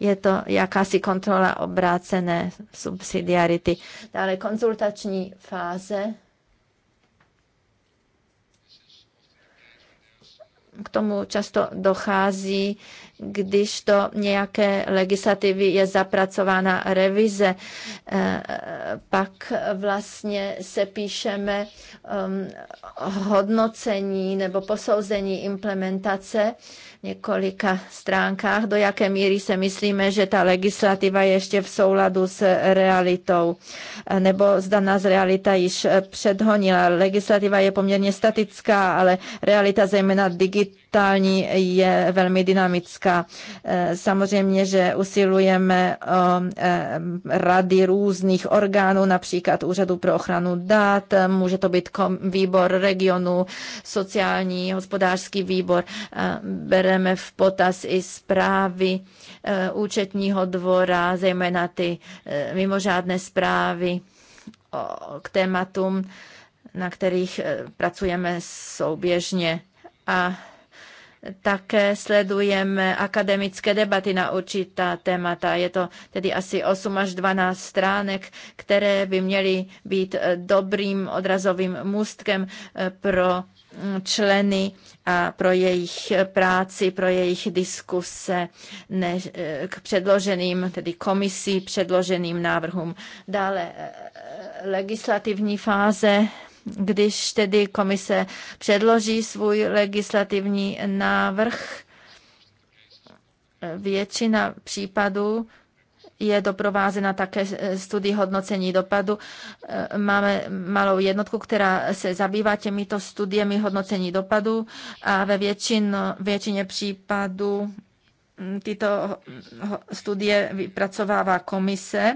Je to jakási kontrola obrácené subsidiarity. Dále konzultační fáze k tomu často dochází, když to nějaké legislativy je zapracována revize, eh, pak vlastně se píšeme ehm, hodnocení nebo posouzení implementace několika stránkách, do jaké míry se myslíme, že ta legislativa je ještě v souladu s realitou, nebo zda nás realita již předhonila. Legislativa je poměrně statická, ale realita zejména digitální je velmi dynamická. Samozřejmě, že usilujeme o eh, rady různých orgánů, například Úřadu pro ochranu dat, může to být výbor regionu, sociální, hospodářský výbor. Eh, Bereme bereme v potaz i zprávy eh, účetního dvora, zejména ty eh, mimořádné zprávy k tématům, na kterých eh, pracujeme souběžně. A také sledujeme akademické debaty na určitá témata. Je to tedy asi 8 až 12 stránek, které by měly být dobrým odrazovým můstkem pro členy a pro jejich práci, pro jejich diskuse než, k předloženým, tedy komisí předloženým návrhům. Dále eh, legislativní fáze když tedy komise předloží svůj legislativní návrh, eh, většina případů je doprovázena také studií hodnocení dopadu. E, máme malou jednotku, která se zabývá těmito studiemi hodnocení dopadu a ve většinu, většině případů tyto studie vypracovává komise.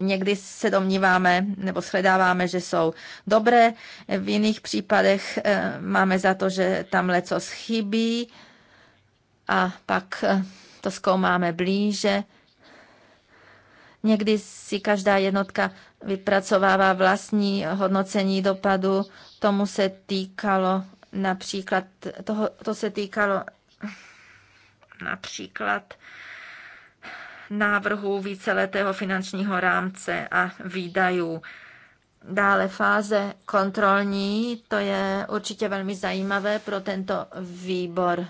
Někdy se domníváme nebo shledáváme, že jsou dobré, v jiných případech e, máme za to, že tam leco chybí a pak e, to zkoumáme blíže Někdy si každá jednotka vypracovává vlastní hodnocení dopadu. Tomu se týkalo například, toho, to se týkalo například návrhu víceletého finančního rámce a výdajů. Dále fáze kontrolní, to je určitě velmi zajímavé pro tento výbor.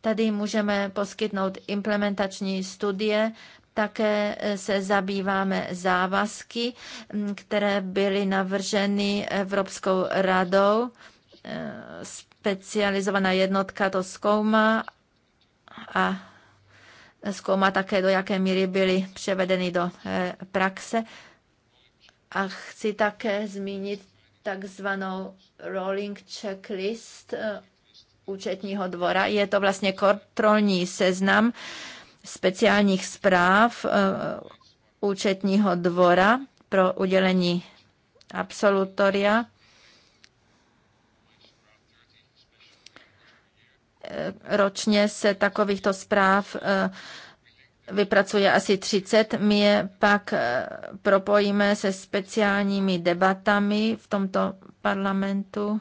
Tady můžeme poskytnout implementační studie také eh, se zabýváme závazky, mm, které byly navrženy Evropskou radou. Eh, specializovaná jednotka to zkoumá a zkoumá také, do jaké míry byly převedeny do eh, praxe. A chci také zmínit takzvanou rolling checklist účetního dvora. Je to vlastně kontrolní seznam speciálních zpráv eh, účetního dvora pro udělení absolutoria. Eh, ročně se takovýchto zpráv eh, vypracuje asi 30. My je pak propojíme se speciálními debatami v tomto parlamentu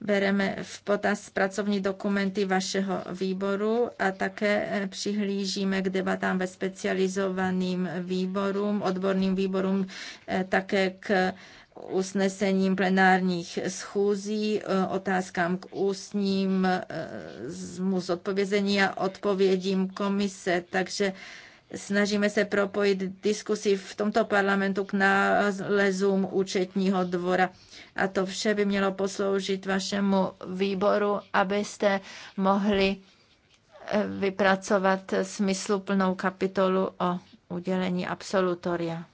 bereme v potaz pracovní dokumenty vašeho výboru a také eh, přihlížíme k debatám ve specializovaným výborům, odborným výborům, eh, také k usnesením plenárních schůzí, eh, otázkám k ústním mu zodpovězení a odpovědím komise. Takže snažíme se propojit diskusi v tomto parlamentu k nálezům účetního dvora a to vše by mělo posloužit vašemu výboru, abyste mohli eh, vypracovat smysluplnou kapitolu o udělení absolutoria.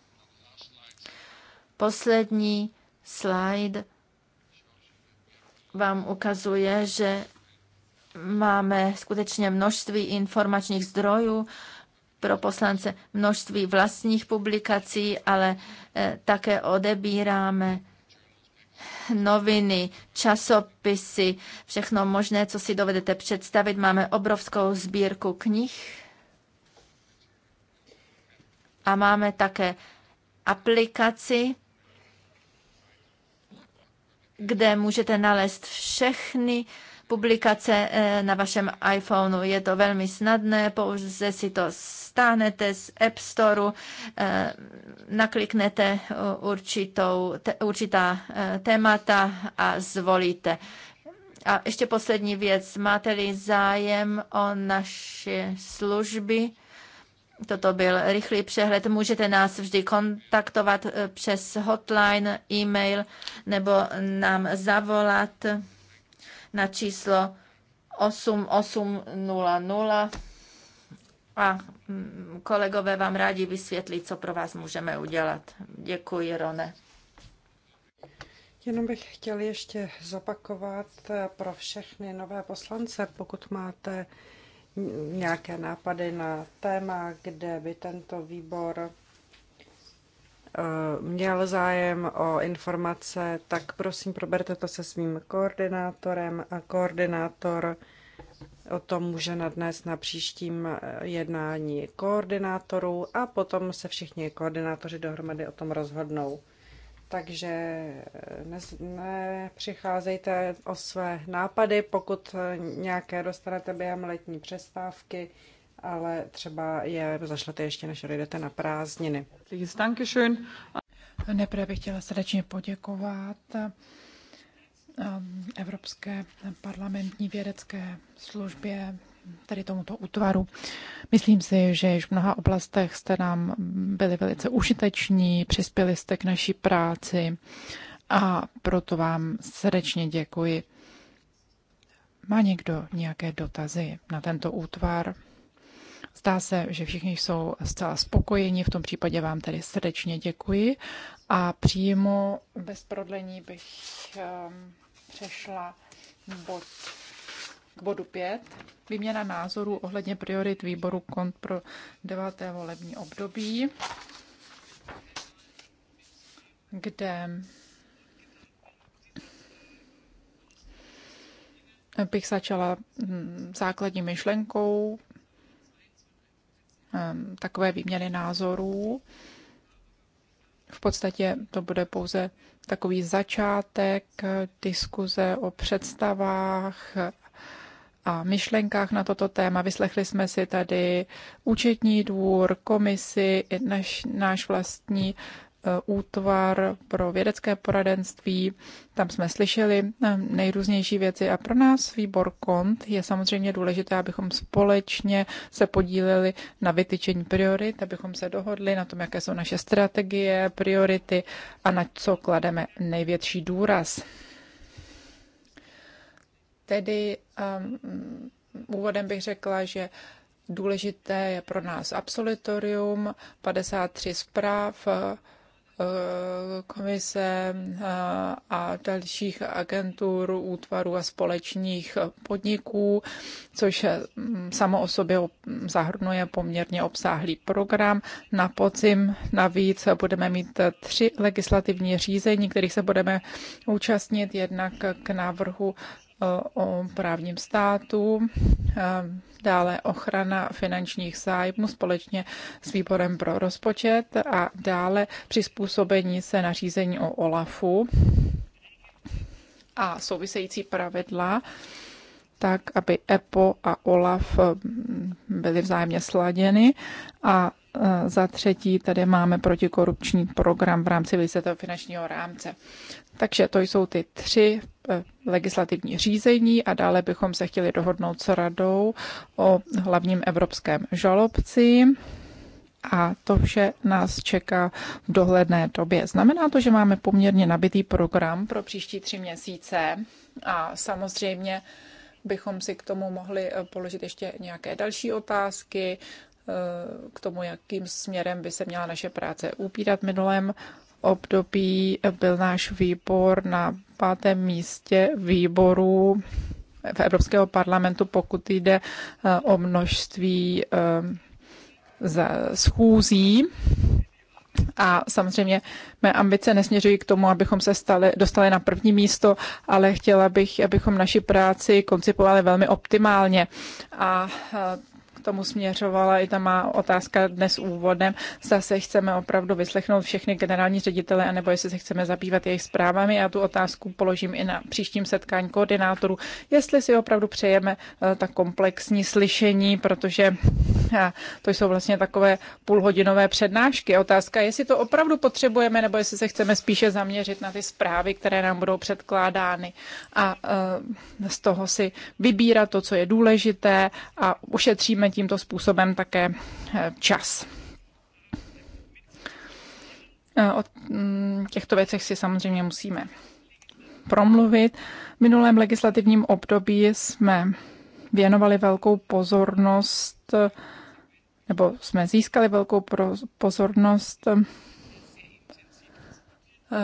Poslední slide vám ukazuje, že máme skutečně množství informačních zdrojů pro poslance, množství vlastních publikací, ale eh, také odebíráme noviny, časopisy, všechno možné, co si dovedete představit. Máme obrovskou sbírku knih a máme také aplikaci, kde můžete nalézt všechny publikace eh, na vašem iPhoneu. Je to velmi snadné, pouze si to stáhnete z App Storeu, eh, nakliknete eh, určitou, určitá eh, témata a zvolíte. A ještě poslední věc. Máte-li zájem o naše služby? Toto byl rychlý přehled. Můžete nás vždy kontaktovat přes hotline, e-mail nebo nám zavolat na číslo 8800 a mm, kolegové vám rádi vysvětlí, co pro vás můžeme udělat. Děkuji, Rone. Jenom bych chtěl ještě zopakovat eh, pro všechny nové poslance, pokud máte nějaké nápady na téma, kde by tento výbor eh, měl zájem o informace, tak prosím proberte to se svým koordinátorem a koordinátor o tom může nadnést na příštím eh, jednání koordinátorů a potom se všichni koordinátoři dohromady o tom rozhodnou. Takže eh, nepřicházejte o své nápady, pokud eh, nějaké dostanete během letní přestávky, ale třeba je zašlete ještě, než odejdete na prázdniny. Nejprve bych chtěla srdečně poděkovat Um, Evropské parlamentní vědecké službě, tedy tomuto útvaru. Myslím si, že již v mnoha oblastech jste nám byli velice užiteční, přispěli jste k naší práci a proto vám srdečně děkuji. Má někdo nějaké dotazy na tento útvar? Zdá se, že všichni jsou zcela spokojeni, v tom případě vám tedy srdečně děkuji a přímo bez prodlení bych um, přešla bod, k bodu 5. Výměna názorů ohledně priorit výboru kont pro 9. volební období, kde bych začala hm, základní myšlenkou hm, takové výměny názorů. V podstatě to bude pouze takový začátek diskuze o představách a myšlenkách na toto téma. Vyslechli jsme si tady účetní dvůr, komisi, naš, náš vlastní Eh, útvar pro vědecké poradenství, tam jsme slyšeli eh, nejrůznější věci a pro nás výbor KONT je samozřejmě důležité, abychom společně se podíleli na vytyčení priorit, abychom se dohodli na tom, jaké jsou naše strategie, priority a na co klademe největší důraz. Tedy um, úvodem bych řekla, že důležité je pro nás absolutorium, 53 zpráv, komise eh, a dalších agentur, útvarů a společných podniků, což eh, samo o sobě zahrnuje poměrně obsáhlý program. Na podzim navíc budeme mít tři legislativní řízení, kterých se budeme účastnit jednak k návrhu o právním státu, dále ochrana finančních zájmů společně s výborem pro rozpočet a dále přizpůsobení se nařízení o OLAFu a související pravidla, tak aby EPO a OLAF mm, byly vzájemně sladěny a za třetí tady máme protikorupční program v rámci výsledného finančního rámce. Takže to jsou ty tři eh, legislativní řízení a dále bychom se chtěli dohodnout s radou o hlavním evropském žalobci a to vše nás čeká v dohledné době. Znamená to, že máme poměrně nabitý program pro příští tři měsíce a samozřejmě bychom si k tomu mohli eh, položit ještě nějaké další otázky, k tomu, jakým směrem by se měla naše práce upírat. V minulém období byl náš výbor na pátém místě výboru v Evropského parlamentu, pokud jde e, o množství e, schůzí. A samozřejmě mé ambice nesměřují k tomu, abychom se stali, dostali na první místo, ale chtěla bych, abychom naši práci koncipovali velmi optimálně. A e, tomu směřovala i ta má otázka dnes úvodem. Zase chceme opravdu vyslechnout všechny generální ředitele, anebo jestli se chceme zabývat jejich zprávami. Já tu otázku položím i na příštím setkání koordinátorů, jestli si opravdu přejeme eh, ta komplexní slyšení, protože eh, to jsou vlastně takové půlhodinové přednášky. Otázka, jestli to opravdu potřebujeme, nebo jestli se chceme spíše zaměřit na ty zprávy, které nám budou předkládány a eh, z toho si vybírat to, co je důležité a ušetříme tímto způsobem také eh, čas. Eh, o mm, těchto věcech si samozřejmě musíme promluvit. V minulém legislativním období jsme věnovali velkou pozornost, nebo jsme získali velkou pozornost, eh,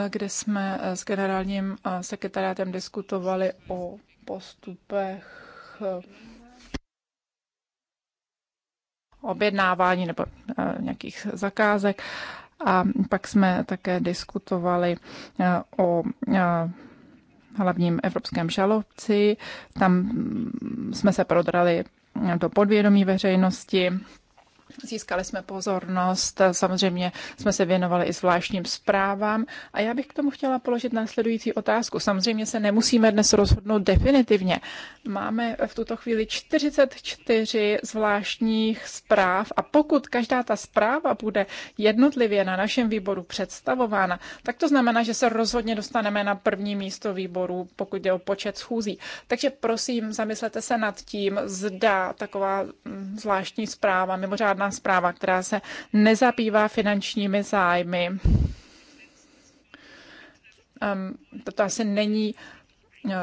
kde jsme s generálním sekretariátem diskutovali o postupech objednávání nebo eh, nějakých zakázek. A pak jsme také diskutovali eh, o eh, hlavním evropském žalobci. Tam mm, jsme se prodrali do podvědomí veřejnosti Získali jsme pozornost, samozřejmě jsme se věnovali i zvláštním zprávám a já bych k tomu chtěla položit následující otázku. Samozřejmě se nemusíme dnes rozhodnout definitivně. Máme v tuto chvíli 44 zvláštních zpráv a pokud každá ta zpráva bude jednotlivě na našem výboru představována, tak to znamená, že se rozhodně dostaneme na první místo výboru, pokud jde o počet schůzí. Takže prosím, zamyslete se nad tím, zda taková mm, zvláštní zpráva, mimořádná žádná zpráva, která se nezabývá finančními zájmy. Ehm, toto asi není eh,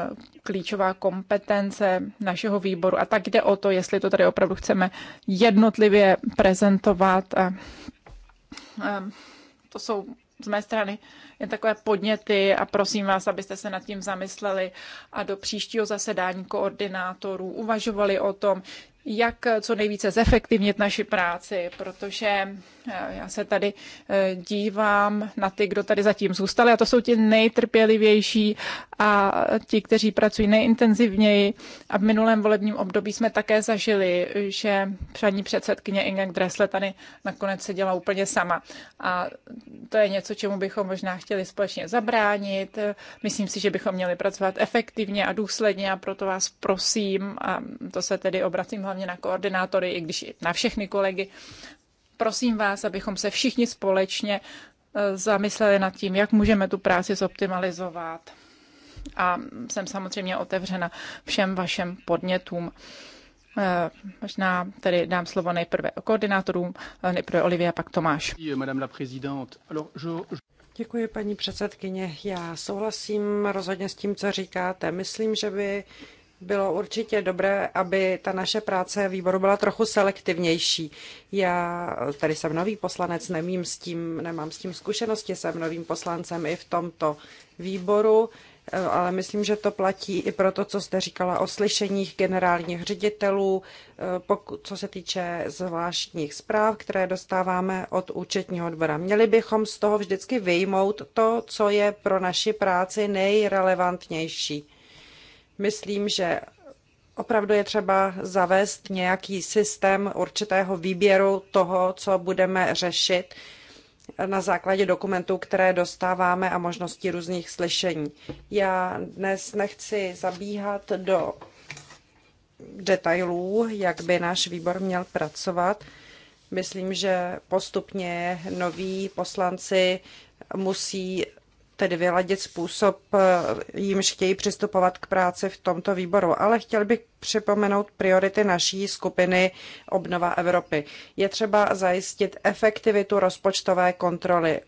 klíčová kompetence našeho výboru. A tak jde o to, jestli to tady opravdu chceme jednotlivě prezentovat. A, a ehm, to jsou z mé strany jen takové podněty a prosím vás, abyste se nad tím zamysleli a do příštího zasedání koordinátorů uvažovali o tom, jak eh, co nejvíce zefektivnit naši práci, protože eh, já se tady eh, dívám na ty, kdo tady zatím zůstali a to jsou ti nejtrpělivější a ti, kteří pracují nejintenzivněji. A v minulém volebním období jsme také zažili, že přední předsedkyně Inga Dresle tady nakonec seděla úplně sama. A to je něco, čemu bychom možná chtěli společně zabránit. Myslím si, že bychom měli pracovat efektivně a důsledně a proto vás prosím, a to se tedy obracím hlavně na koordinátory, i když i na všechny kolegy. Prosím vás, abychom se všichni společně e, zamysleli nad tím, jak můžeme tu práci zoptimalizovat. A jsem samozřejmě otevřena všem vašem podnětům. E, možná tedy dám slovo nejprve koordinátorům, e, nejprve Olivia, a pak Tomáš. Děkuji, paní předsedkyně. Já souhlasím rozhodně s tím, co říkáte. Myslím, že by bylo určitě dobré, aby ta naše práce výboru byla trochu selektivnější. Já tady jsem nový poslanec, nemím s tím, nemám s tím zkušenosti, jsem novým poslancem i v tomto výboru, eh, ale myslím, že to platí i pro to, co jste říkala o slyšeních generálních ředitelů, eh, pokud, co se týče zvláštních zpráv, které dostáváme od účetního dvora. Měli bychom z toho vždycky vyjmout to, co je pro naši práci nejrelevantnější Myslím, že opravdu je třeba zavést nějaký systém určitého výběru toho, co budeme řešit na základě dokumentů, které dostáváme a možností různých slyšení. Já dnes nechci zabíhat do detailů, jak by náš výbor měl pracovat. Myslím, že postupně noví poslanci musí tedy vyladit způsob, eh, jímž chtějí přistupovat k práci v tomto výboru. Ale chtěl bych připomenout priority naší skupiny Obnova Evropy. Je třeba zajistit efektivitu rozpočtové kontroly.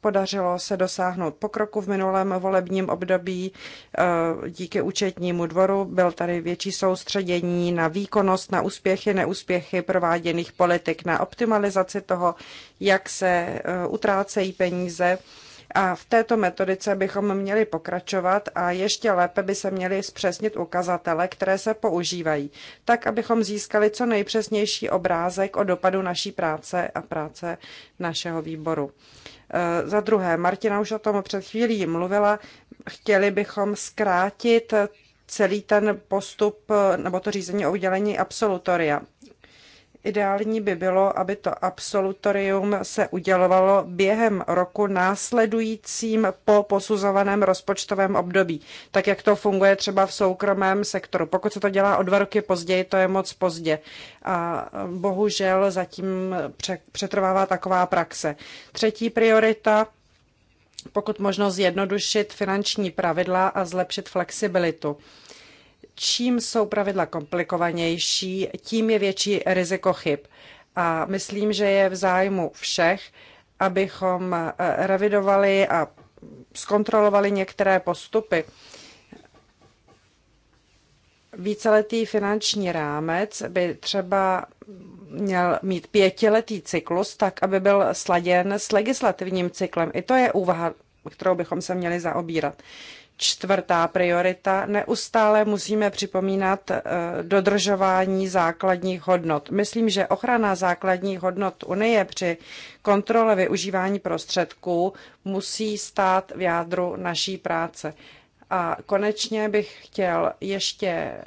Podařilo se dosáhnout pokroku v minulém volebním období eh, díky účetnímu dvoru. Byl tady větší soustředění na výkonnost, na úspěchy, neúspěchy prováděných politik, na optimalizaci toho, jak se eh, utrácejí peníze a v této metodice bychom měli pokračovat a ještě lépe by se měly zpřesnit ukazatele, které se používají, tak abychom získali co nejpřesnější obrázek o dopadu naší práce a práce našeho výboru. E, za druhé, Martina už o tom před chvílí mluvila, chtěli bychom zkrátit celý ten postup e, nebo to řízení o udělení absolutoria. Ideální by bylo, aby to absolutorium se udělovalo během roku následujícím po posuzovaném rozpočtovém období, tak jak to funguje třeba v soukromém sektoru. Pokud se to dělá o dva roky později, to je moc pozdě. A bohužel zatím přetrvává taková praxe. Třetí priorita pokud možno zjednodušit finanční pravidla a zlepšit flexibilitu čím jsou pravidla komplikovanější, tím je větší riziko chyb. A myslím, že je v zájmu všech, abychom eh, revidovali a zkontrolovali některé postupy. Víceletý finanční rámec by třeba měl mít pětiletý cyklus, tak aby byl sladěn s legislativním cyklem. I to je úvaha, kterou bychom se měli zaobírat. Čtvrtá priorita. Neustále musíme připomínat eh, dodržování základních hodnot. Myslím, že ochrana základních hodnot Unie při kontrole využívání prostředků musí stát v jádru naší práce. A konečně bych chtěl ještě eh,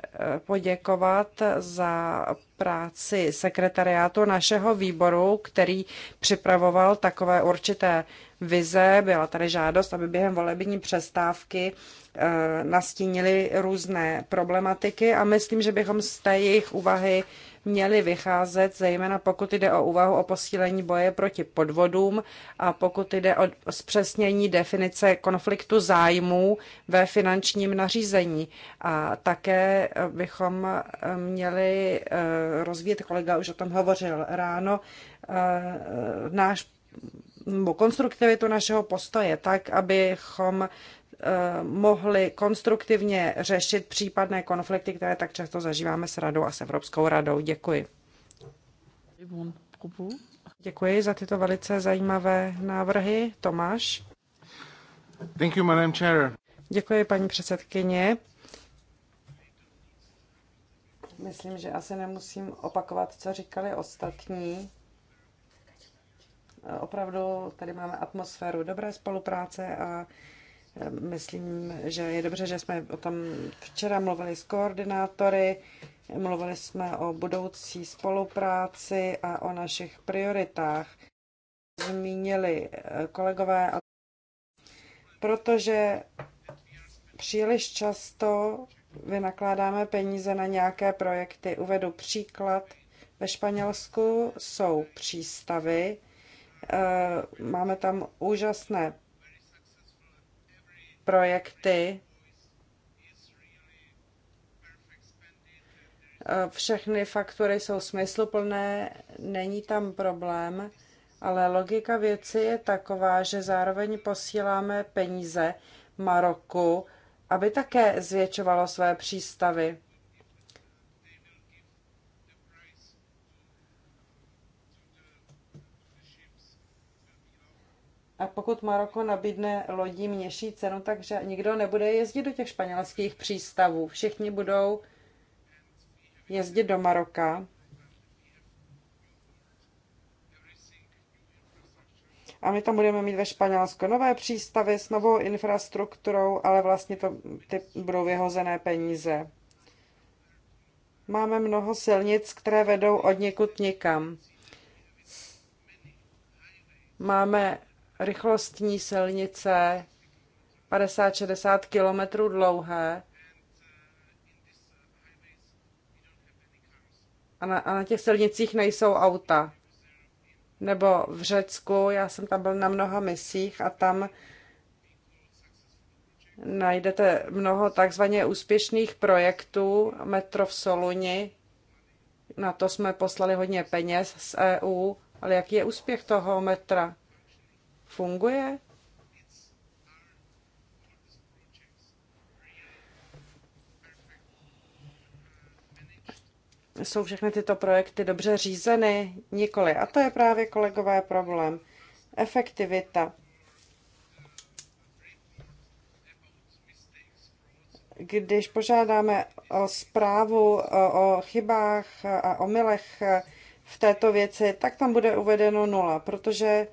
poděkovat za práci sekretariátu našeho výboru, který připravoval takové určité vize. Byla tady žádost, aby během volební přestávky eh, nastínili různé problematiky a myslím, že bychom z té jejich úvahy měly vycházet, zejména pokud jde o úvahu o posílení boje proti podvodům a pokud jde o zpřesnění definice konfliktu zájmů ve finančním nařízení. A také eh, bychom eh, měli eh, rozvíjet, kolega už o tom hovořil ráno, náš konstruktivitu našeho postoje tak, abychom Eh, mohli konstruktivně řešit případné konflikty, které tak často zažíváme s Radou a s Evropskou radou. Děkuji. Děkuji za tyto velice zajímavé návrhy. Tomáš. Thank you, Madam Chair. Děkuji, paní předsedkyně. Myslím, že asi nemusím opakovat, co říkali ostatní. Opravdu tady máme atmosféru dobré spolupráce a Myslím, že je dobře, že jsme o tom včera mluvili s koordinátory, mluvili jsme o budoucí spolupráci a o našich prioritách. Zmínili eh, kolegové, protože příliš často vynakládáme peníze na nějaké projekty. Uvedu příklad. Ve Španělsku jsou přístavy, eh, máme tam úžasné projekty všechny faktury jsou smysluplné, není tam problém, ale logika věci je taková, že zároveň posíláme peníze Maroku, aby také zvětšovalo své přístavy. A pokud Maroko nabídne lodí měší cenu, takže nikdo nebude jezdit do těch španělských přístavů. Všichni budou jezdit do Maroka. A my tam budeme mít ve Španělsku nové přístavy s novou infrastrukturou, ale vlastně to ty budou vyhozené peníze. Máme mnoho silnic, které vedou od někud nikam. Máme rychlostní silnice 50-60 km dlouhé. A na, a na těch silnicích nejsou auta. Nebo v Řecku, já jsem tam byl na mnoha misích a tam najdete mnoho takzvaně úspěšných projektů. Metro v Soluni, na to jsme poslali hodně peněz z EU, ale jaký je úspěch toho metra? funguje? Jsou všechny tyto projekty dobře řízeny? Nikoli. A to je právě kolegové problém. Efektivita. Když požádáme o zprávu o chybách a omylech v této věci, tak tam bude uvedeno nula, protože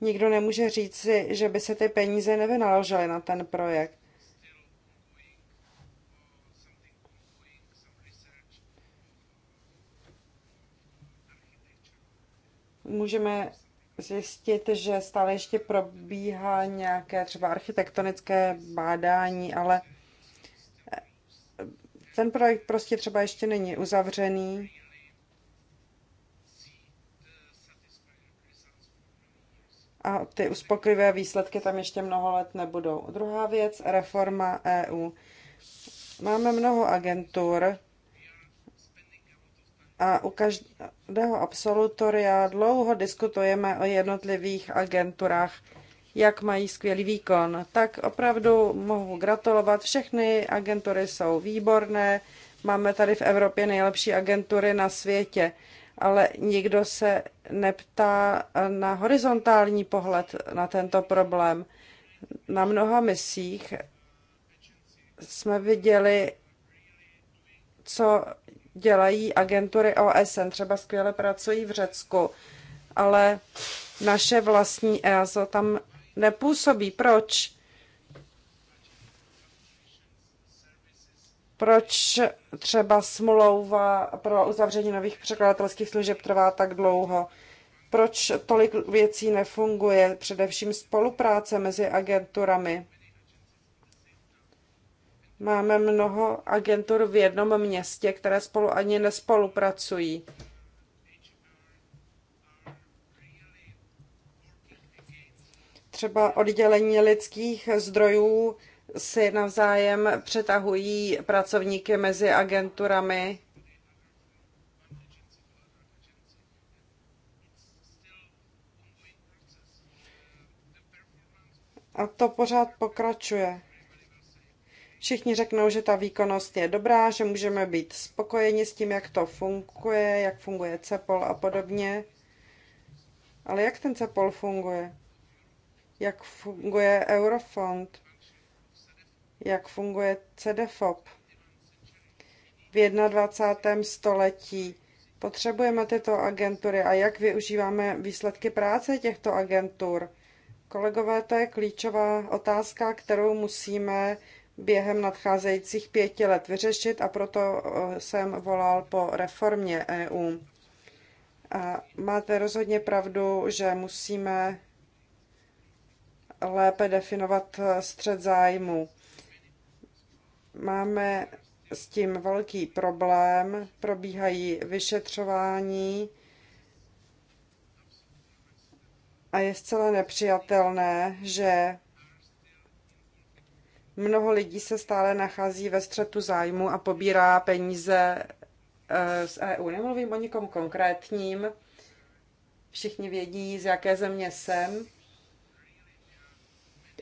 nikdo nemůže říci, že by se ty peníze nevynaložily na ten projekt. Můžeme zjistit, že stále ještě probíhá nějaké třeba architektonické bádání, ale ten projekt prostě třeba ještě není uzavřený. a ty uspokojivé výsledky tam ještě mnoho let nebudou. Druhá věc, reforma EU. Máme mnoho agentur a u každého absolutoria dlouho diskutujeme o jednotlivých agenturách, jak mají skvělý výkon. Tak opravdu mohu gratulovat. Všechny agentury jsou výborné. Máme tady v Evropě nejlepší agentury na světě ale nikdo se neptá na horizontální pohled na tento problém. Na mnoha misích jsme viděli, co dělají agentury OSN, třeba skvěle pracují v Řecku, ale naše vlastní EASO tam nepůsobí. Proč? proč třeba smlouva pro uzavření nových překladatelských služeb trvá tak dlouho, proč tolik věcí nefunguje, především spolupráce mezi agenturami. Máme mnoho agentur v jednom městě, které spolu ani nespolupracují. Třeba oddělení lidských zdrojů si navzájem přetahují pracovníky mezi agenturami. A to pořád pokračuje. Všichni řeknou, že ta výkonnost je dobrá, že můžeme být spokojeni s tím, jak to funguje, jak funguje CEPOL a podobně. Ale jak ten CEPOL funguje? Jak funguje Eurofond? jak funguje CDFOP v 21. století. Potřebujeme tyto agentury a jak využíváme výsledky práce těchto agentur. Kolegové, to je klíčová otázka, kterou musíme během nadcházejících pěti let vyřešit a proto eh, jsem volal po reformě EU. A máte rozhodně pravdu, že musíme lépe definovat eh, střed zájmu. Máme s tím velký problém, probíhají vyšetřování a je zcela nepřijatelné, že mnoho lidí se stále nachází ve střetu zájmu a pobírá peníze eh, z EU. Nemluvím o nikom konkrétním, všichni vědí, z jaké země jsem,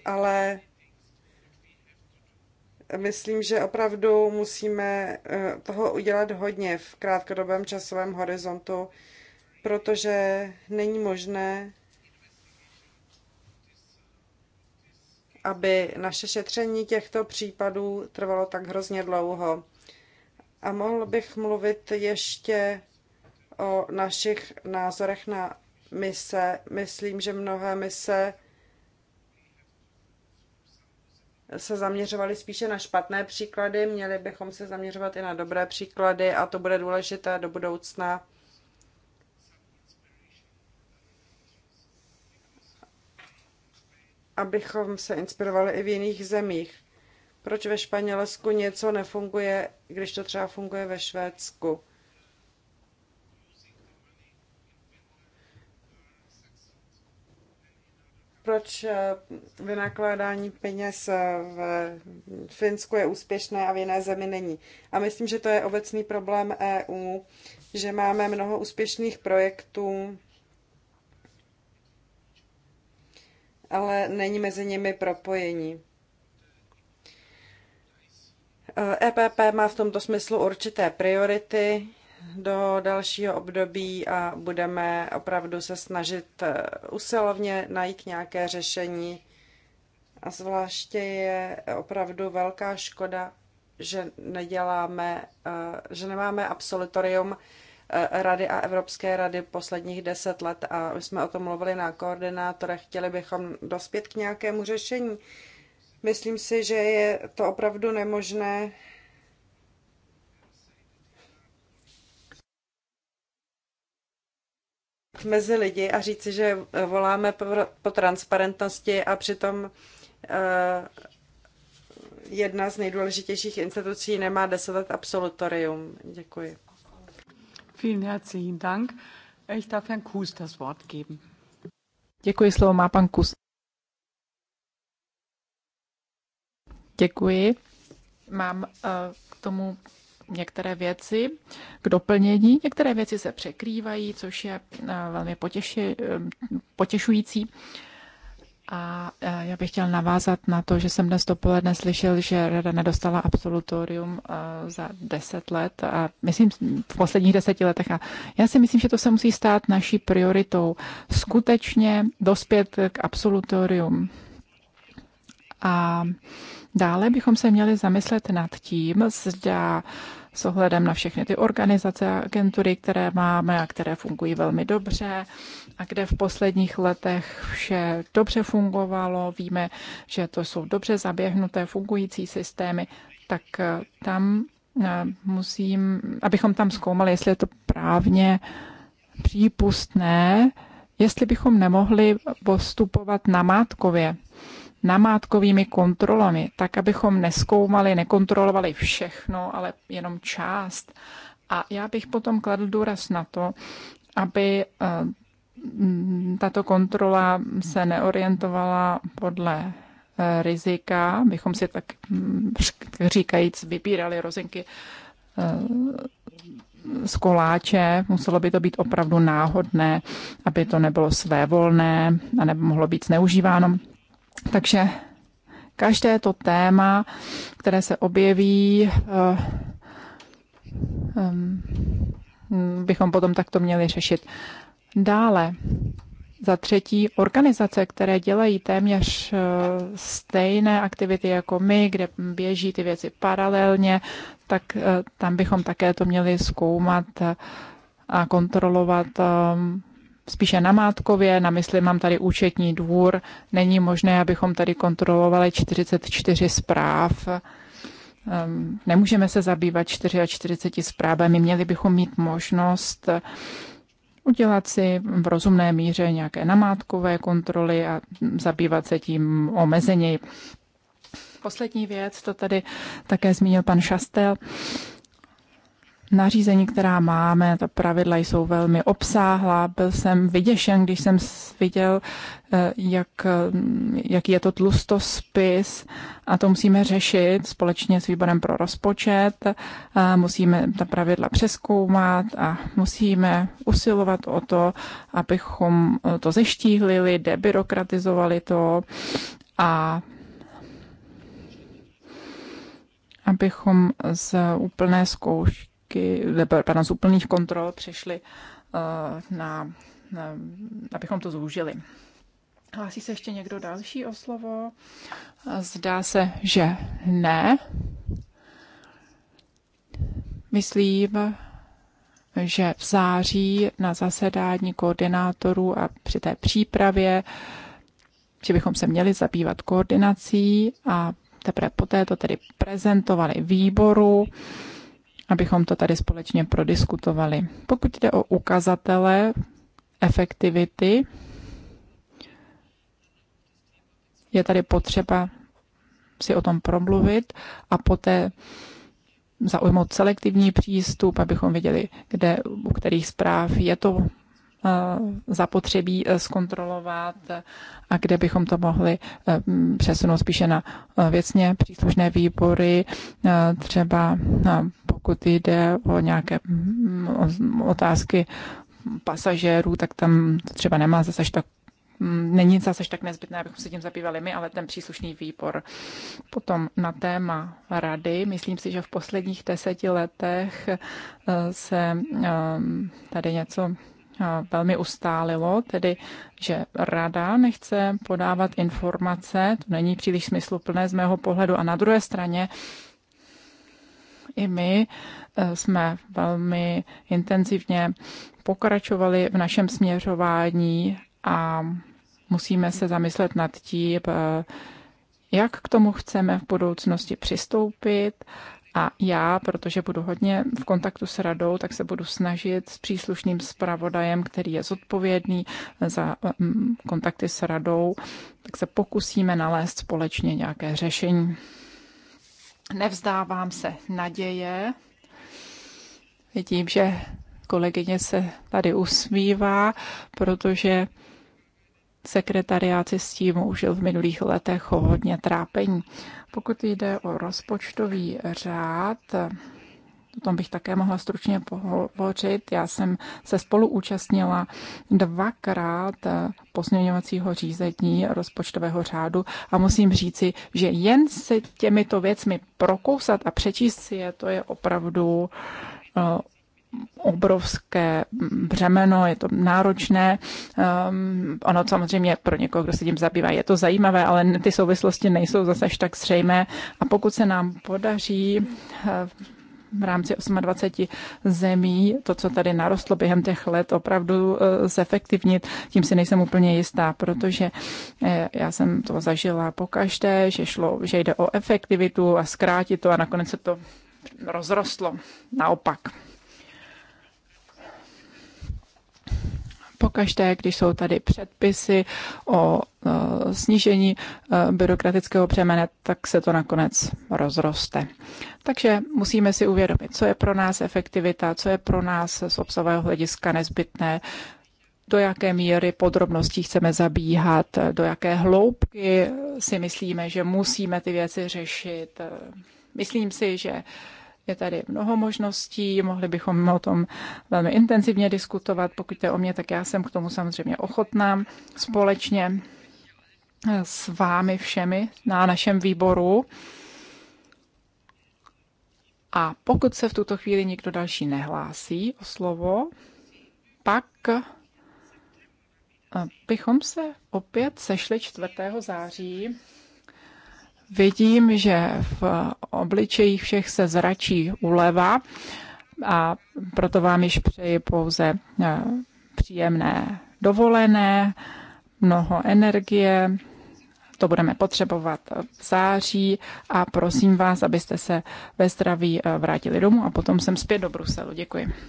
ale myslím, že opravdu musíme eh, toho udělat hodně v krátkodobém časovém horizontu, protože není možné, aby naše šetření těchto případů trvalo tak hrozně dlouho. A mohl bych mluvit ještě o našich názorech na mise. Myslím, že mnohé mise se zaměřovali spíše na špatné příklady, měli bychom se zaměřovat i na dobré příklady a to bude důležité do budoucna. abychom se inspirovali i v jiných zemích. Proč ve Španělsku něco nefunguje, když to třeba funguje ve Švédsku? proč eh, vynakládání peněz eh, v Finsku je úspěšné a v jiné zemi není. A myslím, že to je obecný problém EU, že máme mnoho úspěšných projektů, ale není mezi nimi propojení. EPP eh, e má v tomto smyslu určité priority do dalšího období a budeme opravdu se snažit eh, usilovně najít nějaké řešení. A zvláště je opravdu velká škoda, že neděláme, eh, že nemáme absolutorium eh, Rady a Evropské rady posledních deset let a my jsme o tom mluvili na koordinátorech, chtěli bychom dospět k nějakému řešení. Myslím si, že je to opravdu nemožné mezi lidi a říci, že eh, voláme po, po transparentnosti a přitom eh, jedna z nejdůležitějších institucí nemá deset let absolutorium. Děkuji. Vielen herzlichen Dank. Ich darf Herrn Kuhs das Wort geben. Děkuji, slovo má pan Kus. Děkuji. Mám uh, k tomu některé věci k doplnění. Některé věci se překrývají, což je eh, velmi potěši, eh, potěšující. A eh, já bych chtěl navázat na to, že jsem dnes dopoledne slyšel, že rada nedostala absolutorium za deset let a myslím v posledních deseti letech. A já si myslím, že to se musí stát naší prioritou. Skutečně dospět k absolutorium a dále bychom se měli zamyslet nad tím, zda s ohledem na všechny ty organizace a agentury, které máme a které fungují velmi dobře a kde v posledních letech vše dobře fungovalo. Víme, že to jsou dobře zaběhnuté fungující systémy, tak eh, tam eh, musím, abychom tam zkoumali, jestli je to právně přípustné, jestli bychom nemohli postupovat namátkově. mátkově namátkovými kontrolami, tak abychom neskoumali, nekontrolovali všechno, ale jenom část. A já bych potom kladl důraz na to, aby eh, tato kontrola se neorientovala podle eh, rizika, bychom si tak mm, říkajíc vybírali rozinky eh, z koláče, muselo by to být opravdu náhodné, aby to nebylo svévolné a nemohlo být zneužíváno. Takže každé to téma, které se objeví, eh, bychom potom takto měli řešit. Dále, za třetí, organizace, které dělají téměř eh, stejné aktivity jako my, kde běží ty věci paralelně, tak eh, tam bychom také to měli zkoumat a kontrolovat spíše Mátkově, na mysli mám tady účetní dvůr, není možné, abychom tady kontrolovali 44 zpráv, ehm, nemůžeme se zabývat 44 zprávami, měli bychom mít možnost udělat si v rozumné míře nějaké namátkové kontroly a zabývat se tím omezeněji. Poslední věc, to tady také zmínil pan Šastel, nařízení, která máme, ta pravidla jsou velmi obsáhlá. Byl jsem vyděšen, když jsem viděl, eh, jak, eh, jaký je to tlustospis a to musíme řešit společně s výborem pro rozpočet. A eh, musíme ta pravidla přeskoumat a musíme usilovat o to, abychom to zeštíhlili, debirokratizovali to a abychom z úplné zkoušky výjimky, pardon, z úplných kontrol přešli eh, na, na, abychom to zúžili. Hlásí se ještě někdo další o slovo? Zdá se, že ne. Myslím, že v září na zasedání koordinátorů a při té přípravě, že bychom se měli zabývat koordinací a teprve poté to tedy prezentovali výboru abychom to tady společně prodiskutovali. Pokud jde o ukazatele efektivity, je tady potřeba si o tom promluvit a poté zaujmout selektivní přístup, abychom viděli, kde u kterých zpráv je to Eh, zapotřebí eh, zkontrolovat a kde bychom to mohli eh, přesunout spíše na věcně příslušné výbory, třeba pokud jde o nějaké otázky pasažérů, tak tam to třeba nemá zase tak není zase tak nezbytné, abychom se tím zabývali my, ale ten příslušný výbor. Potom na téma rady, myslím si, že v posledních deseti letech se tady něco velmi ustálilo, tedy že rada nechce podávat informace, to není příliš smysluplné z mého pohledu. A na druhé straně i my e, jsme velmi intenzivně pokračovali v našem směřování a musíme se zamyslet nad tím, e, jak k tomu chceme v budoucnosti přistoupit a já, protože budu hodně v kontaktu s radou, tak se budu snažit s příslušným zpravodajem, který je zodpovědný za mm, kontakty s radou, tak se pokusíme nalézt společně nějaké řešení. Nevzdávám se naděje. Vidím, že kolegyně se tady usmívá, protože sekretariáci s tím užil v minulých letech hodně trápení. Pokud jde o rozpočtový řád, o tom bych také mohla stručně pohovořit. Já jsem se spolu účastnila dvakrát posměňovacího řízení rozpočtového řádu a musím říci, že jen se těmito věcmi prokousat a přečíst si je, to je opravdu obrovské břemeno, je to náročné. Um, ono samozřejmě pro někoho, kdo se tím zabývá, je to zajímavé, ale ty souvislosti nejsou zase až tak zřejmé. A pokud se nám podaří eh, v rámci 28 zemí, to, co tady narostlo během těch let, opravdu eh, zefektivnit, tím si nejsem úplně jistá, protože eh, já jsem to zažila pokaždé, že, šlo, že jde o efektivitu a zkrátit to a nakonec se to rozrostlo naopak. Pokaždé, když jsou tady předpisy o snížení e, byrokratického břemene, tak se to nakonec rozroste. Takže musíme si uvědomit, co je pro nás efektivita, co je pro nás z obsahového hlediska nezbytné, do jaké míry podrobností chceme zabíhat, do jaké hloubky si myslíme, že musíme ty věci řešit. Myslím si, že je tady mnoho možností, mohli bychom o tom velmi intenzivně diskutovat. Pokud je o mě, tak já jsem k tomu samozřejmě ochotná společně s vámi všemi na našem výboru. A pokud se v tuto chvíli nikdo další nehlásí o slovo, pak eh, bychom se opět sešli 4. září vidím, že v obličejích všech se zračí uleva, a proto vám již přeji pouze eh, příjemné dovolené, mnoho energie, to budeme potřebovat v září a prosím vás, abyste se ve zdraví eh, vrátili domů a potom jsem zpět do Bruselu. Děkuji.